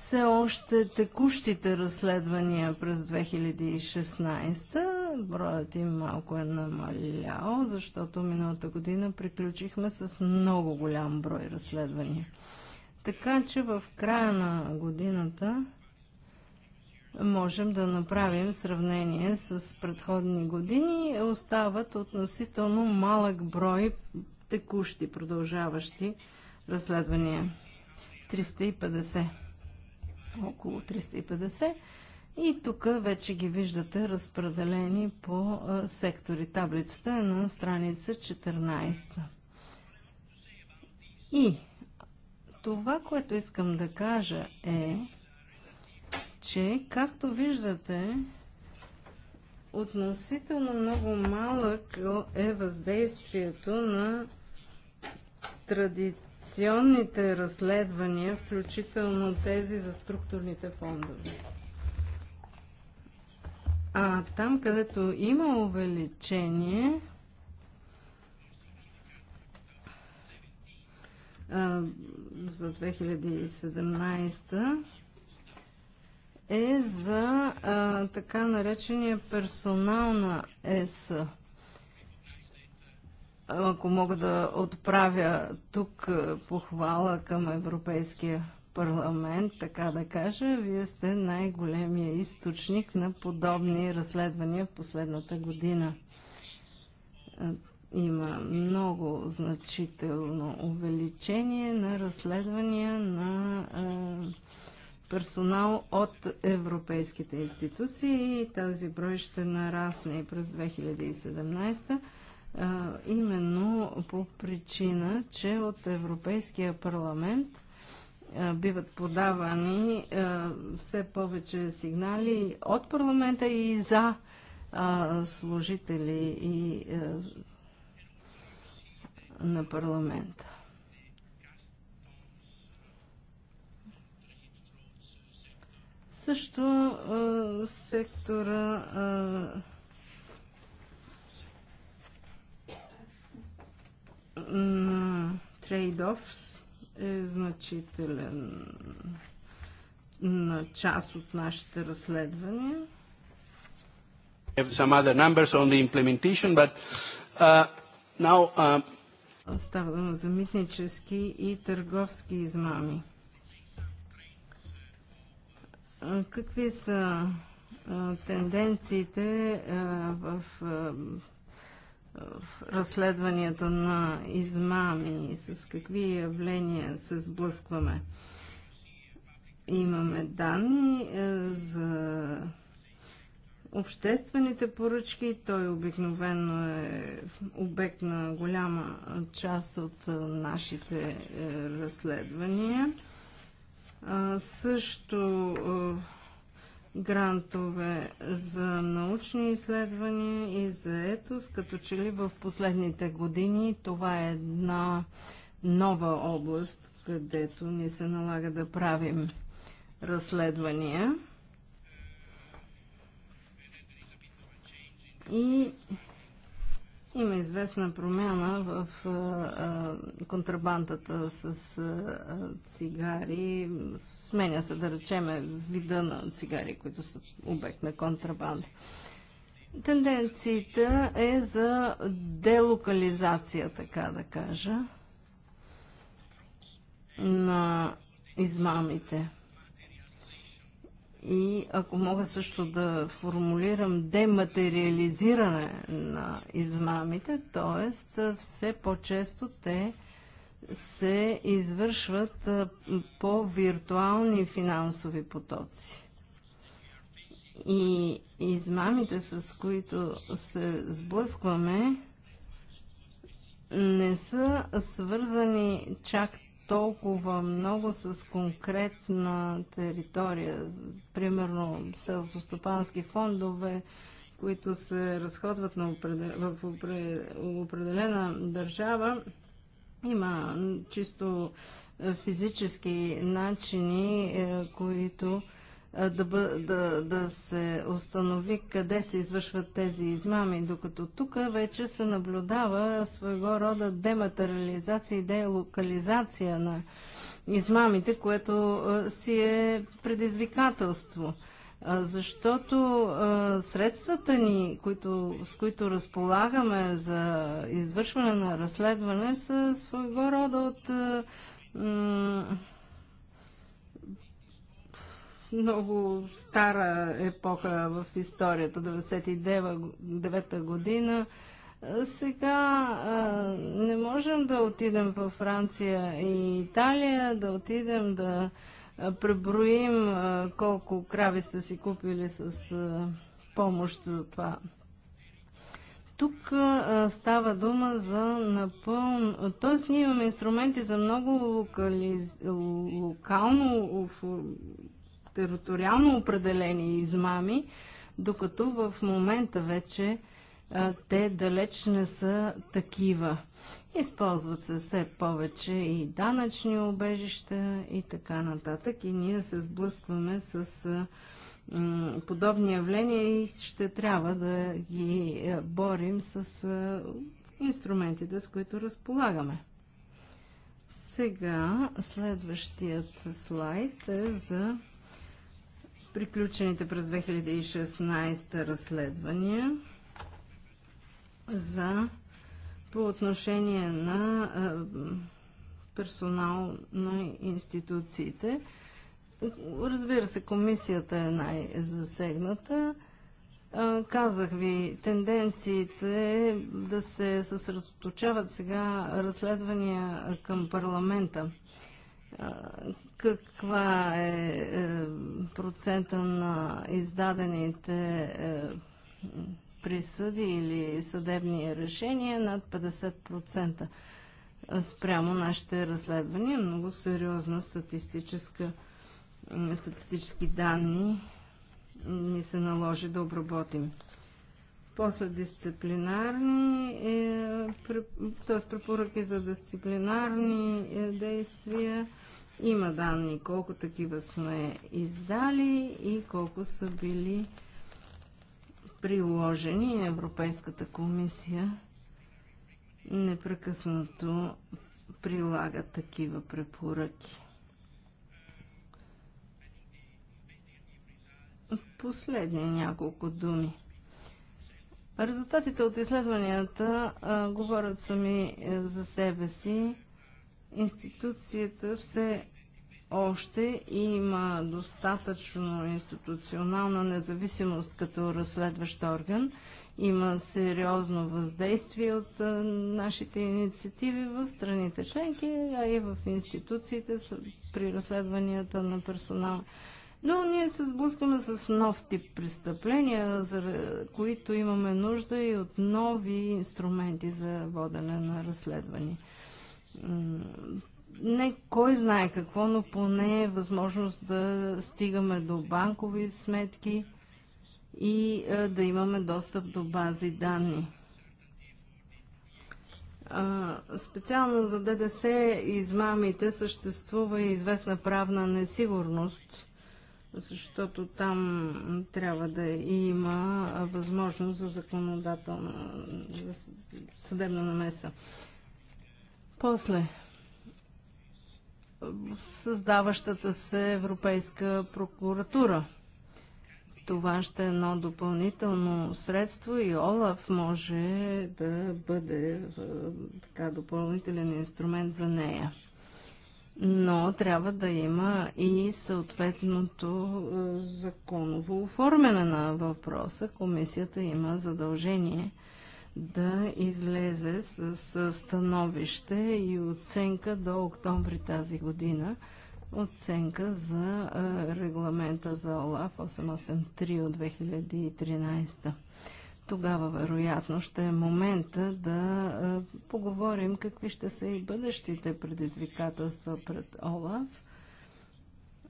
все още текущите разследвания през 2016. Броят им малко е намалял, защото миналата година приключихме с много голям брой разследвания. Така че в края на годината можем да направим сравнение с предходни години. Остават относително малък брой текущи, продължаващи разследвания. 350 около 350. И тук вече ги виждате разпределени по сектори. Таблицата е на страница 14. И това, което искам да кажа е, че, както виждате, относително много малък е въздействието на традиционно инвестиционните разследвания, включително тези за структурните фондове. А там, където има увеличение, за 2017 е за а, така наречения персонал на ЕСА ако мога да отправя тук е, похвала към Европейския парламент, така да кажа, вие сте най-големия източник на подобни разследвания в последната година. Е, има много значително увеличение на разследвания на е, персонал от европейските институции и този брой ще нарасне и през 2017 а, именно по причина, че от Европейския парламент биват подавани а, все повече сигнали от парламента и за а, служители и, а, на парламента. Също а, сектора а, на офс е значителен на част от нашите разследвания. But, uh, now, uh... Става дума за митнически и търговски измами. Какви са тенденциите в разследванията на измами, и с какви явления се сблъскваме. Имаме данни е, за обществените поръчки. Той обикновено е обект на голяма част от е, нашите е, разследвания. Също грантове за научни изследвания и за етос, като че ли в последните години това е една нова област, където ни се налага да правим разследвания. И има известна промяна в контрабандата с цигари. Сменя се, да речеме, вида на цигари, които са обект на контрабанда. Тенденцията е за делокализация, така да кажа, на измамите и ако мога също да формулирам дематериализиране на измамите, т.е. все по-често те се извършват по виртуални финансови потоци. И измамите, с които се сблъскваме, не са свързани чак толкова много с конкретна територия, примерно селскостопански фондове, които се разходват на определ... в определена държава, има чисто е, физически начини, е, които да, бъ, да, да се установи къде се извършват тези измами, докато тук вече се наблюдава своего рода дематериализация и делокализация на измамите, което си е предизвикателство. Защото средствата ни, които, с които разполагаме за извършване на разследване, са своего рода от много стара епоха в историята, 99-та година. Сега а, не можем да отидем във Франция и Италия, да отидем да преброим а, колко крави сте си купили с а, помощ за това. Тук а, става дума за напълно... Тоест ние имаме инструменти за много локализ... локално териториално определени измами, докато в момента вече а, те далеч не са такива. Използват се все повече и данъчни обежища и така нататък. И ние се сблъскваме с а, м, подобни явления и ще трябва да ги а, борим с инструментите, с които разполагаме. Сега следващият слайд е за приключените през 2016 разследвания за по отношение на персонал на институциите. Разбира се, комисията е най-засегната. Казах ви, тенденциите да се съсредоточават сега разследвания към парламента каква е, е процента на издадените е, присъди или съдебни решения над 50% спрямо нашите разследвания. Много сериозна статистическа, статистически данни ни се наложи да обработим. После дисциплинарни, е, т.е. препоръки за дисциплинарни е, действия – има данни колко такива сме издали и колко са били приложени. Европейската комисия непрекъснато прилага такива препоръки. Последни няколко думи. Резултатите от изследванията а, говорят сами е, за себе си. Институцията все още има достатъчно институционална независимост като разследващ орган. Има сериозно въздействие от нашите инициативи в страните членки, а и в институциите при разследванията на персонала. Но ние се сблъскваме с нов тип престъпления, за които имаме нужда и от нови инструменти за водене на разследвания не кой знае какво, но поне е възможност да стигаме до банкови сметки и а, да имаме достъп до бази данни. А, специално за ДДС измамите съществува и известна правна несигурност, защото там трябва да има възможност за законодателна за съдебна намеса. После, създаващата се Европейска прокуратура. Това ще е едно допълнително средство и ОЛАФ може да бъде е, така допълнителен инструмент за нея. Но трябва да има и съответното е, законово оформяне на въпроса. Комисията има задължение – да излезе с, становище и оценка до октомври тази година. Оценка за регламента за ОЛАФ 883 от 2013. Тогава, вероятно, ще е момента да поговорим какви ще са и бъдещите предизвикателства пред ОЛАФ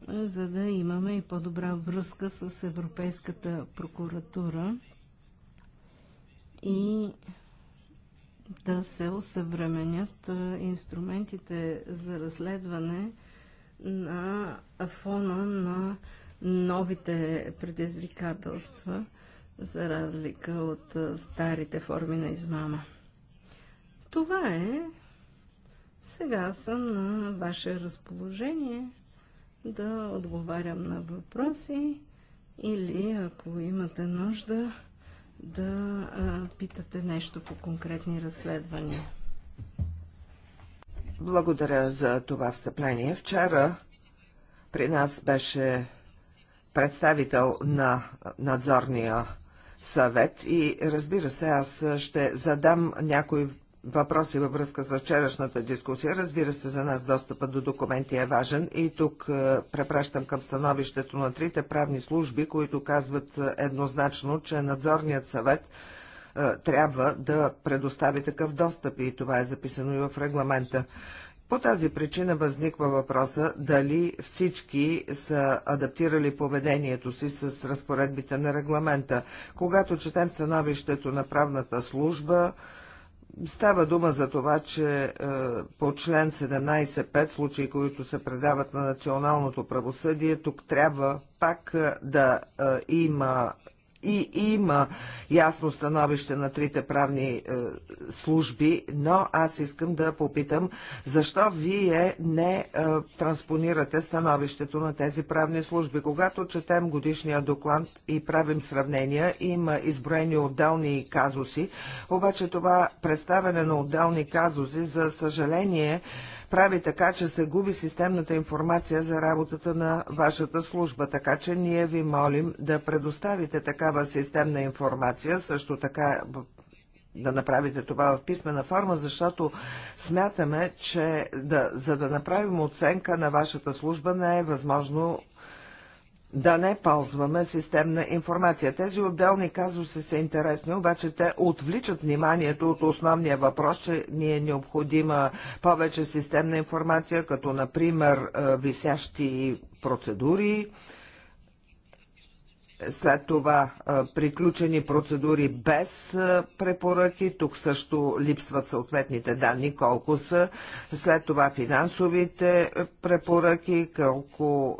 за да имаме и по-добра връзка с Европейската прокуратура и да се осъвременят инструментите за разследване на фона на новите предизвикателства, за разлика от старите форми на измама. Това е. Сега съм на ваше разположение да отговарям на въпроси или ако имате нужда да а, питате нещо по конкретни разследвания. Благодаря за това встъпление. Вчера при нас беше представител на надзорния съвет и разбира се, аз ще задам някои въпроси във връзка с вчерашната дискусия. Разбира се, за нас достъпа до документи е важен и тук е, препращам към становището на трите правни служби, които казват е, еднозначно, че надзорният съвет е, трябва да предостави такъв достъп и това е записано и в регламента. По тази причина възниква въпроса дали всички са адаптирали поведението си с разпоредбите на регламента. Когато четем становището на правната служба, Става дума за това, че е, по член 17.5 случаи, които се предават на националното правосъдие, тук трябва пак е, да е, има и има ясно становище на трите правни е, служби, но аз искам да попитам защо вие не е, транспонирате становището на тези правни служби. Когато четем годишния доклад и правим сравнения, има изброени отделни казуси, обаче това представяне на отделни казуси, за съжаление, прави така, че се губи системната информация за работата на вашата служба, така че ние ви молим да предоставите такава системна информация, също така да направите това в писмена форма, защото смятаме, че да, за да направим оценка на вашата служба не е възможно да не ползваме системна информация. Тези отделни казуси са интересни, обаче те отвличат вниманието от основния въпрос, че ни е необходима повече системна информация, като например е, висящи процедури, след това приключени процедури без препоръки, тук също липсват съответните данни, колко са, след това финансовите препоръки, колко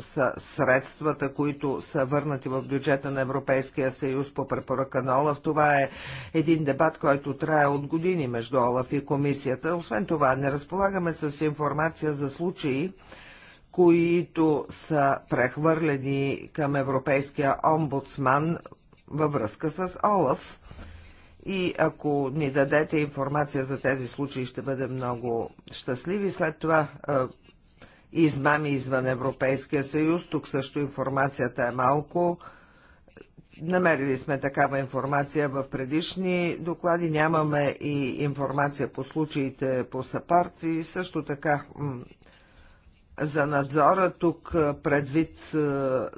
са средствата, които са върнати в бюджета на Европейския съюз по препоръка на Олаф. Това е един дебат, който трае от години между Олаф и комисията. Освен това, не разполагаме с информация за случаи, които са прехвърлени към Европейския омбудсман във връзка с Олаф. И ако ни дадете информация за тези случаи, ще бъде много щастливи. След това измами извън Европейския съюз. Тук също информацията е малко. Намерили сме такава информация в предишни доклади. Нямаме и информация по случаите по САПАРТ и също така за надзора, тук предвид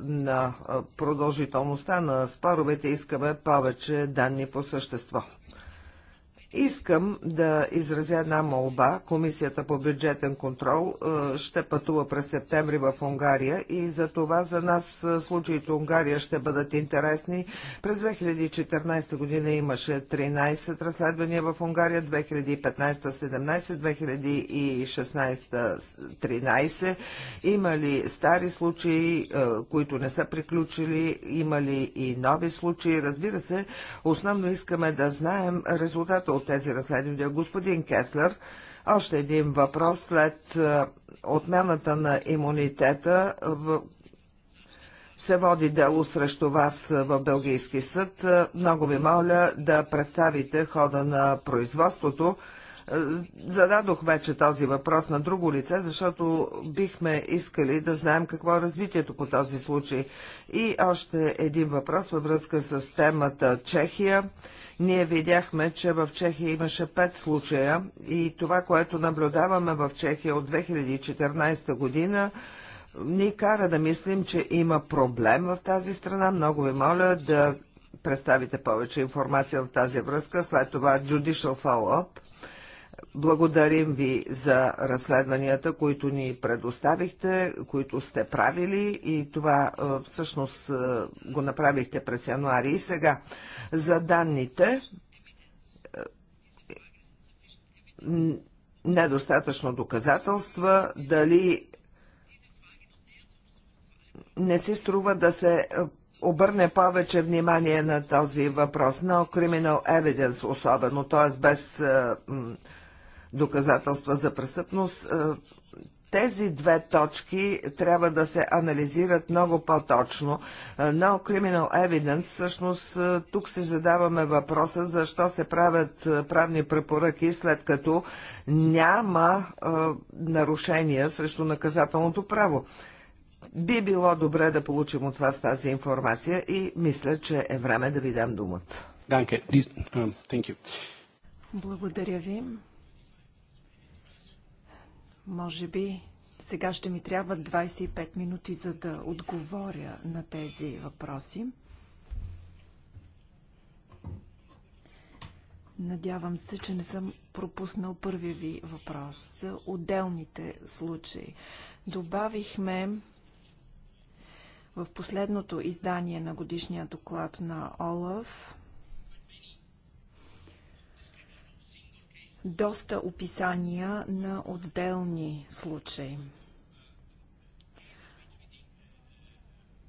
на продължителността на споровете искаме повече данни по същество. Искам да изразя една молба. Комисията по бюджетен контрол е, ще пътува през септември в Унгария и за това за нас е, случаите Унгария ще бъдат интересни. През 2014 година имаше 13 разследвания в Унгария, 2015-17, 2016-13. Има ли стари случаи, е, които не са приключили, има ли и нови случаи? Разбира се, основно искаме да знаем резултата от от тези разследвания. Господин Кеслер, още един въпрос след е, отмяната на имунитета в се води дело срещу вас в Белгийски съд. Е, много ви моля да представите хода на производството. Е, зададох вече този въпрос на друго лице, защото бихме искали да знаем какво е развитието по този случай. И още един въпрос във връзка с темата Чехия. Ние видяхме, че в Чехия имаше 5 случая и това, което наблюдаваме в Чехия от 2014 година, ни кара да мислим, че има проблем в тази страна. Много ви моля да представите повече информация в тази връзка. След това Judicial Follow-up. Благодарим ви за разследванията, които ни предоставихте, които сте правили и това е, всъщност е, го направихте през януари. И сега за данните е, недостатъчно доказателства, дали не си струва да се обърне повече внимание на този въпрос, но Criminal Evidence особено, т.е. без доказателства за престъпност, е, тези две точки трябва да се анализират много по-точно. No е, criminal evidence, всъщност е, тук се задаваме въпроса защо се правят правни препоръки след като няма е, нарушения срещу наказателното право. Би било добре да получим от вас тази информация и мисля, че е време да ви дам думата. Uh, Благодаря ви. Може би сега ще ми трябва 25 минути, за да отговоря на тези въпроси. Надявам се, че не съм пропуснал първия ви въпрос за отделните случаи. Добавихме в последното издание на годишния доклад на ОЛАФ доста описания на отделни случаи.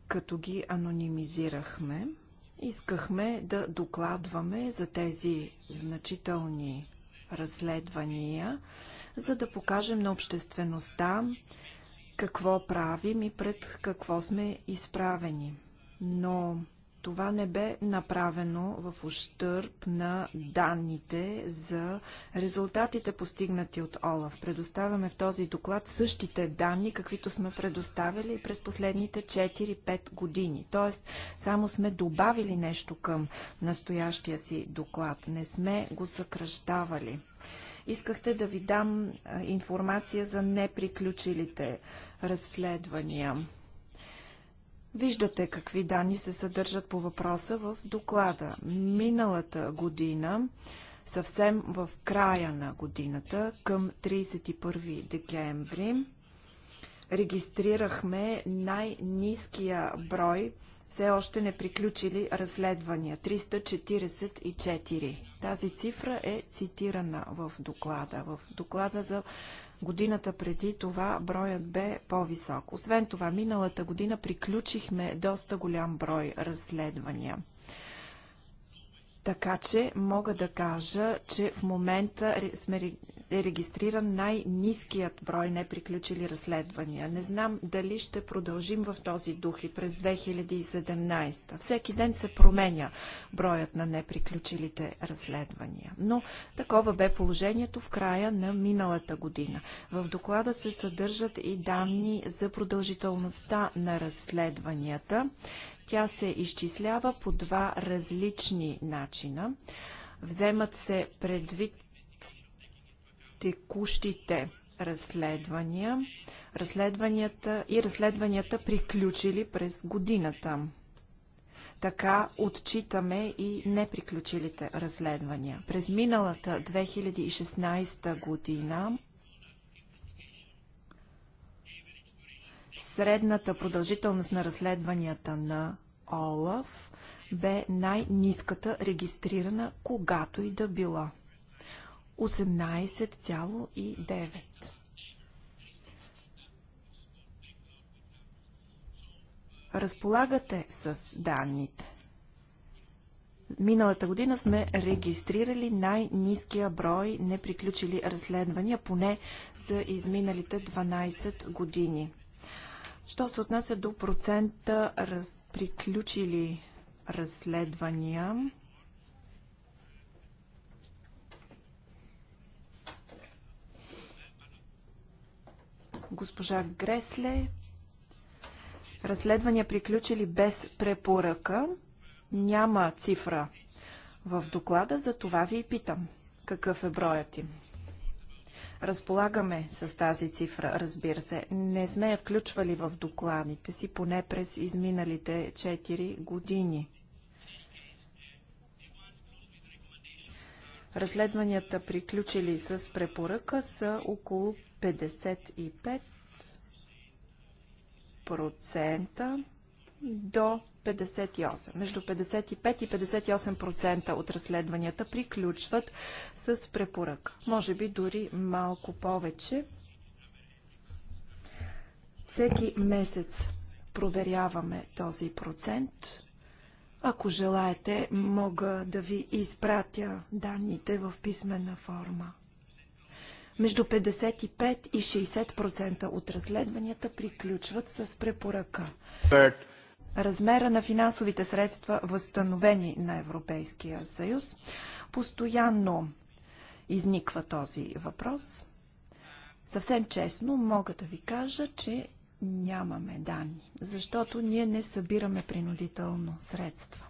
Като ги анонимизирахме, искахме да докладваме за тези значителни разследвания, за да покажем на обществеността какво правим и пред какво сме изправени. Но това не бе направено в ущърп на данните за резултатите постигнати от ОЛАФ. Предоставяме в този доклад същите данни, каквито сме предоставили през последните 4-5 години. Тоест, само сме добавили нещо към настоящия си доклад. Не сме го съкръщавали. Искахте да ви дам информация за неприключилите разследвания. Виждате какви данни се съдържат по въпроса в доклада. Миналата година, съвсем в края на годината, към 31 декември, регистрирахме най-низкия брой все още не приключили разследвания 344. Тази цифра е цитирана в доклада. В доклада за Годината преди това броят бе по-висок. Освен това, миналата година приключихме доста голям брой разследвания. Така че мога да кажа, че в момента сме е регистриран най-низкият брой неприключили разследвания. Не знам дали ще продължим в този дух и през 2017. Всеки ден се променя броят на неприключилите разследвания. Но такова бе положението в края на миналата година. В доклада се съдържат и данни за продължителността на разследванията. Тя се изчислява по два различни начина вземат се предвид текущите разследвания, разследванията и разследванията приключили през годината. Така отчитаме и неприключилите разследвания. През миналата 2016 година средната продължителност на разследванията на ОЛАФ бе най-низката регистрирана когато и да била – 18,9. Разполагате с данните. Миналата година сме регистрирали най-низкия брой неприключили разследвания, поне за изминалите 12 години. Що се отнася до процента раз... приключили разследвания, госпожа Гресле. Разследвания приключили без препоръка. Няма цифра в доклада, за това ви и питам какъв е броят им. Разполагаме с тази цифра, разбира се. Не сме я включвали в докладите си, поне през изминалите 4 години. Разследванията, приключили с препоръка, са около 55% до 58%. Между 55 и 58% от разследванията приключват с препоръка. Може би дори малко повече. Всеки месец проверяваме този процент. Ако желаете, мога да ви изпратя данните в писмена форма. Между 55 и 60% от разследванията приключват с препоръка. Размера на финансовите средства, възстановени на Европейския съюз, постоянно изниква този въпрос. Съвсем честно мога да ви кажа, че нямаме данни, защото ние не събираме принудително средства.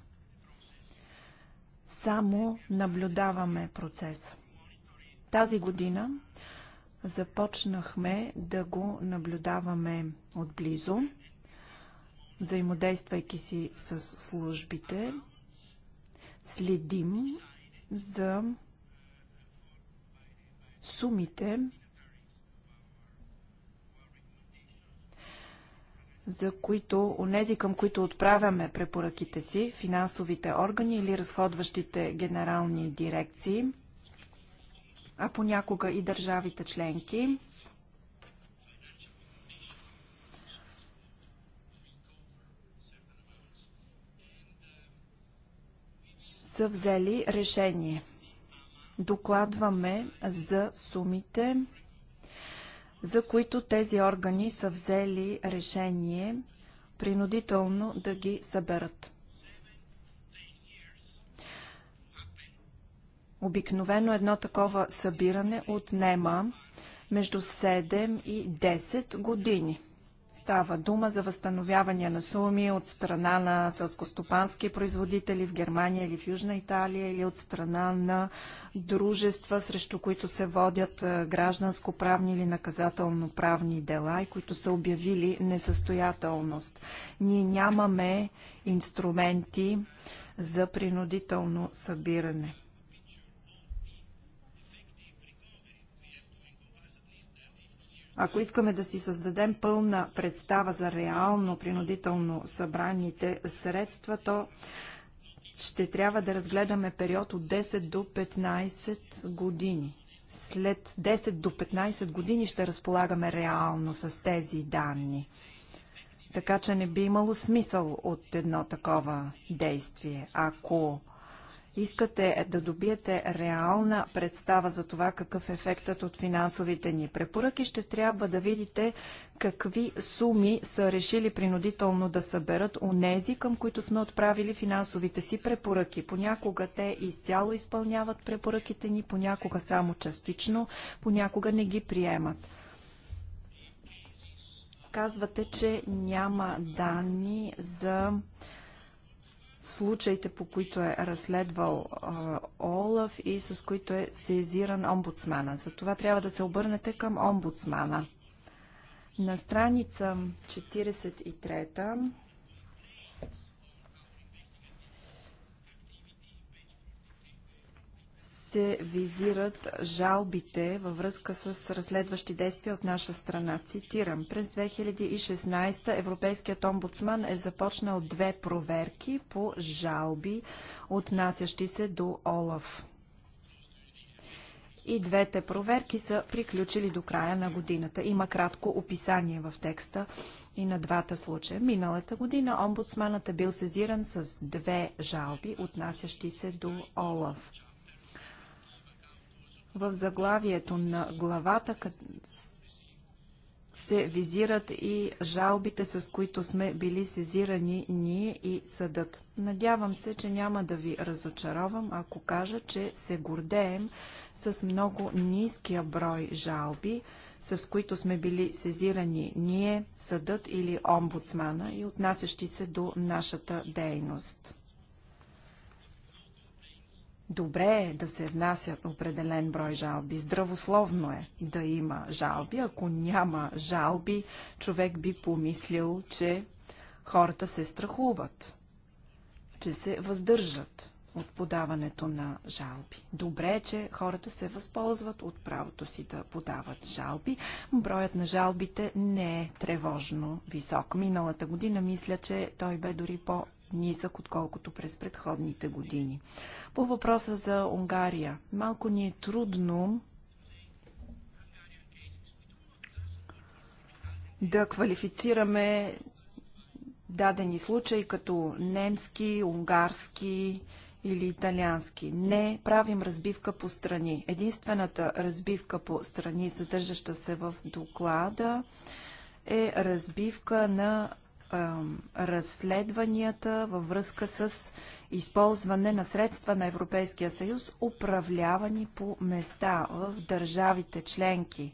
Само наблюдаваме процеса. Тази година започнахме да го наблюдаваме отблизо, взаимодействайки си с службите, следим за сумите, за които, онези към които отправяме препоръките си, финансовите органи или разходващите генерални дирекции – а понякога и държавите членки. са взели решение. Докладваме за сумите, за които тези органи са взели решение принудително да ги съберат. Обикновено едно такова събиране отнема между 7 и 10 години. Става дума за възстановяване на суми от страна на сълскостопански производители в Германия или в Южна Италия или от страна на дружества, срещу които се водят е, гражданско-правни или наказателно-правни дела и които са обявили несъстоятелност. Ние нямаме инструменти за принудително събиране. Ако искаме да си създадем пълна представа за реално принудително събраните средства, то ще трябва да разгледаме период от 10 до 15 години. След 10 до 15 години ще разполагаме реално с тези данни. Така че не би имало смисъл от едно такова действие. Ако искате да добиете реална представа за това какъв е ефектът от финансовите ни препоръки, ще трябва да видите какви суми са решили принудително да съберат нези, към които сме отправили финансовите си препоръки. Понякога те изцяло изпълняват препоръките ни, понякога само частично, понякога не ги приемат казвате, че няма данни за случаите, по които е разследвал Олаф и с които е сезиран омбудсмана. За това трябва да се обърнете към омбудсмана. На страница 43 се визират жалбите във връзка с разследващи действия от наша страна. Цитирам. През 2016 Европейският омбудсман е започнал две проверки по жалби, отнасящи се до ОЛАФ. И двете проверки са приключили до края на годината. Има кратко описание в текста и на двата случая. Миналата година омбудсманът е бил сезиран с две жалби, отнасящи се до Олаф. В заглавието на главата се визират и жалбите, с които сме били сезирани ние и съдът. Надявам се, че няма да ви разочаровам, ако кажа, че се гордеем с много ниския брой жалби, с които сме били сезирани ние, съдът или омбудсмана и отнасящи се до нашата дейност. Добре е да се внасят определен брой жалби. Здравословно е да има жалби. Ако няма жалби, човек би помислил, че хората се страхуват, че се въздържат от подаването на жалби. Добре е, че хората се възползват от правото си да подават жалби. Броят на жалбите не е тревожно висок. Миналата година мисля, че той бе дори по нисък, отколкото през предходните години. По въпроса за Унгария. Малко ни е трудно да квалифицираме дадени случаи като немски, унгарски или италиански. Не правим разбивка по страни. Единствената разбивка по страни, съдържаща се в доклада, е разбивка на разследванията във връзка с използване на средства на Европейския съюз, управлявани по места в държавите членки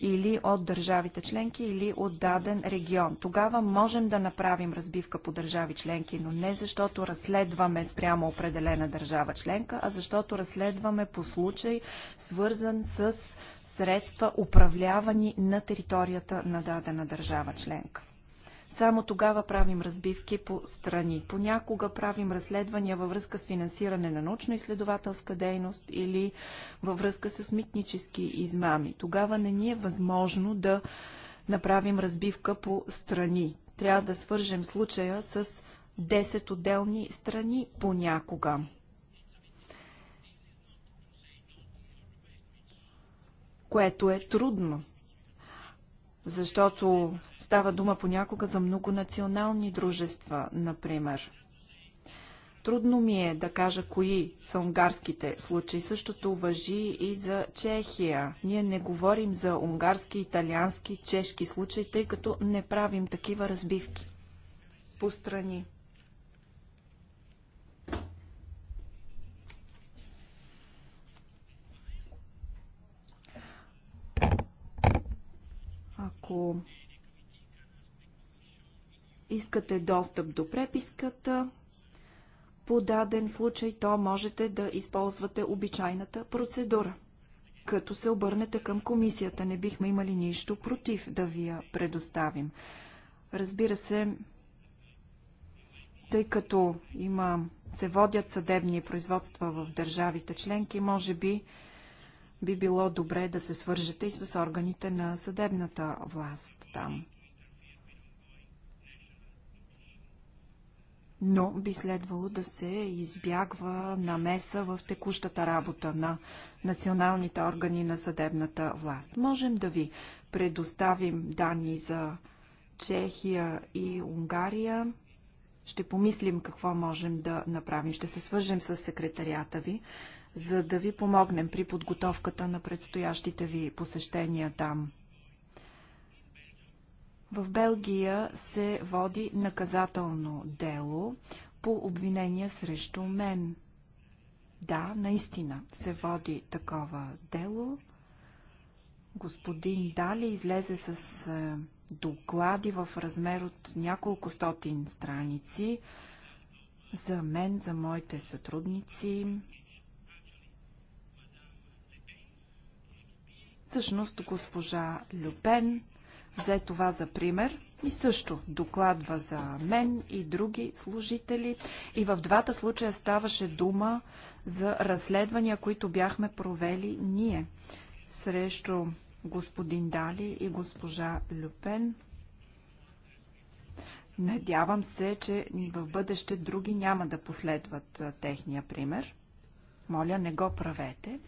или от държавите членки, или от даден регион. Тогава можем да направим разбивка по държави членки, но не защото разследваме спрямо определена държава членка, а защото разследваме по случай, свързан с средства, управлявани на територията на дадена държава членка. Само тогава правим разбивки по страни. Понякога правим разследвания във връзка с финансиране на научно-изследователска дейност или във връзка с митнически измами. Тогава не ни е възможно да направим разбивка по страни. Трябва да свържем случая с 10 отделни страни понякога. което е трудно, защото става дума понякога за многонационални дружества, например. Трудно ми е да кажа кои са унгарските случаи. Същото въжи и за Чехия. Ние не говорим за унгарски, италиански, чешки случаи, тъй като не правим такива разбивки. По страни. ако искате достъп до преписката, по даден случай, то можете да използвате обичайната процедура. Като се обърнете към комисията, не бихме имали нищо против да ви я предоставим. Разбира се, тъй като има, се водят съдебни производства в държавите членки, може би би било добре да се свържете и с органите на съдебната власт там. но би следвало да се избягва намеса в текущата работа на националните органи на съдебната власт. Можем да ви предоставим данни за Чехия и Унгария. Ще помислим какво можем да направим. Ще се свържем с секретарията ви, за да ви помогнем при подготовката на предстоящите ви посещения там. В Белгия се води наказателно дело по обвинение срещу мен. Да, наистина се води такова дело. Господин Дали излезе с е, доклади в размер от няколко стотин страници за мен, за моите сътрудници, Всъщност госпожа Люпен взе това за пример и също докладва за мен и други служители. И в двата случая ставаше дума за разследвания, които бяхме провели ние срещу господин Дали и госпожа Люпен. Надявам се, че в бъдеще други няма да последват техния пример. Моля, не го правете.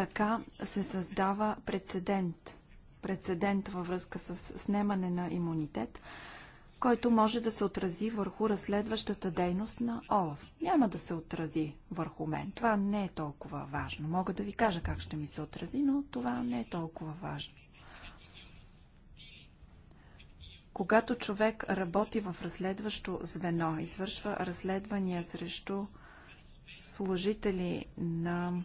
Така се създава прецедент. Прецедент във връзка с снемане на имунитет, който може да се отрази върху разследващата дейност на ОЛАФ. Няма да се отрази върху мен. Това не е толкова важно. Мога да ви кажа как ще ми се отрази, но това не е толкова важно. Когато човек работи в разследващо звено, извършва разследвания срещу служители на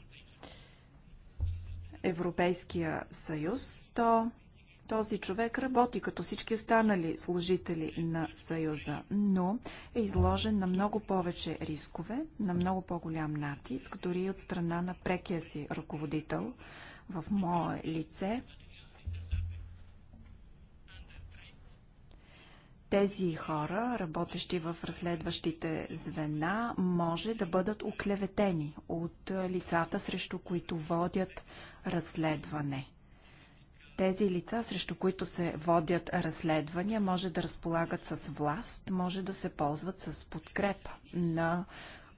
Европейския съюз, то този човек работи като всички останали служители на Съюза, но е изложен на много повече рискове, на много по-голям натиск, дори от страна на прекия си ръководител в мое лице, тези хора, работещи в разследващите звена, може да бъдат оклеветени от лицата, срещу които водят разследване. Тези лица, срещу които се водят разследвания, може да разполагат с власт, може да се ползват с подкрепа на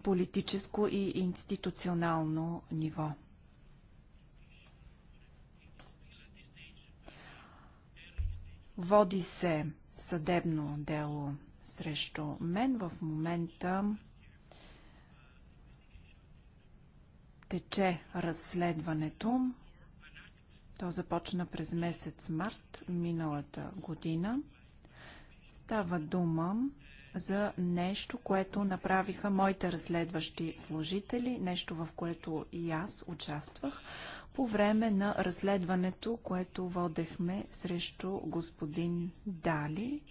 политическо и институционално ниво. Води се съдебно дело срещу мен. В момента тече разследването. То започна през месец март миналата година. Става дума за нещо, което направиха моите разследващи служители, нещо в което и аз участвах, по време на разследването, което водехме срещу господин Дали.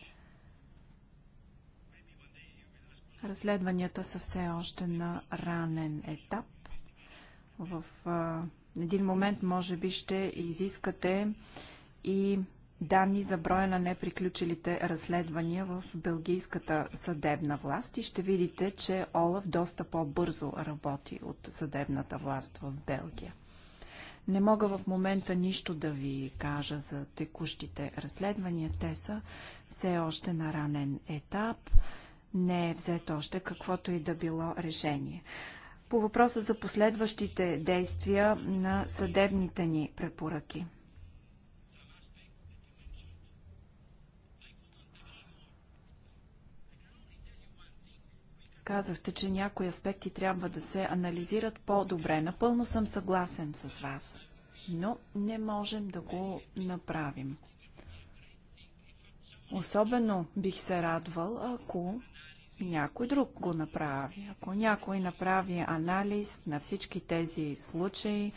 Разследванията са все още на ранен етап. В а, един момент, може би, ще изискате и данни за броя на неприключилите разследвания в белгийската съдебна власт и ще видите, че Олаф доста по-бързо работи от съдебната власт в Белгия. Не мога в момента нищо да ви кажа за текущите разследвания. Те са все още на ранен етап. Не е взето още каквото и да било решение. По въпроса за последващите действия на съдебните ни препоръки. Казахте, че някои аспекти трябва да се анализират по-добре. Напълно съм съгласен с вас, но не можем да го направим. Особено бих се радвал, ако някой друг го направи. Ако някой направи анализ на всички тези случаи,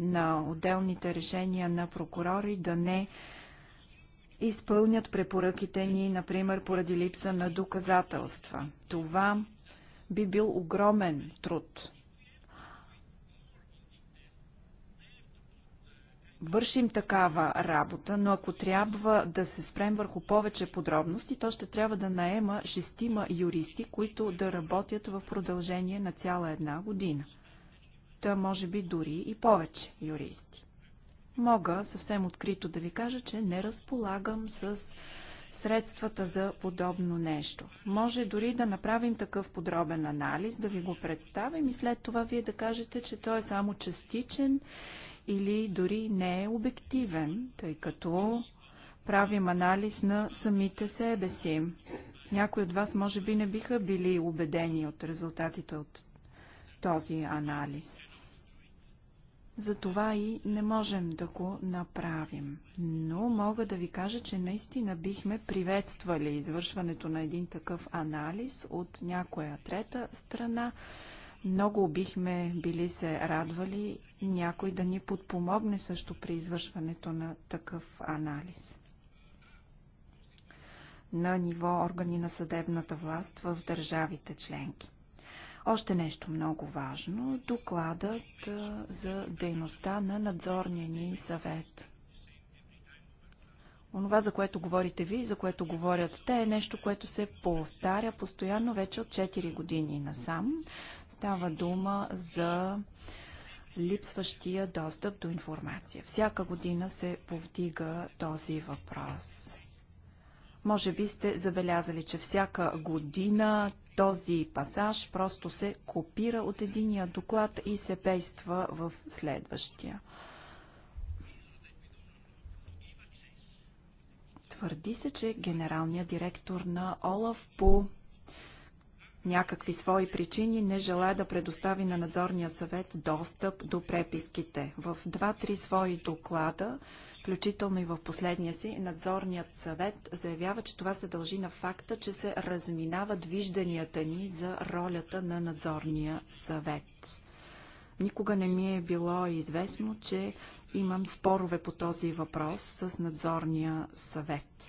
на отделните решения на прокурори, да не изпълнят препоръките ни, например, поради липса на доказателства. Това би бил огромен труд. Вършим такава работа, но ако трябва да се спрем върху повече подробности, то ще трябва да наема шестима юристи, които да работят в продължение на цяла една година. Та може би дори и повече юристи. Мога съвсем открито да ви кажа, че не разполагам с средствата за подобно нещо. Може дори да направим такъв подробен анализ, да ви го представим и след това вие да кажете, че той е само частичен или дори не е обективен, тъй като правим анализ на самите себе си. Някои от вас може би не биха били убедени от резултатите от този анализ. Затова и не можем да го направим. Но мога да ви кажа, че наистина бихме приветствали извършването на един такъв анализ от някоя трета страна. Много бихме били се радвали някой да ни подпомогне също при извършването на такъв анализ. На ниво органи на съдебната власт в държавите членки. Още нещо много важно – докладът за дейността на надзорния ни съвет. Онова, за което говорите ви и за което говорят те, е нещо, което се повтаря постоянно вече от 4 години насам. Става дума за липсващия достъп до информация. Всяка година се повдига този въпрос. Може би сте забелязали, че всяка година този пасаж просто се копира от единия доклад и се пейства в следващия. Твърди се, че генералният директор на ОЛАФ по някакви свои причини не желая да предостави на надзорния съвет достъп до преписките. В два-три свои доклада включително и в последния си, надзорният съвет заявява, че това се дължи на факта, че се разминават вижданията ни за ролята на надзорния съвет. Никога не ми е било известно, че имам спорове по този въпрос с надзорния съвет.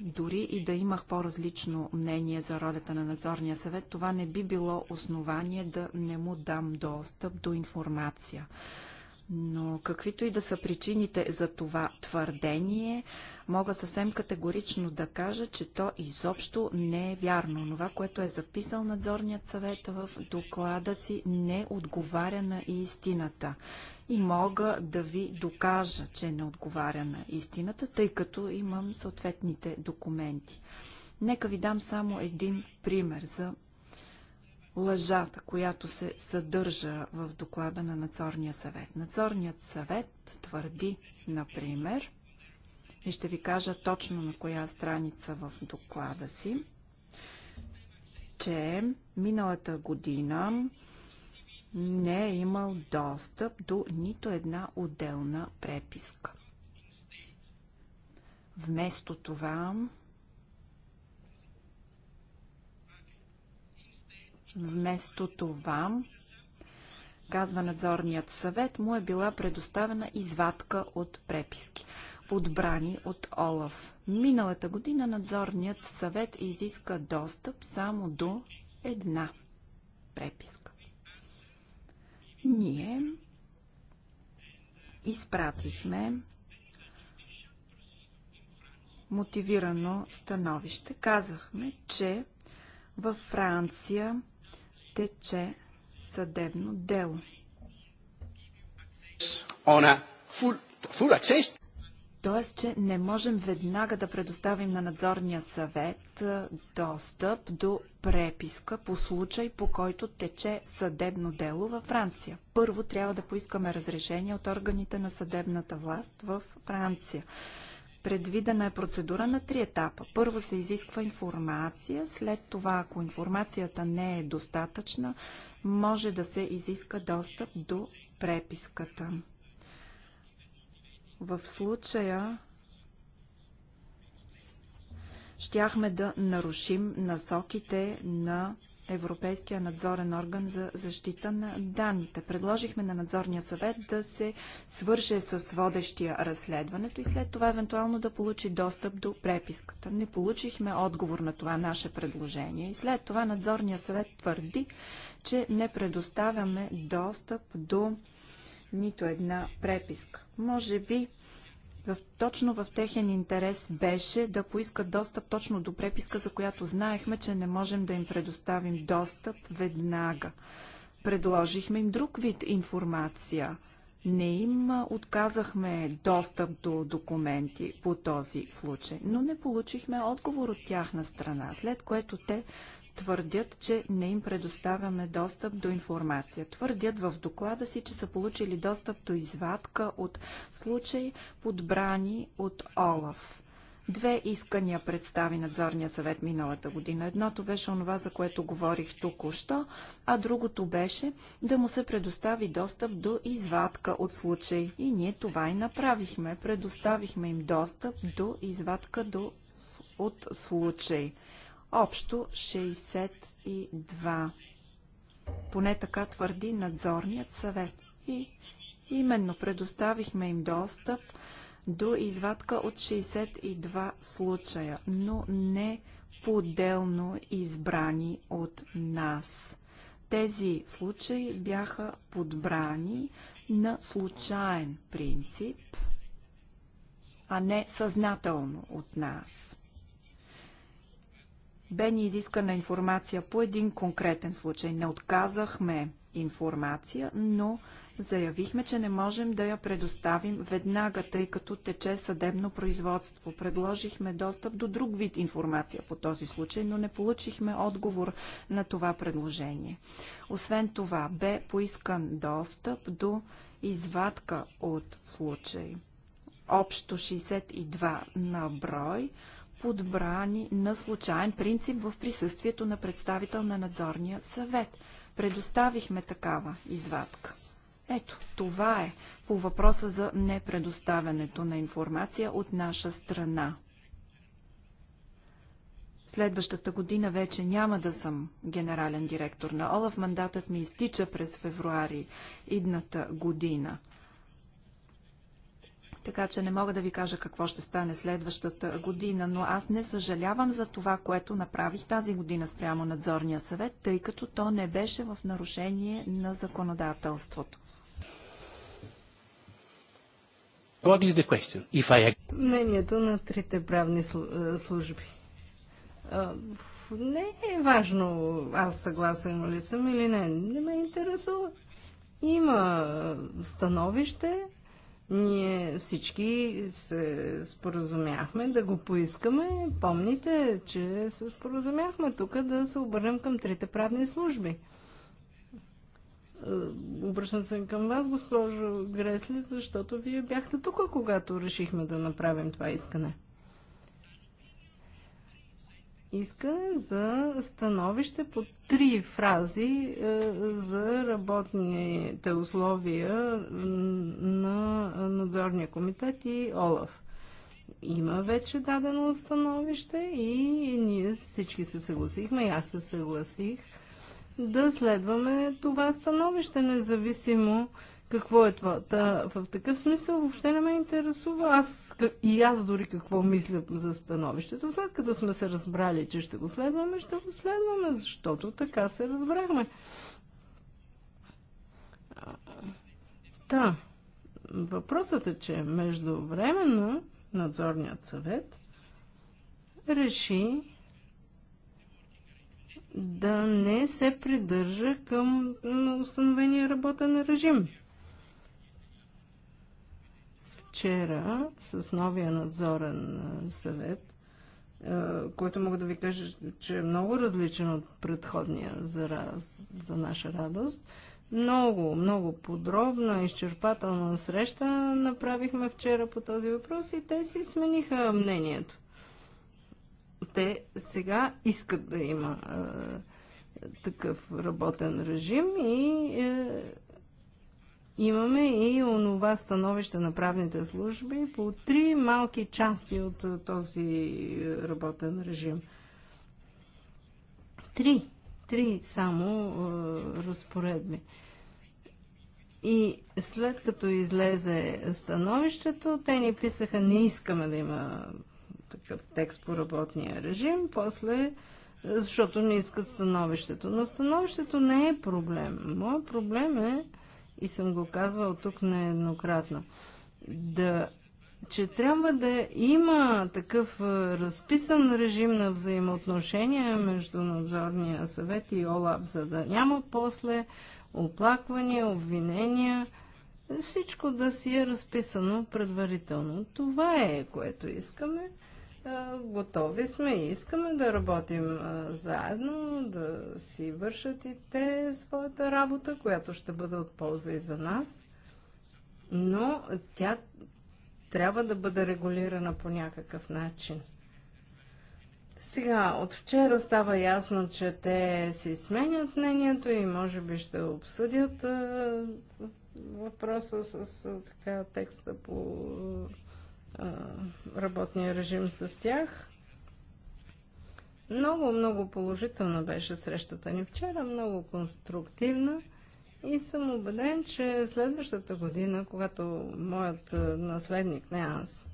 Дори и да имах по-различно мнение за ролята на надзорния съвет, това не би било основание да не му дам достъп до информация. Но каквито и да са причините за това твърдение, мога съвсем категорично да кажа, че то изобщо не е вярно. Това, което е записал надзорният съвет в доклада си, не отговаря на истината. И мога да ви докажа, че не отговаря на истината, тъй като имам съответните документи. Нека ви дам само един пример за лъжата, която се съдържа в доклада на надзорния съвет. Надзорният съвет твърди, например, и ще ви кажа точно на коя страница в доклада си, че миналата година не е имал достъп до нито една отделна преписка. Вместо това Вместо това, казва надзорният съвет, му е била предоставена извадка от преписки, подбрани от Олаф. Миналата година надзорният съвет изиска достъп само до една преписка. Ние изпратихме мотивирано становище. Казахме, че във Франция тече съдебно дело. Тоест, че не можем веднага да предоставим на надзорния съвет достъп до преписка по случай, по който тече съдебно дело във Франция. Първо трябва да поискаме разрешение от органите на съдебната власт в Франция. Предвидена е процедура на три етапа. Първо се изисква информация, след това, ако информацията не е достатъчна, може да се изиска достъп до преписката. В случая щяхме да нарушим насоките на Европейския надзорен орган за защита на данните. Предложихме на надзорния съвет да се свърже с водещия разследването и след това евентуално да получи достъп до преписката. Не получихме отговор на това наше предложение и след това надзорния съвет твърди, че не предоставяме достъп до нито една преписка. Може би в, точно в техен интерес беше да поискат достъп точно до преписка, за която знаехме, че не можем да им предоставим достъп веднага. Предложихме им друг вид информация. Не им отказахме достъп до документи по този случай, но не получихме отговор от тяхна страна, след което те твърдят, че не им предоставяме достъп до информация. Твърдят в доклада си, че са получили достъп до извадка от случай, подбрани от ОЛАФ. Две искания представи надзорния съвет миналата година. Едното беше онова, за което говорих току-що, а другото беше да му се предостави достъп до извадка от случай. И ние това и направихме. Предоставихме им достъп до извадка до, от случай. Общо 62. Поне така твърди надзорният съвет. И именно предоставихме им достъп до извадка от 62 случая, но не поделно избрани от нас. Тези случаи бяха подбрани на случайен принцип, а не съзнателно от нас. Бе ни изискана информация по един конкретен случай. Не отказахме информация, но заявихме, че не можем да я предоставим веднага, тъй като тече съдебно производство. Предложихме достъп до друг вид информация по този случай, но не получихме отговор на това предложение. Освен това, бе поискан достъп до извадка от случай. Общо 62 на брой – подбрани на случайен принцип в присъствието на представител на надзорния съвет. Предоставихме такава извадка. Ето, това е по въпроса за непредоставянето на информация от наша страна. Следващата година вече няма да съм генерален директор на ОЛАФ. Мандатът ми изтича през февруари идната година така че не мога да ви кажа какво ще стане следващата година, но аз не съжалявам за това, което направих тази година спрямо надзорния съвет, тъй като то не беше в нарушение на законодателството. I... Мнението на трите правни е, служби. Не е важно аз съгласен ли съм или не. Не ме интересува. Има становище, ние всички се споразумяхме да го поискаме. Помните, че се споразумяхме тук да се обърнем към трите правни служби. Е, обръщам се към вас, госпожо Гресли, защото вие бяхте тук, когато решихме да направим това искане. Иска за становище по три фрази е, за работните условия на надзорния комитет и ОЛАФ. Има вече дадено становище и ние всички се съгласихме, и аз се съгласих да следваме това становище, независимо какво е това. Та, в такъв смисъл въобще не ме интересува аз и аз дори какво мисля за становището. След като сме се разбрали, че ще го следваме, ще го следваме, защото така се разбрахме. Та, въпросът е, че междувременно надзорният съвет реши да не се придържа към установения работен режим вчера с новия надзорен съвет, който мога да ви кажа, че е много различен от предходния за, раз, за наша радост. Много, много подробна, изчерпателна среща направихме вчера по този въпрос и те си смениха мнението. Те сега искат да има такъв работен режим и е, Имаме и онова становище на правните служби по три малки части от този работен режим. Три, три само е, разпоредби. И след като излезе становището, те ни писаха, не искаме да има такъв текст по работния режим, после, защото не искат становището. Но становището не е проблем. Моят проблем е, и съм го казвал тук нееднократно. Да, че трябва да има такъв разписан режим на взаимоотношения между надзорния съвет и ОЛАП, за да няма после оплаквания, обвинения, всичко да си е разписано предварително. Това е, което искаме готови сме и искаме да работим заедно, да си вършат и те своята работа, която ще бъде от полза и за нас, но тя трябва да бъде регулирана по някакъв начин. Сега, от вчера става ясно, че те си сменят мнението и може би ще обсъдят въпроса с така текста по работния режим с тях. Много, много положителна беше срещата ни вчера, много конструктивна и съм убеден, че следващата година, когато моят наследник, не аз,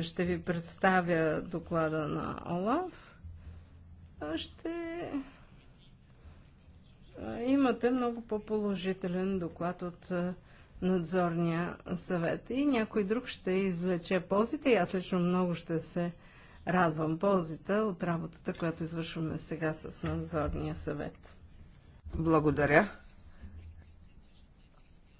ще ви представя доклада на ОЛАФ, ще имате много по-положителен доклад от надзорния съвет и някой друг ще извлече ползите и аз лично много ще се радвам ползите от работата, която извършваме сега с надзорния съвет. Благодаря.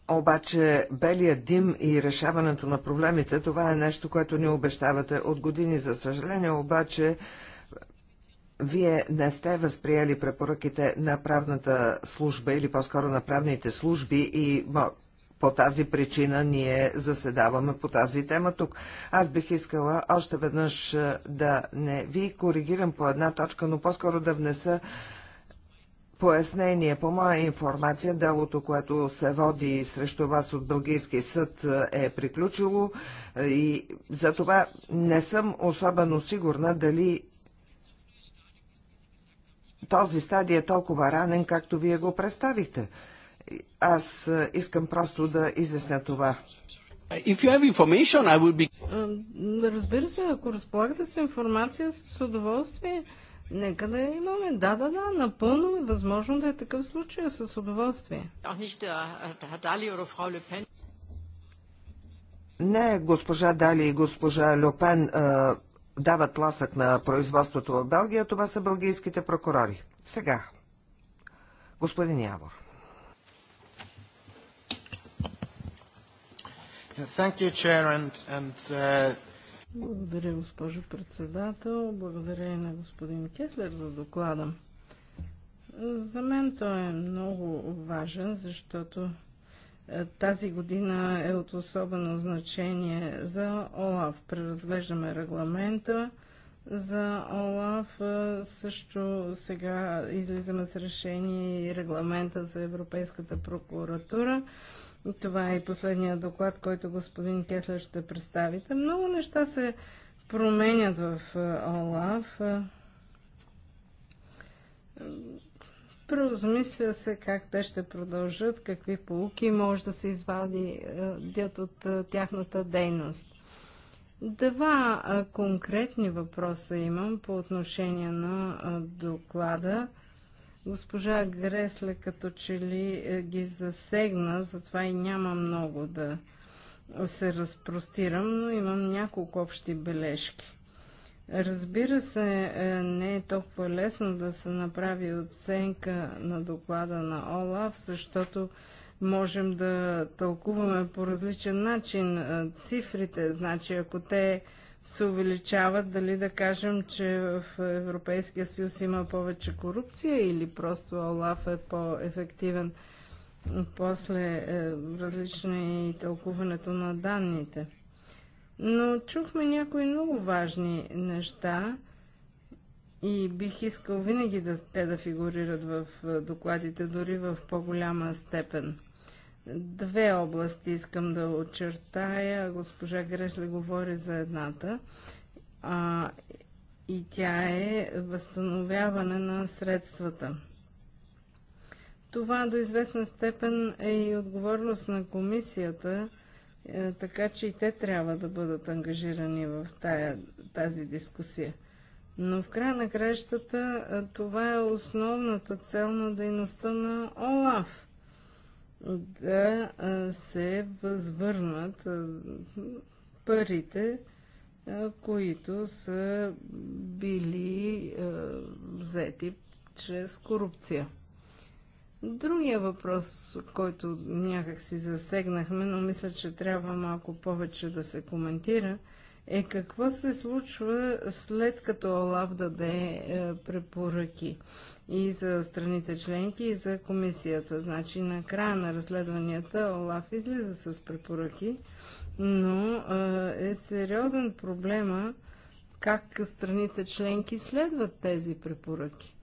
Обаче белия дим и решаването на проблемите, това е нещо, което ни обещавате от години. За съжаление, обаче, вие не сте възприели препоръките на правната служба или по-скоро на правните служби и по тази причина ние заседаваме по тази тема тук. Аз бих искала още веднъж е, да не ви коригирам по една точка, но по-скоро да внеса пояснение. По моя информация, делото, което се води срещу вас от Бългийски съд е приключило е, и за това не съм особено сигурна дали този стадий е толкова ранен, както вие го представихте. Аз искам просто да изясня това. If you have information, I will be... Разбира се, ако разполагате с информация, с удоволствие, нека да имаме. Да, да, да, напълно е възможно да е такъв случай, с удоволствие. Не, госпожа Дали и госпожа Люпен а, дават ласък на производството в Белгия, това са бългийските прокурори. Сега, господин Явор. Thank you, Chair, and, and, uh... Благодаря, госпожо председател. Благодаря и на господин Кеслер за доклада. За мен той е много важен, защото е, тази година е от особено значение за ОЛАВ. Преразглеждаме регламента за ОЛАВ. Е, също сега излизаме с решение и регламента за Европейската прокуратура. Това е последният доклад, който господин Кеслер ще представите. Много неща се променят в е, ОЛАВ. Е, Преозмисля се как те ще продължат, какви полуки може да се извадят е, от тяхната дейност. Два конкретни въпроса имам по отношение на доклада – Госпожа Гресле като че ли е, ги засегна, затова и няма много да се разпростирам, но имам няколко общи бележки. Разбира се, е, не е толкова лесно да се направи оценка на доклада на ОЛАФ, защото можем да тълкуваме по различен начин е, цифрите. Значи, ако те се увеличават, дали да кажем, че в Европейския съюз има повече корупция или просто ОЛАФ е по-ефективен. После е, различно е и тълкуването на данните. Но чухме някои много важни неща и бих искал винаги да, те да фигурират в е, докладите, дори в по-голяма степен. Две области искам да очертая. Госпожа Гресле говори за едната. А, и тя е възстановяване на средствата. Това до известна степен е и отговорност на комисията, е, така че и те трябва да бъдат ангажирани в тая, тази дискусия. Но в края на кращата е, това е основната цел на дейността на ОЛАФ да се възвърнат парите, които са били взети чрез корупция. Другия въпрос, който някак си засегнахме, но мисля, че трябва малко повече да се коментира, е какво се случва след като Олаф даде е, препоръки и за страните членки, и за комисията. Значи на края на разследванията Олаф излиза с препоръки, но е сериозен проблема как страните членки следват тези препоръки.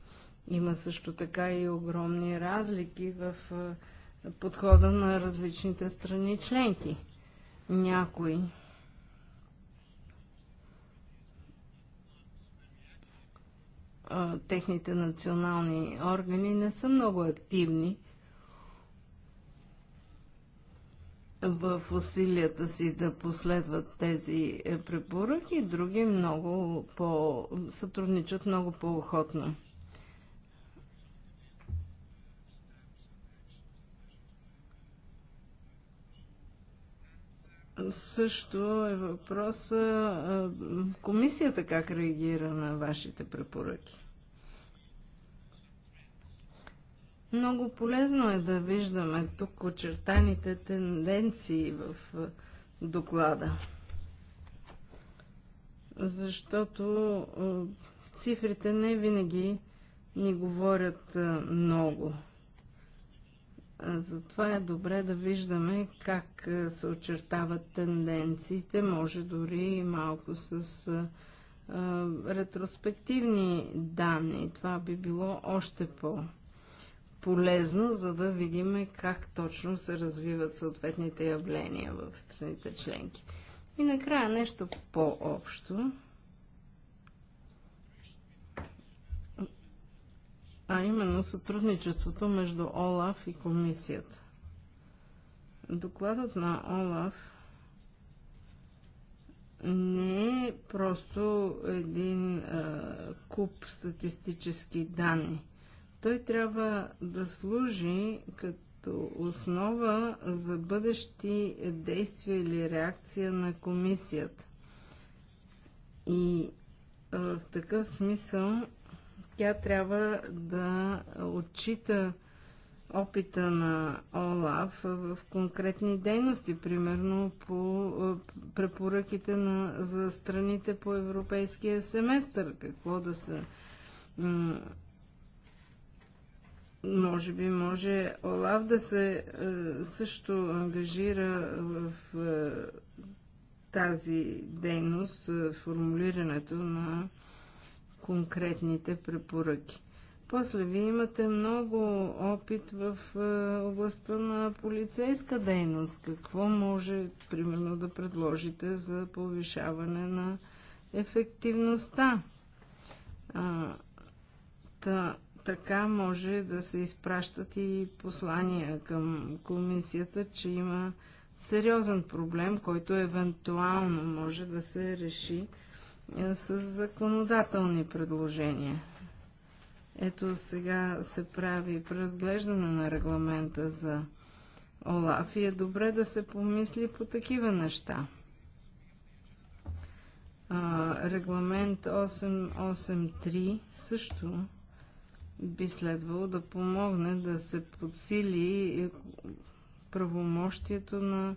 Има също така и огромни разлики в подхода на различните страни членки. Някои а, техните национални органи не са много активни в усилията си да последват тези е, препоръки, други много по... сътрудничат много по-охотно. също е въпроса комисията как реагира на вашите препоръки. Много полезно е да виждаме тук очертаните тенденции в доклада. Защото цифрите не винаги ни говорят много. Затова е добре да виждаме как се очертават тенденциите, може дори и малко с а, ретроспективни данни. Това би било още по-полезно, за да видим как точно се развиват съответните явления в страните членки. И накрая нещо по-общо. а именно сътрудничеството между ОЛАФ и комисията. Докладът на ОЛАФ не е просто един а, куп статистически данни. Той трябва да служи като основа за бъдещи действия или реакция на комисията. И а, в такъв смисъл тя трябва да отчита опита на ОЛАФ в конкретни дейности, примерно по препоръките на, за страните по европейския семестър, какво да се може би може Олав да се също ангажира в тази дейност, формулирането на конкретните препоръки. После вие имате много опит в е, областта на полицейска дейност. Какво може, примерно, да предложите за повишаване на ефективността? А, та, така може да се изпращат и послания към комисията, че има сериозен проблем, който евентуално може да се реши с законодателни предложения. Ето сега се прави преразглеждане на регламента за ОЛАФ и е добре да се помисли по такива неща. А, регламент 883 също би следвало да помогне да се подсили правомощието на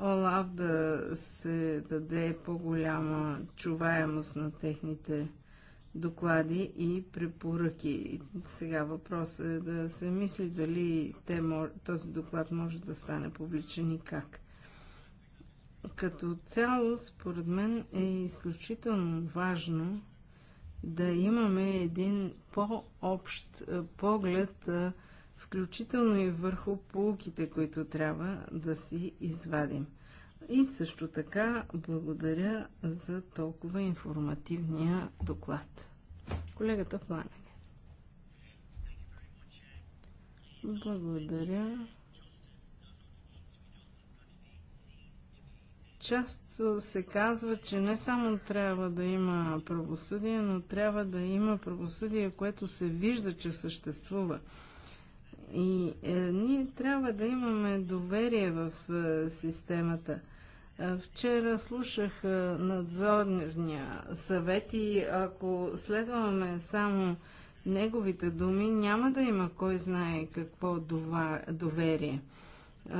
ОЛАВ да се даде по-голяма чуваемост на техните доклади и препоръки. Сега въпрос е да се мисли дали те, този доклад може да стане публичен и как. Като цяло, според мен е изключително важно да имаме един по-общ поглед включително и върху полуките, които трябва да си извадим. И също така благодаря за толкова информативния доклад. Колегата Фланек. Благодаря. Часто се казва, че не само трябва да има правосъдие, но трябва да има правосъдие, което се вижда, че съществува. И е, ние трябва да имаме доверие в е, системата. Е, вчера слушах е, надзорния съвет и ако следваме само неговите думи, няма да има кой знае какво дова, доверие. Е,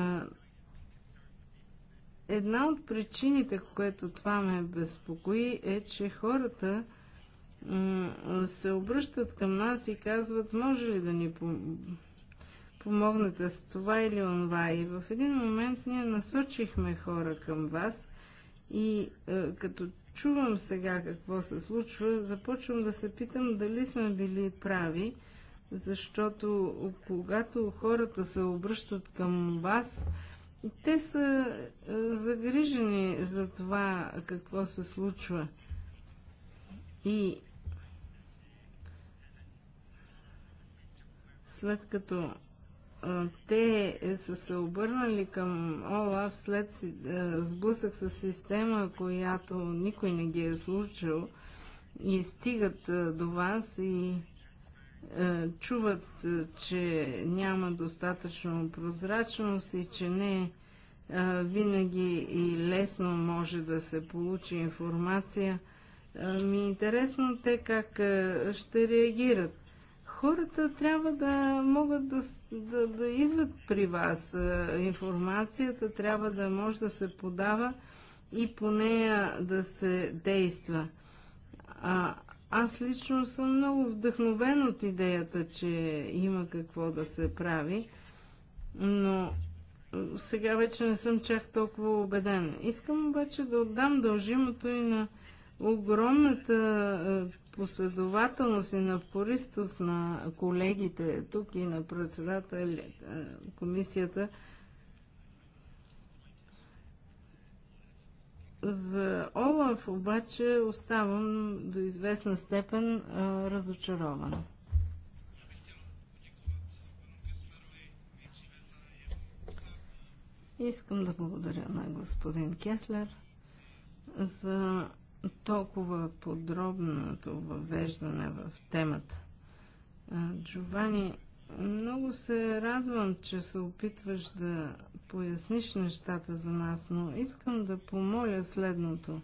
една от причините, което това ме безпокои, е, че хората се обръщат към нас и казват, може ли да ни помогната с това или онова. И в един момент ние насочихме хора към вас и е, като чувам сега какво се случва, започвам да се питам дали сме били прави, защото когато хората се обръщат към вас, те са е, загрижени за това какво се случва. И след като те са се обърнали към Олаф след сблъсък с система, която никой не ги е случил и стигат до вас и чуват, че няма достатъчно прозрачност и че не винаги и лесно може да се получи информация, ми е интересно те как ще реагират. Хората трябва да могат да, да, да идват при вас. Е, информацията трябва да може да се подава и по нея да се действа. А, аз лично съм много вдъхновен от идеята, че има какво да се прави, но сега вече не съм чак толкова убеден. Искам обаче да отдам дължимото и на огромната е, последователност и на пористост на колегите тук и на председател е, комисията За Олаф обаче оставам до известна степен е, а, Искам да благодаря на господин Кеслер за толкова подробното въвеждане в темата. Джовани, много се радвам, че се опитваш да поясниш нещата за нас, но искам да помоля следното.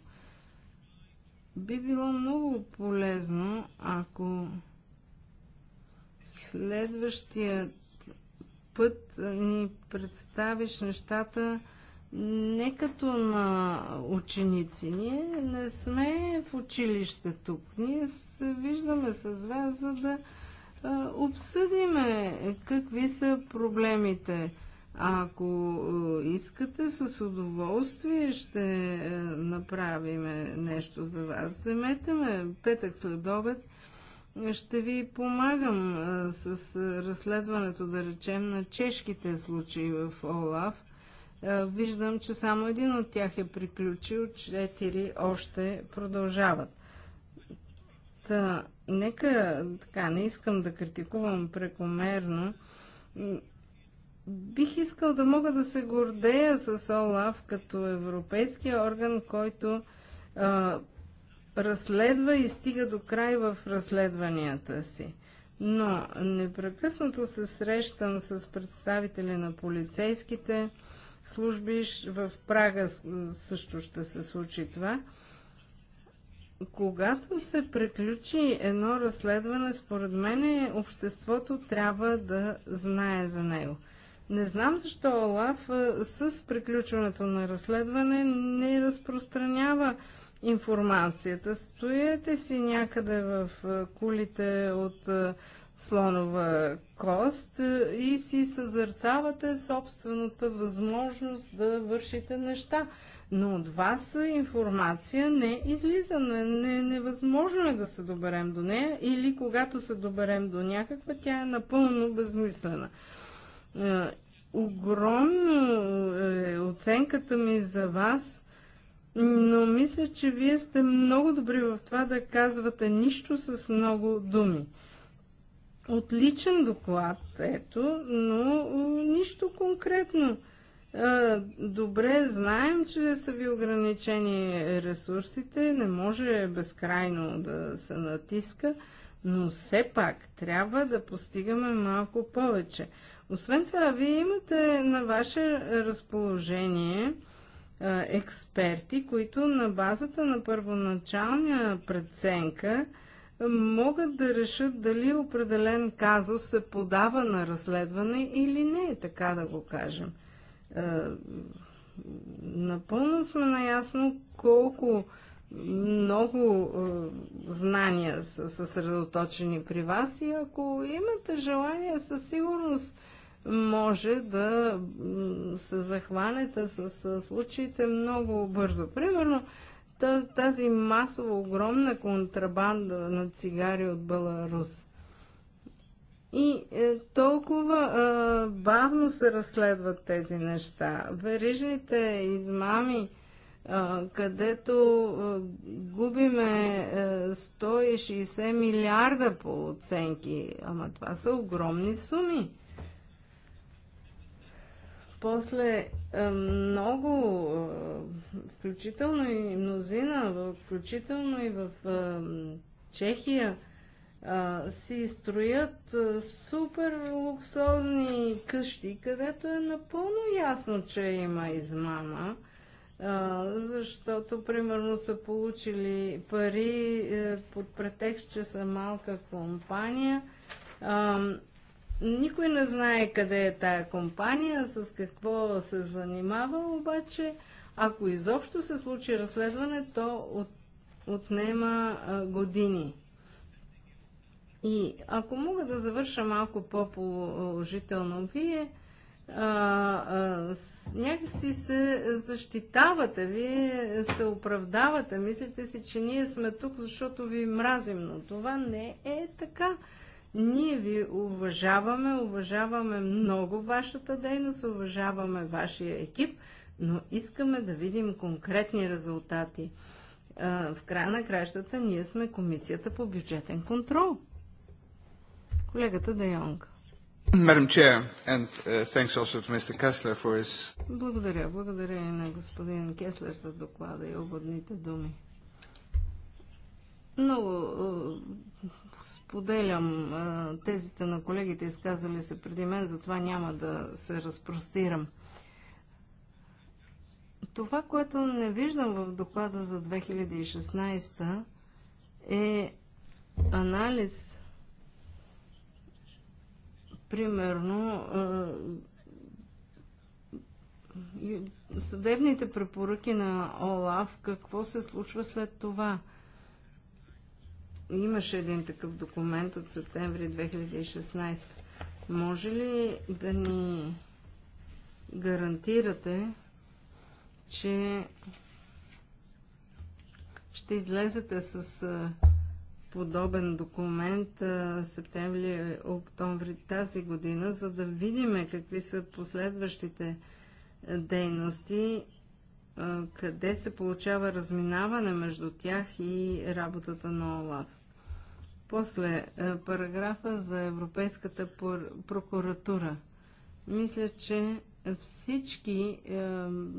Би било много полезно, ако следващия път ни представиш нещата не като на ученици. Ние не сме в училище тук. Ние се виждаме с вас, за да обсъдиме какви са проблемите. А ако искате, с удоволствие ще направим нещо за вас. Вземете ме петък след обед. Ще ви помагам с разследването, да речем, на чешките случаи в ОЛАВ – е, виждам, че само един от тях е приключил, четири още продължават. Та, нека, така, не искам да критикувам прекомерно. Бих искал да мога да се гордея с ОЛАВ като европейския орган, който а, разследва и стига до край в разследванията си. Но непрекъснато се срещам с представители на полицейските, служби. В Прага също ще се случи това. Когато се приключи едно разследване, според мен обществото трябва да знае за него. Не знам защо Олаф с приключването на разследване не разпространява информацията. Стоете си някъде в кулите от слонова кост е, и си съзърцавате собствената възможност да вършите неща. Но от вас информация не е излиза, не, не, невъзможно е да се доберем до нея или когато се доберем до някаква, тя е напълно безмислена. Е, огромно е оценката ми за вас – но мисля, че вие сте много добри в това да казвате нищо с много думи. Отличен доклад, ето, но нищо конкретно. Добре, знаем, че са ви ограничени ресурсите, не може безкрайно да се натиска, но все пак трябва да постигаме малко повече. Освен това, вие имате на ваше разположение експерти, които на базата на първоначалния преценка могат да решат дали определен казус се подава на разследване или не, така да го кажем. Е, напълно сме наясно колко много е, знания са съсредоточени при вас и ако имате желание, със сигурност може да се захванете с случаите много бързо. Примерно, тази масова огромна контрабанда на цигари от Беларус. И е, толкова е, бавно се разследват тези неща. Верижните измами, е, където е, губиме е, 160 милиарда по оценки, ама това са огромни суми. После е, много, е, включително и мнозина, включително и в е, Чехия, си строят супер луксозни къщи, където е напълно ясно, че има измама, защото примерно са получили пари под претекст, че са малка компания никой не знае къде е тая компания, с какво се занимава, обаче ако изобщо се случи разследване, то от, отнема а, години. И ако мога да завърша малко по-положително, вие а, а, някакси се защитавате, вие се оправдавате, мислите си, че ние сме тук, защото ви мразим, но това не е така. Ние ви уважаваме, уважаваме много вашата дейност, уважаваме вашия екип, но искаме да видим конкретни резултати. В края на кращата ние сме Комисията по бюджетен контрол. Колегата Де uh, Благодаря. Благодаря и на господин Кеслер за доклада и обводните думи. Много споделям тезите на колегите, изказали се преди мен, затова няма да се разпростирам. Това, което не виждам в доклада за 2016 е анализ, примерно, съдебните препоръки на ОЛАВ, какво се случва след това – Имаше един такъв документ от септември 2016. Може ли да ни гарантирате, че ще излезете с подобен документ септември-октомври тази година, за да видим какви са последващите дейности къде се получава разминаване между тях и работата на ОЛАФ. После параграфа за Европейската прокуратура. Мисля, че всички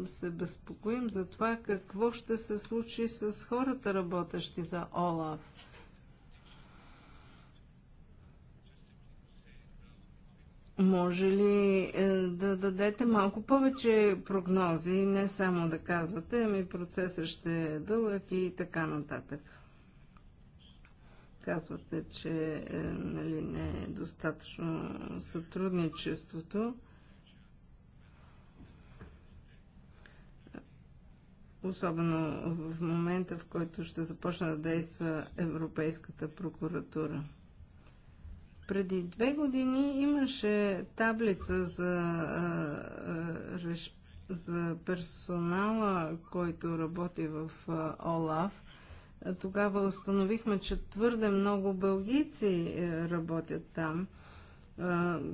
се безпокоим за това какво ще се случи с хората, работещи за ОЛАФ. Може ли е, да дадете малко повече прогнози, не само да казвате, ами процесът ще е дълъг и така нататък? Казвате, че е, нали, не е достатъчно сътрудничеството. Особено в момента, в който ще започне да действа Европейската прокуратура. Преди две години имаше таблица за, за персонала, който работи в ОЛАФ. Тогава установихме, че твърде много бългийци е, работят там.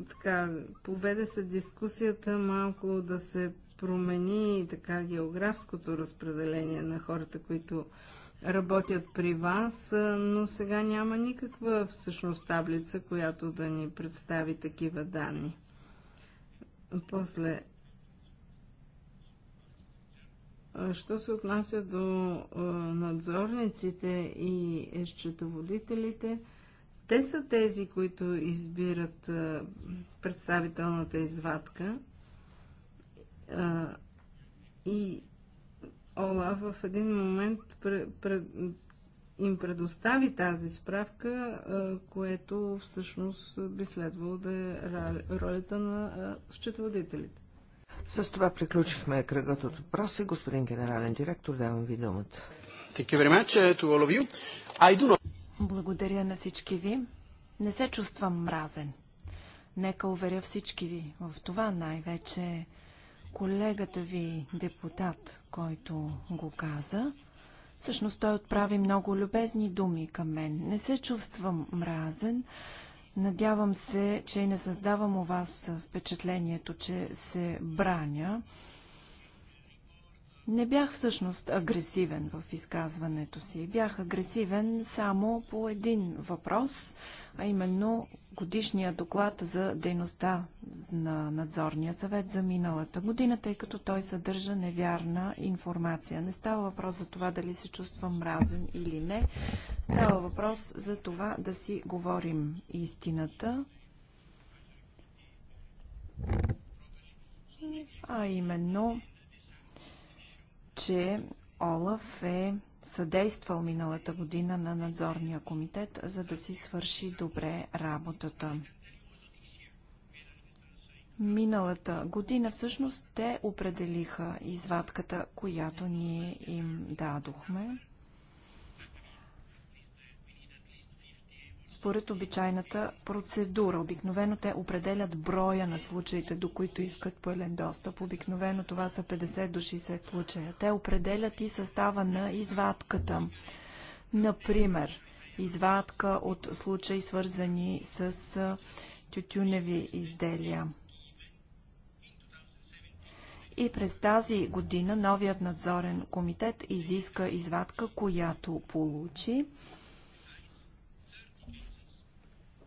Така, поведе се дискусията малко да се промени така географското разпределение на хората, които работят при вас, но сега няма никаква всъщност таблица, която да ни представи такива данни. После, що се отнася до надзорниците и счетоводителите, те са тези, които избират представителната извадка и Олаф в един момент пред, пред, им предостави тази справка, което всъщност би следвало да е ролята на счетоводителите. С това приключихме кръгът от въпроси. Господин генерален директор, давам ви думата. Uh, Благодаря на всички ви. Не се чувствам мразен. Нека уверя всички ви в това най-вече колегата ви депутат, който го каза. Всъщност той отправи много любезни думи към мен. Не се чувствам мразен. Надявам се, че не създавам у вас впечатлението, че се браня. Не бях всъщност агресивен в изказването си. Бях агресивен само по един въпрос, а именно годишния доклад за дейността на надзорния съвет за миналата година, тъй като той съдържа невярна информация. Не става въпрос за това дали се чувствам мразен или не. Става въпрос за това да си говорим истината. А именно че Олаф е съдействал миналата година на надзорния комитет, за да си свърши добре работата. Миналата година всъщност те определиха извадката, която ние им дадохме. според обичайната процедура. Обикновено те определят броя на случаите, до които искат пълен достъп. Обикновено това са 50 до 60 случая. Те определят и състава на извадката. Например, извадка от случаи свързани с тютюневи изделия. И през тази година новият надзорен комитет изиска извадка, която получи.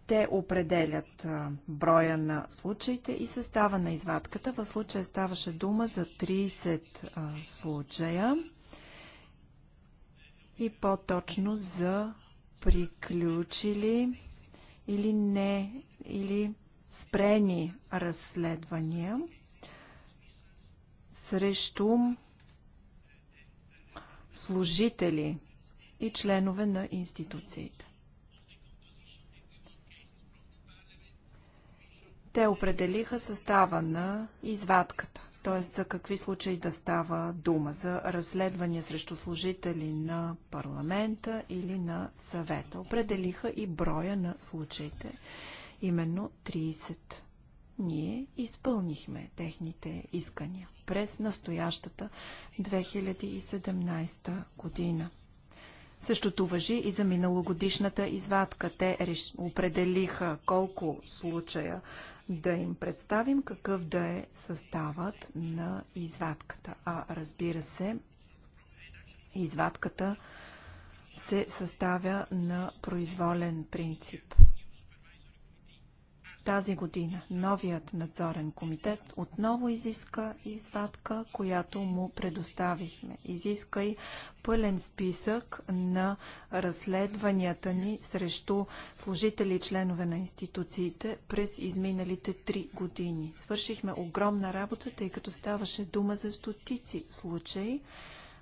Те определят броя на случаите и състава на извадката. В случая ставаше дума за 30 случая и по-точно за приключили или не, или спрени разследвания срещу служители и членове на институциите. Те определиха състава на извадката, т.е. за какви случаи да става дума, за разследвания срещу служители на парламента или на съвета. Определиха и броя на случаите, именно 30. Ние изпълнихме техните искания през настоящата 2017 година. Същото въжи и за миналогодишната извадка. Те реш... определиха колко случая да им представим, какъв да е съставът на извадката. А разбира се, извадката се съставя на произволен принцип. Тази година новият надзорен комитет отново изиска извадка, която му предоставихме. Изиска и пълен списък на разследванията ни срещу служители и членове на институциите през изминалите три години. Свършихме огромна работа, тъй като ставаше дума за стотици случаи.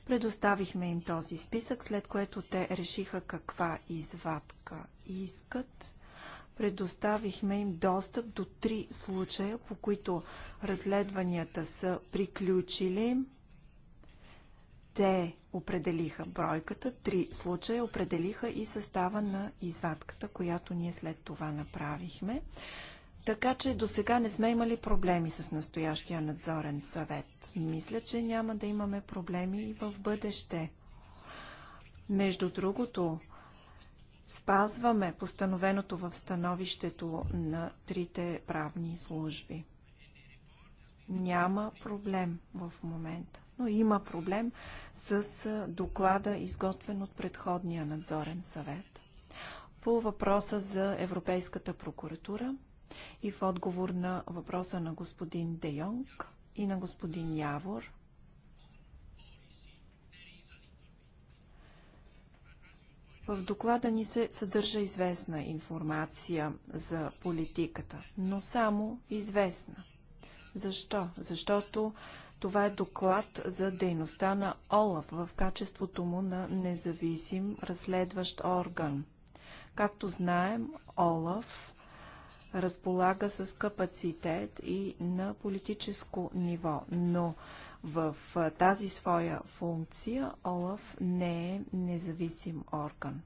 Предоставихме им този списък, след което те решиха каква извадка искат. Предоставихме им достъп до три случая, по които разследванията са приключили. Те определиха бройката, три случая определиха и състава на извадката, която ние след това направихме. Така че до сега не сме имали проблеми с настоящия надзорен съвет. Мисля, че няма да имаме проблеми и в бъдеще. Между другото, спазваме постановеното в становището на трите правни служби. Няма проблем в момента, но има проблем с доклада, изготвен от предходния надзорен съвет. По въпроса за Европейската прокуратура и в отговор на въпроса на господин Де Йонг и на господин Явор, В доклада ни се съдържа известна информация за политиката, но само известна. Защо? Защото това е доклад за дейността на ОЛАФ в качеството му на независим разследващ орган. Както знаем, ОЛАФ разполага с капацитет и на политическо ниво, но в тази своя функция ОЛАФ не е независим орган.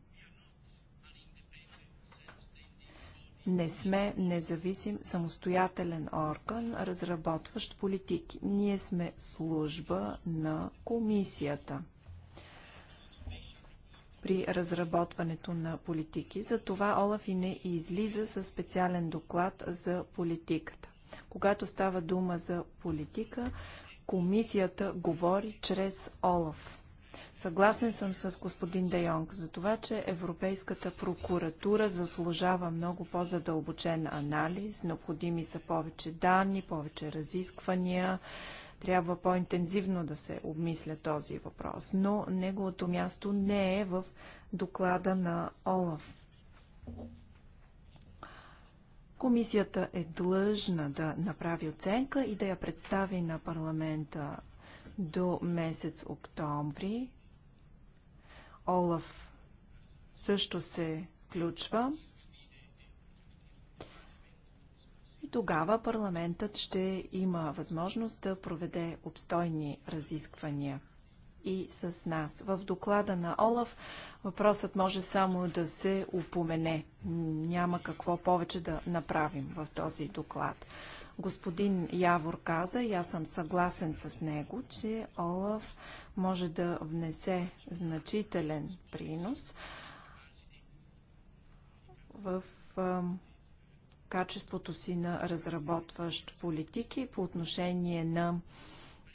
не сме независим самостоятелен орган, разработващ политики. Ние сме служба на комисията при разработването на политики. Затова Олаф и не излиза със специален доклад за политиката. Когато става дума за политика, комисията говори чрез Олаф. Съгласен съм с господин Де Йонг за това, че Европейската прокуратура заслужава много по-задълбочен анализ. Необходими са повече данни, повече разисквания. Трябва по-интензивно да се обмисля този въпрос, но неговото място не е в доклада на Олаф. Комисията е длъжна да направи оценка и да я представи на парламента до месец октомври. Олаф също се включва. И тогава парламентът ще има възможност да проведе обстойни разисквания и с нас. В доклада на Олаф въпросът може само да се упомене. Няма какво повече да направим в този доклад. Господин Явор каза, и аз съм съгласен с него, че Олаф може да внесе значителен принос в качеството си на разработващ политики по отношение на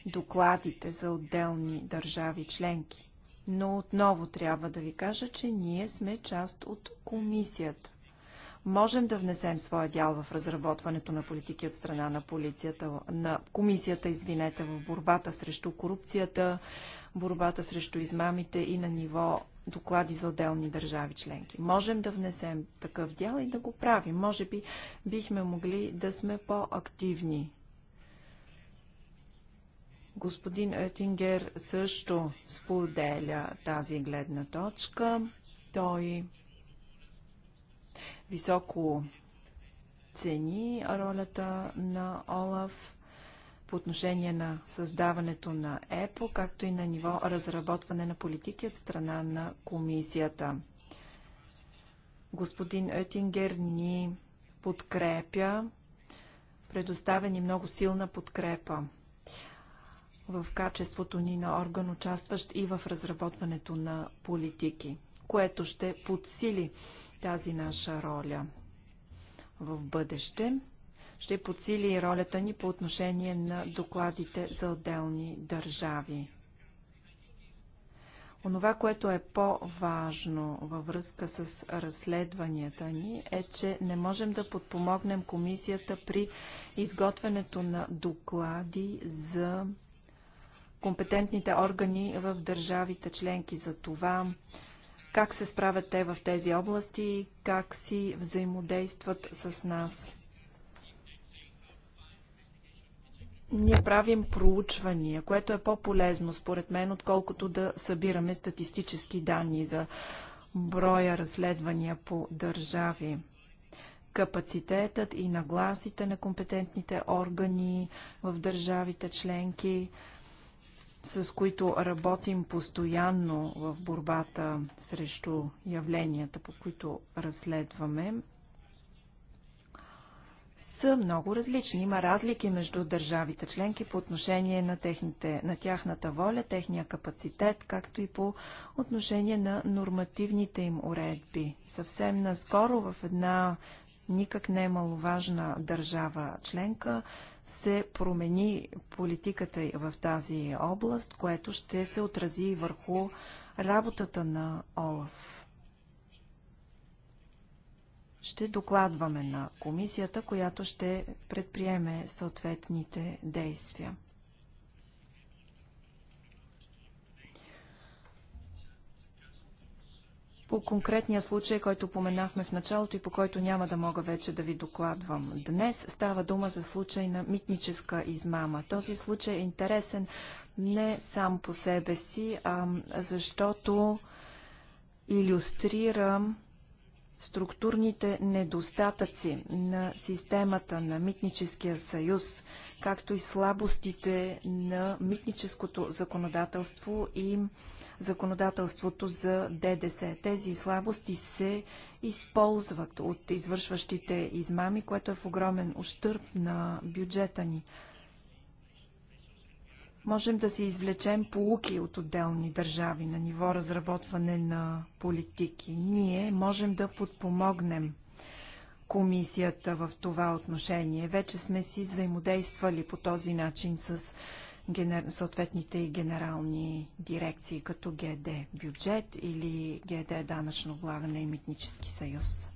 докладите за отделни държави членки. Но отново трябва да ви кажа, че ние сме част от комисията. Можем да внесем своя дял в разработването на политики от страна на полицията, на комисията, извинете, в борбата срещу корупцията, борбата срещу измамите и на ниво доклади за отделни държави членки. Можем да внесем такъв дял и да го правим. Може би бихме могли да сме по-активни Господин Етингер също споделя тази гледна точка. Той високо цени ролята на Олаф по отношение на създаването на ЕПО, както и на ниво разработване на политики от страна на комисията. Господин Етингер ни подкрепя, предоставени много силна подкрепа в качеството ни на орган, участващ и в разработването на политики, което ще подсили тази наша роля в бъдеще. Ще подсили и ролята ни по отношение на докладите за отделни държави. Онова, което е по-важно във връзка с разследванията ни, е, че не можем да подпомогнем комисията при изготвянето на доклади за компетентните органи в държавите членки за това как се справят те в тези области, как си взаимодействат с нас. Ние правим проучвания, което е по-полезно според мен, отколкото да събираме статистически данни за броя разследвания по държави. Капацитетът и нагласите на компетентните органи в държавите членки – с които работим постоянно в борбата срещу явленията, по които разследваме, са много различни. Има разлики между държавите членки по отношение на, техните, на тяхната воля, техния капацитет, както и по отношение на нормативните им уредби. Съвсем наскоро в една никак не е маловажна държава членка се промени политиката в тази област, което ще се отрази върху работата на ОЛАФ. Ще докладваме на комисията, която ще предприеме съответните действия. по конкретния случай, който поменахме в началото и по който няма да мога вече да ви докладвам. Днес става дума за случай на митническа измама. Този случай е интересен не сам по себе си, а защото иллюстрира структурните недостатъци на системата на Митническия съюз – както и слабостите на митническото законодателство и законодателството за ДДС. Тези слабости се използват от извършващите измами, което е в огромен ущърп на бюджета ни. Можем да си извлечем полуки от отделни държави на ниво разработване на политики. Ние можем да подпомогнем комисията в това отношение. Вече сме си взаимодействали по този начин с генер... съответните и генерални дирекции, като ГД бюджет или ГД данъчно облагане и митнически съюз.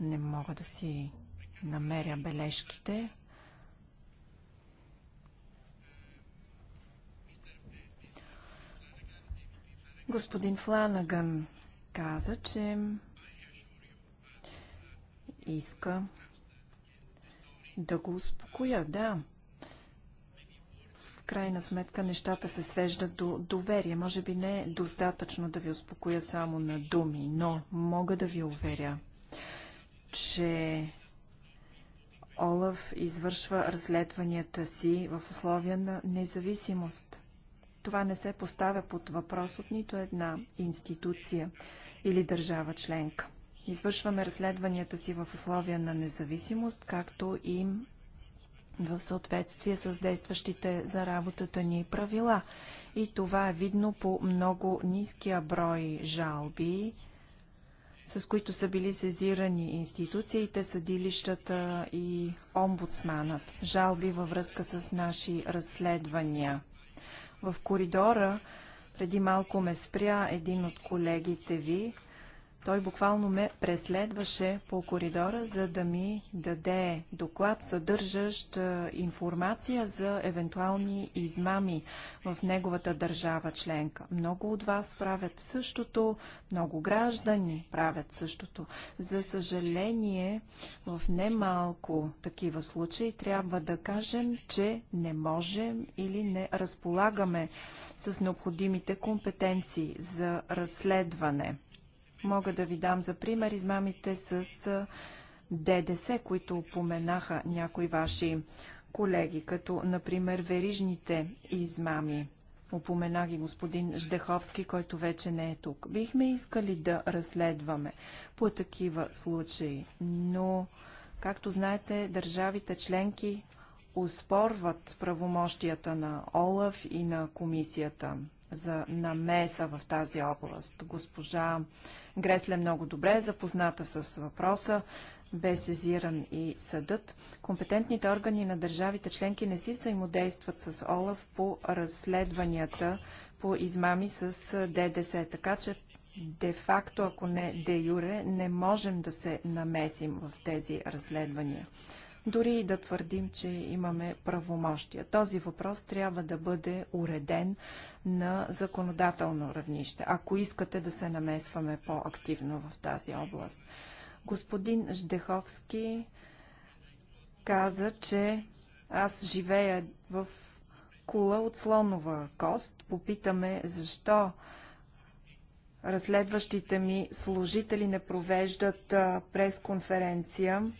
Не мога да си намеря бележките. Господин Фланаган каза, че иска да го успокоя. Да, в крайна сметка нещата се свеждат до доверие. Може би не е достатъчно да ви успокоя само на думи, но мога да ви уверя, че Олаф извършва разследванията си в условия на независимост. Това не се поставя под въпрос от нито една институция или държава членка. Извършваме разследванията си в условия на независимост, както и в съответствие с действащите за работата ни правила. И това е видно по много ниския брой жалби, с които са били сезирани институциите, съдилищата и омбудсманът. Жалби във връзка с наши разследвания. В коридора преди малко ме спря един от колегите ви. Той буквално ме преследваше по коридора, за да ми даде доклад, съдържащ информация за евентуални измами в неговата държава членка. Много от вас правят същото, много граждани правят същото. За съжаление, в немалко такива случаи трябва да кажем, че не можем или не разполагаме с необходимите компетенции за разследване. Мога да ви дам за пример измамите с ДДС, които упоменаха някои ваши колеги, като например верижните измами. Упомена ги господин Ждеховски, който вече не е тук. Бихме искали да разследваме по такива случаи, но, както знаете, държавите членки успорват правомощията на ОЛАФ и на комисията за намеса в тази област. Госпожа Гресле много добре е запозната с въпроса, бе сезиран и съдът. Компетентните органи на държавите членки не си взаимодействат с ОЛАВ по разследванията по измами с ДДС, така че де-факто, ако не де-юре, не можем да се намесим в тези разследвания дори и да твърдим, че имаме правомощия. Този въпрос трябва да бъде уреден на законодателно равнище, ако искате да се намесваме по-активно в тази област. Господин Ждеховски каза, че аз живея в кула от слонова кост. Попитаме защо разследващите ми служители не провеждат пресконференция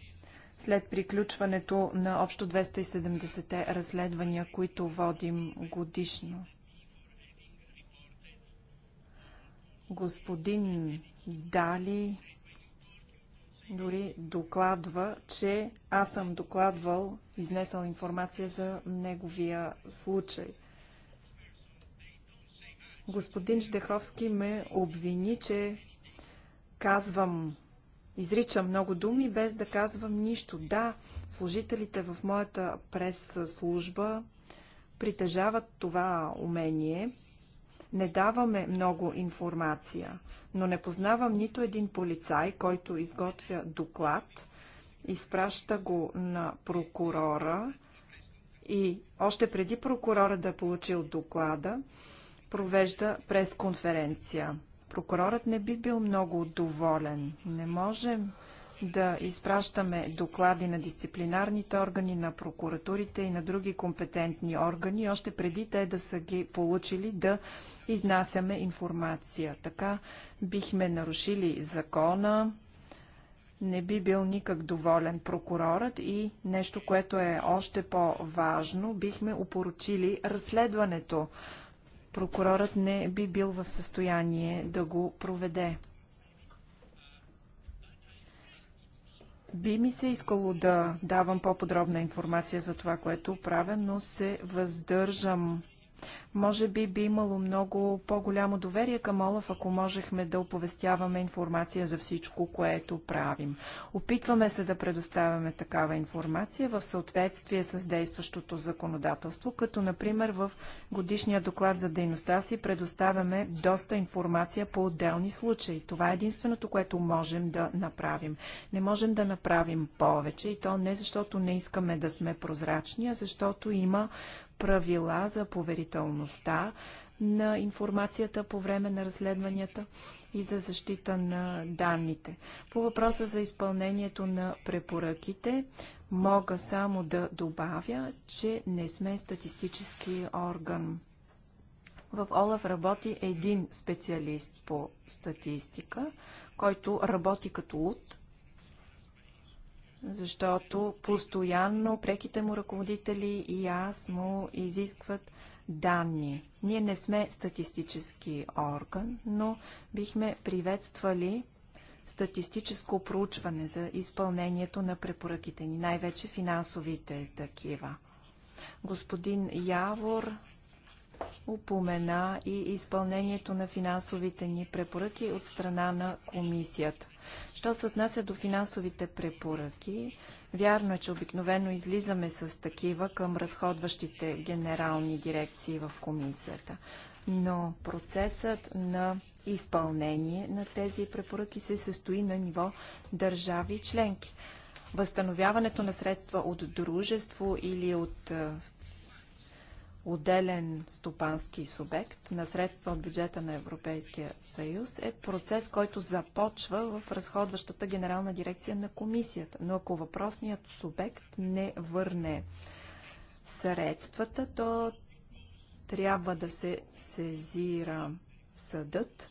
след приключването на общо 270 те разследвания, които водим годишно. Господин Дали дори докладва, че аз съм докладвал, изнесъл информация за неговия случай. Господин Ждеховски ме обвини, че казвам изрича много думи, без да казвам нищо. Да, служителите в моята прес-служба притежават това умение. Не даваме много информация, но не познавам нито един полицай, който изготвя доклад, изпраща го на прокурора и още преди прокурора да е получил доклада, провежда пресконференция прокурорът не би бил много доволен. Не можем да изпращаме доклади на дисциплинарните органи, на прокуратурите и на други компетентни органи, още преди те да са ги получили да изнасяме информация. Така бихме нарушили закона, не би бил никак доволен прокурорът и нещо, което е още по-важно, бихме упоручили разследването прокурорът не би бил в състояние да го проведе. Би ми се искало да давам по-подробна информация за това, което правя, но се въздържам може би би имало много по-голямо доверие към Олаф, ако можехме да оповестяваме информация за всичко, което правим. Опитваме се да предоставяме такава информация в съответствие с действащото законодателство, като например в годишния доклад за дейността си предоставяме доста информация по отделни случаи. Това е единственото, което можем да направим. Не можем да направим повече и то не защото не искаме да сме прозрачни, а защото има правила за поверителността на информацията по време на разследванията и за защита на данните. По въпроса за изпълнението на препоръките, мога само да добавя, че не сме статистически орган. В ОЛАФ работи един специалист по статистика, който работи като луд защото постоянно преките му ръководители и аз му изискват данни. Ние не сме статистически орган, но бихме приветствали статистическо проучване за изпълнението на препоръките ни, най-вече финансовите такива. Господин Явор упомена и изпълнението на финансовите ни препоръки от страна на комисията. Що се отнася до финансовите препоръки, вярно е, че обикновено излизаме с такива към разходващите генерални дирекции в комисията. Но процесът на изпълнение на тези препоръки се състои на ниво държави членки възстановяването на средства от дружество или от е, отделен стопански субект на средства от бюджета на Европейския съюз е процес, който започва в разходващата генерална дирекция на комисията. Но ако въпросният субект не върне средствата, то трябва да се сезира съдът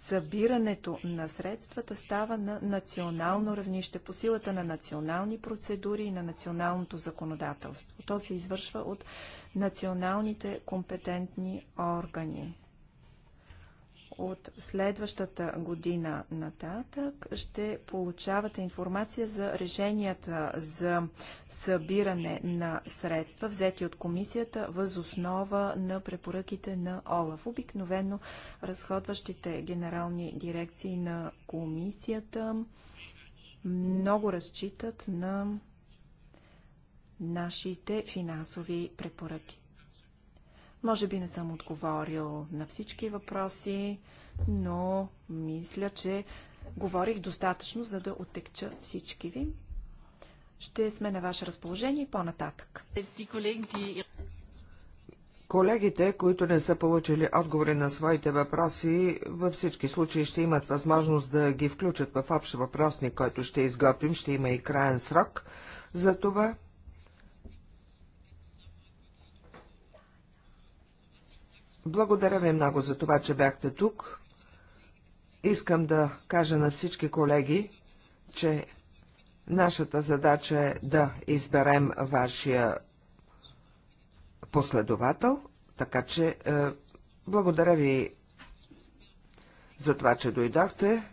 събирането на средствата става на национално равнище, по силата на национални процедури и на националното законодателство. То се извършва от националните компетентни органи. От следващата година нататък ще получавате информация за решенията за събиране на средства, взети от комисията въз основа на препоръките на ОЛАФ. Обикновено разходващите генерални дирекции на комисията много разчитат на нашите финансови препоръки. Може би не съм отговорил на всички въпроси, но мисля, че говорих достатъчно, за да отекча всички ви. Ще сме на ваше разположение по-нататък. Колегите, които не са получили отговори на своите въпроси, във всички случаи ще имат възможност да ги включат в общ въпросник, който ще изготвим. Ще има и краен срок. За това Благодаря ви много за това, че бяхте тук. Искам да кажа на всички колеги, че нашата задача е да изберем вашия последовател, така че е, благодаря ви за това, че дойдохте.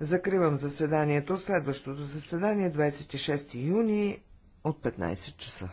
Закривам заседанието. Следващото заседание 26 е юни от 15 часа.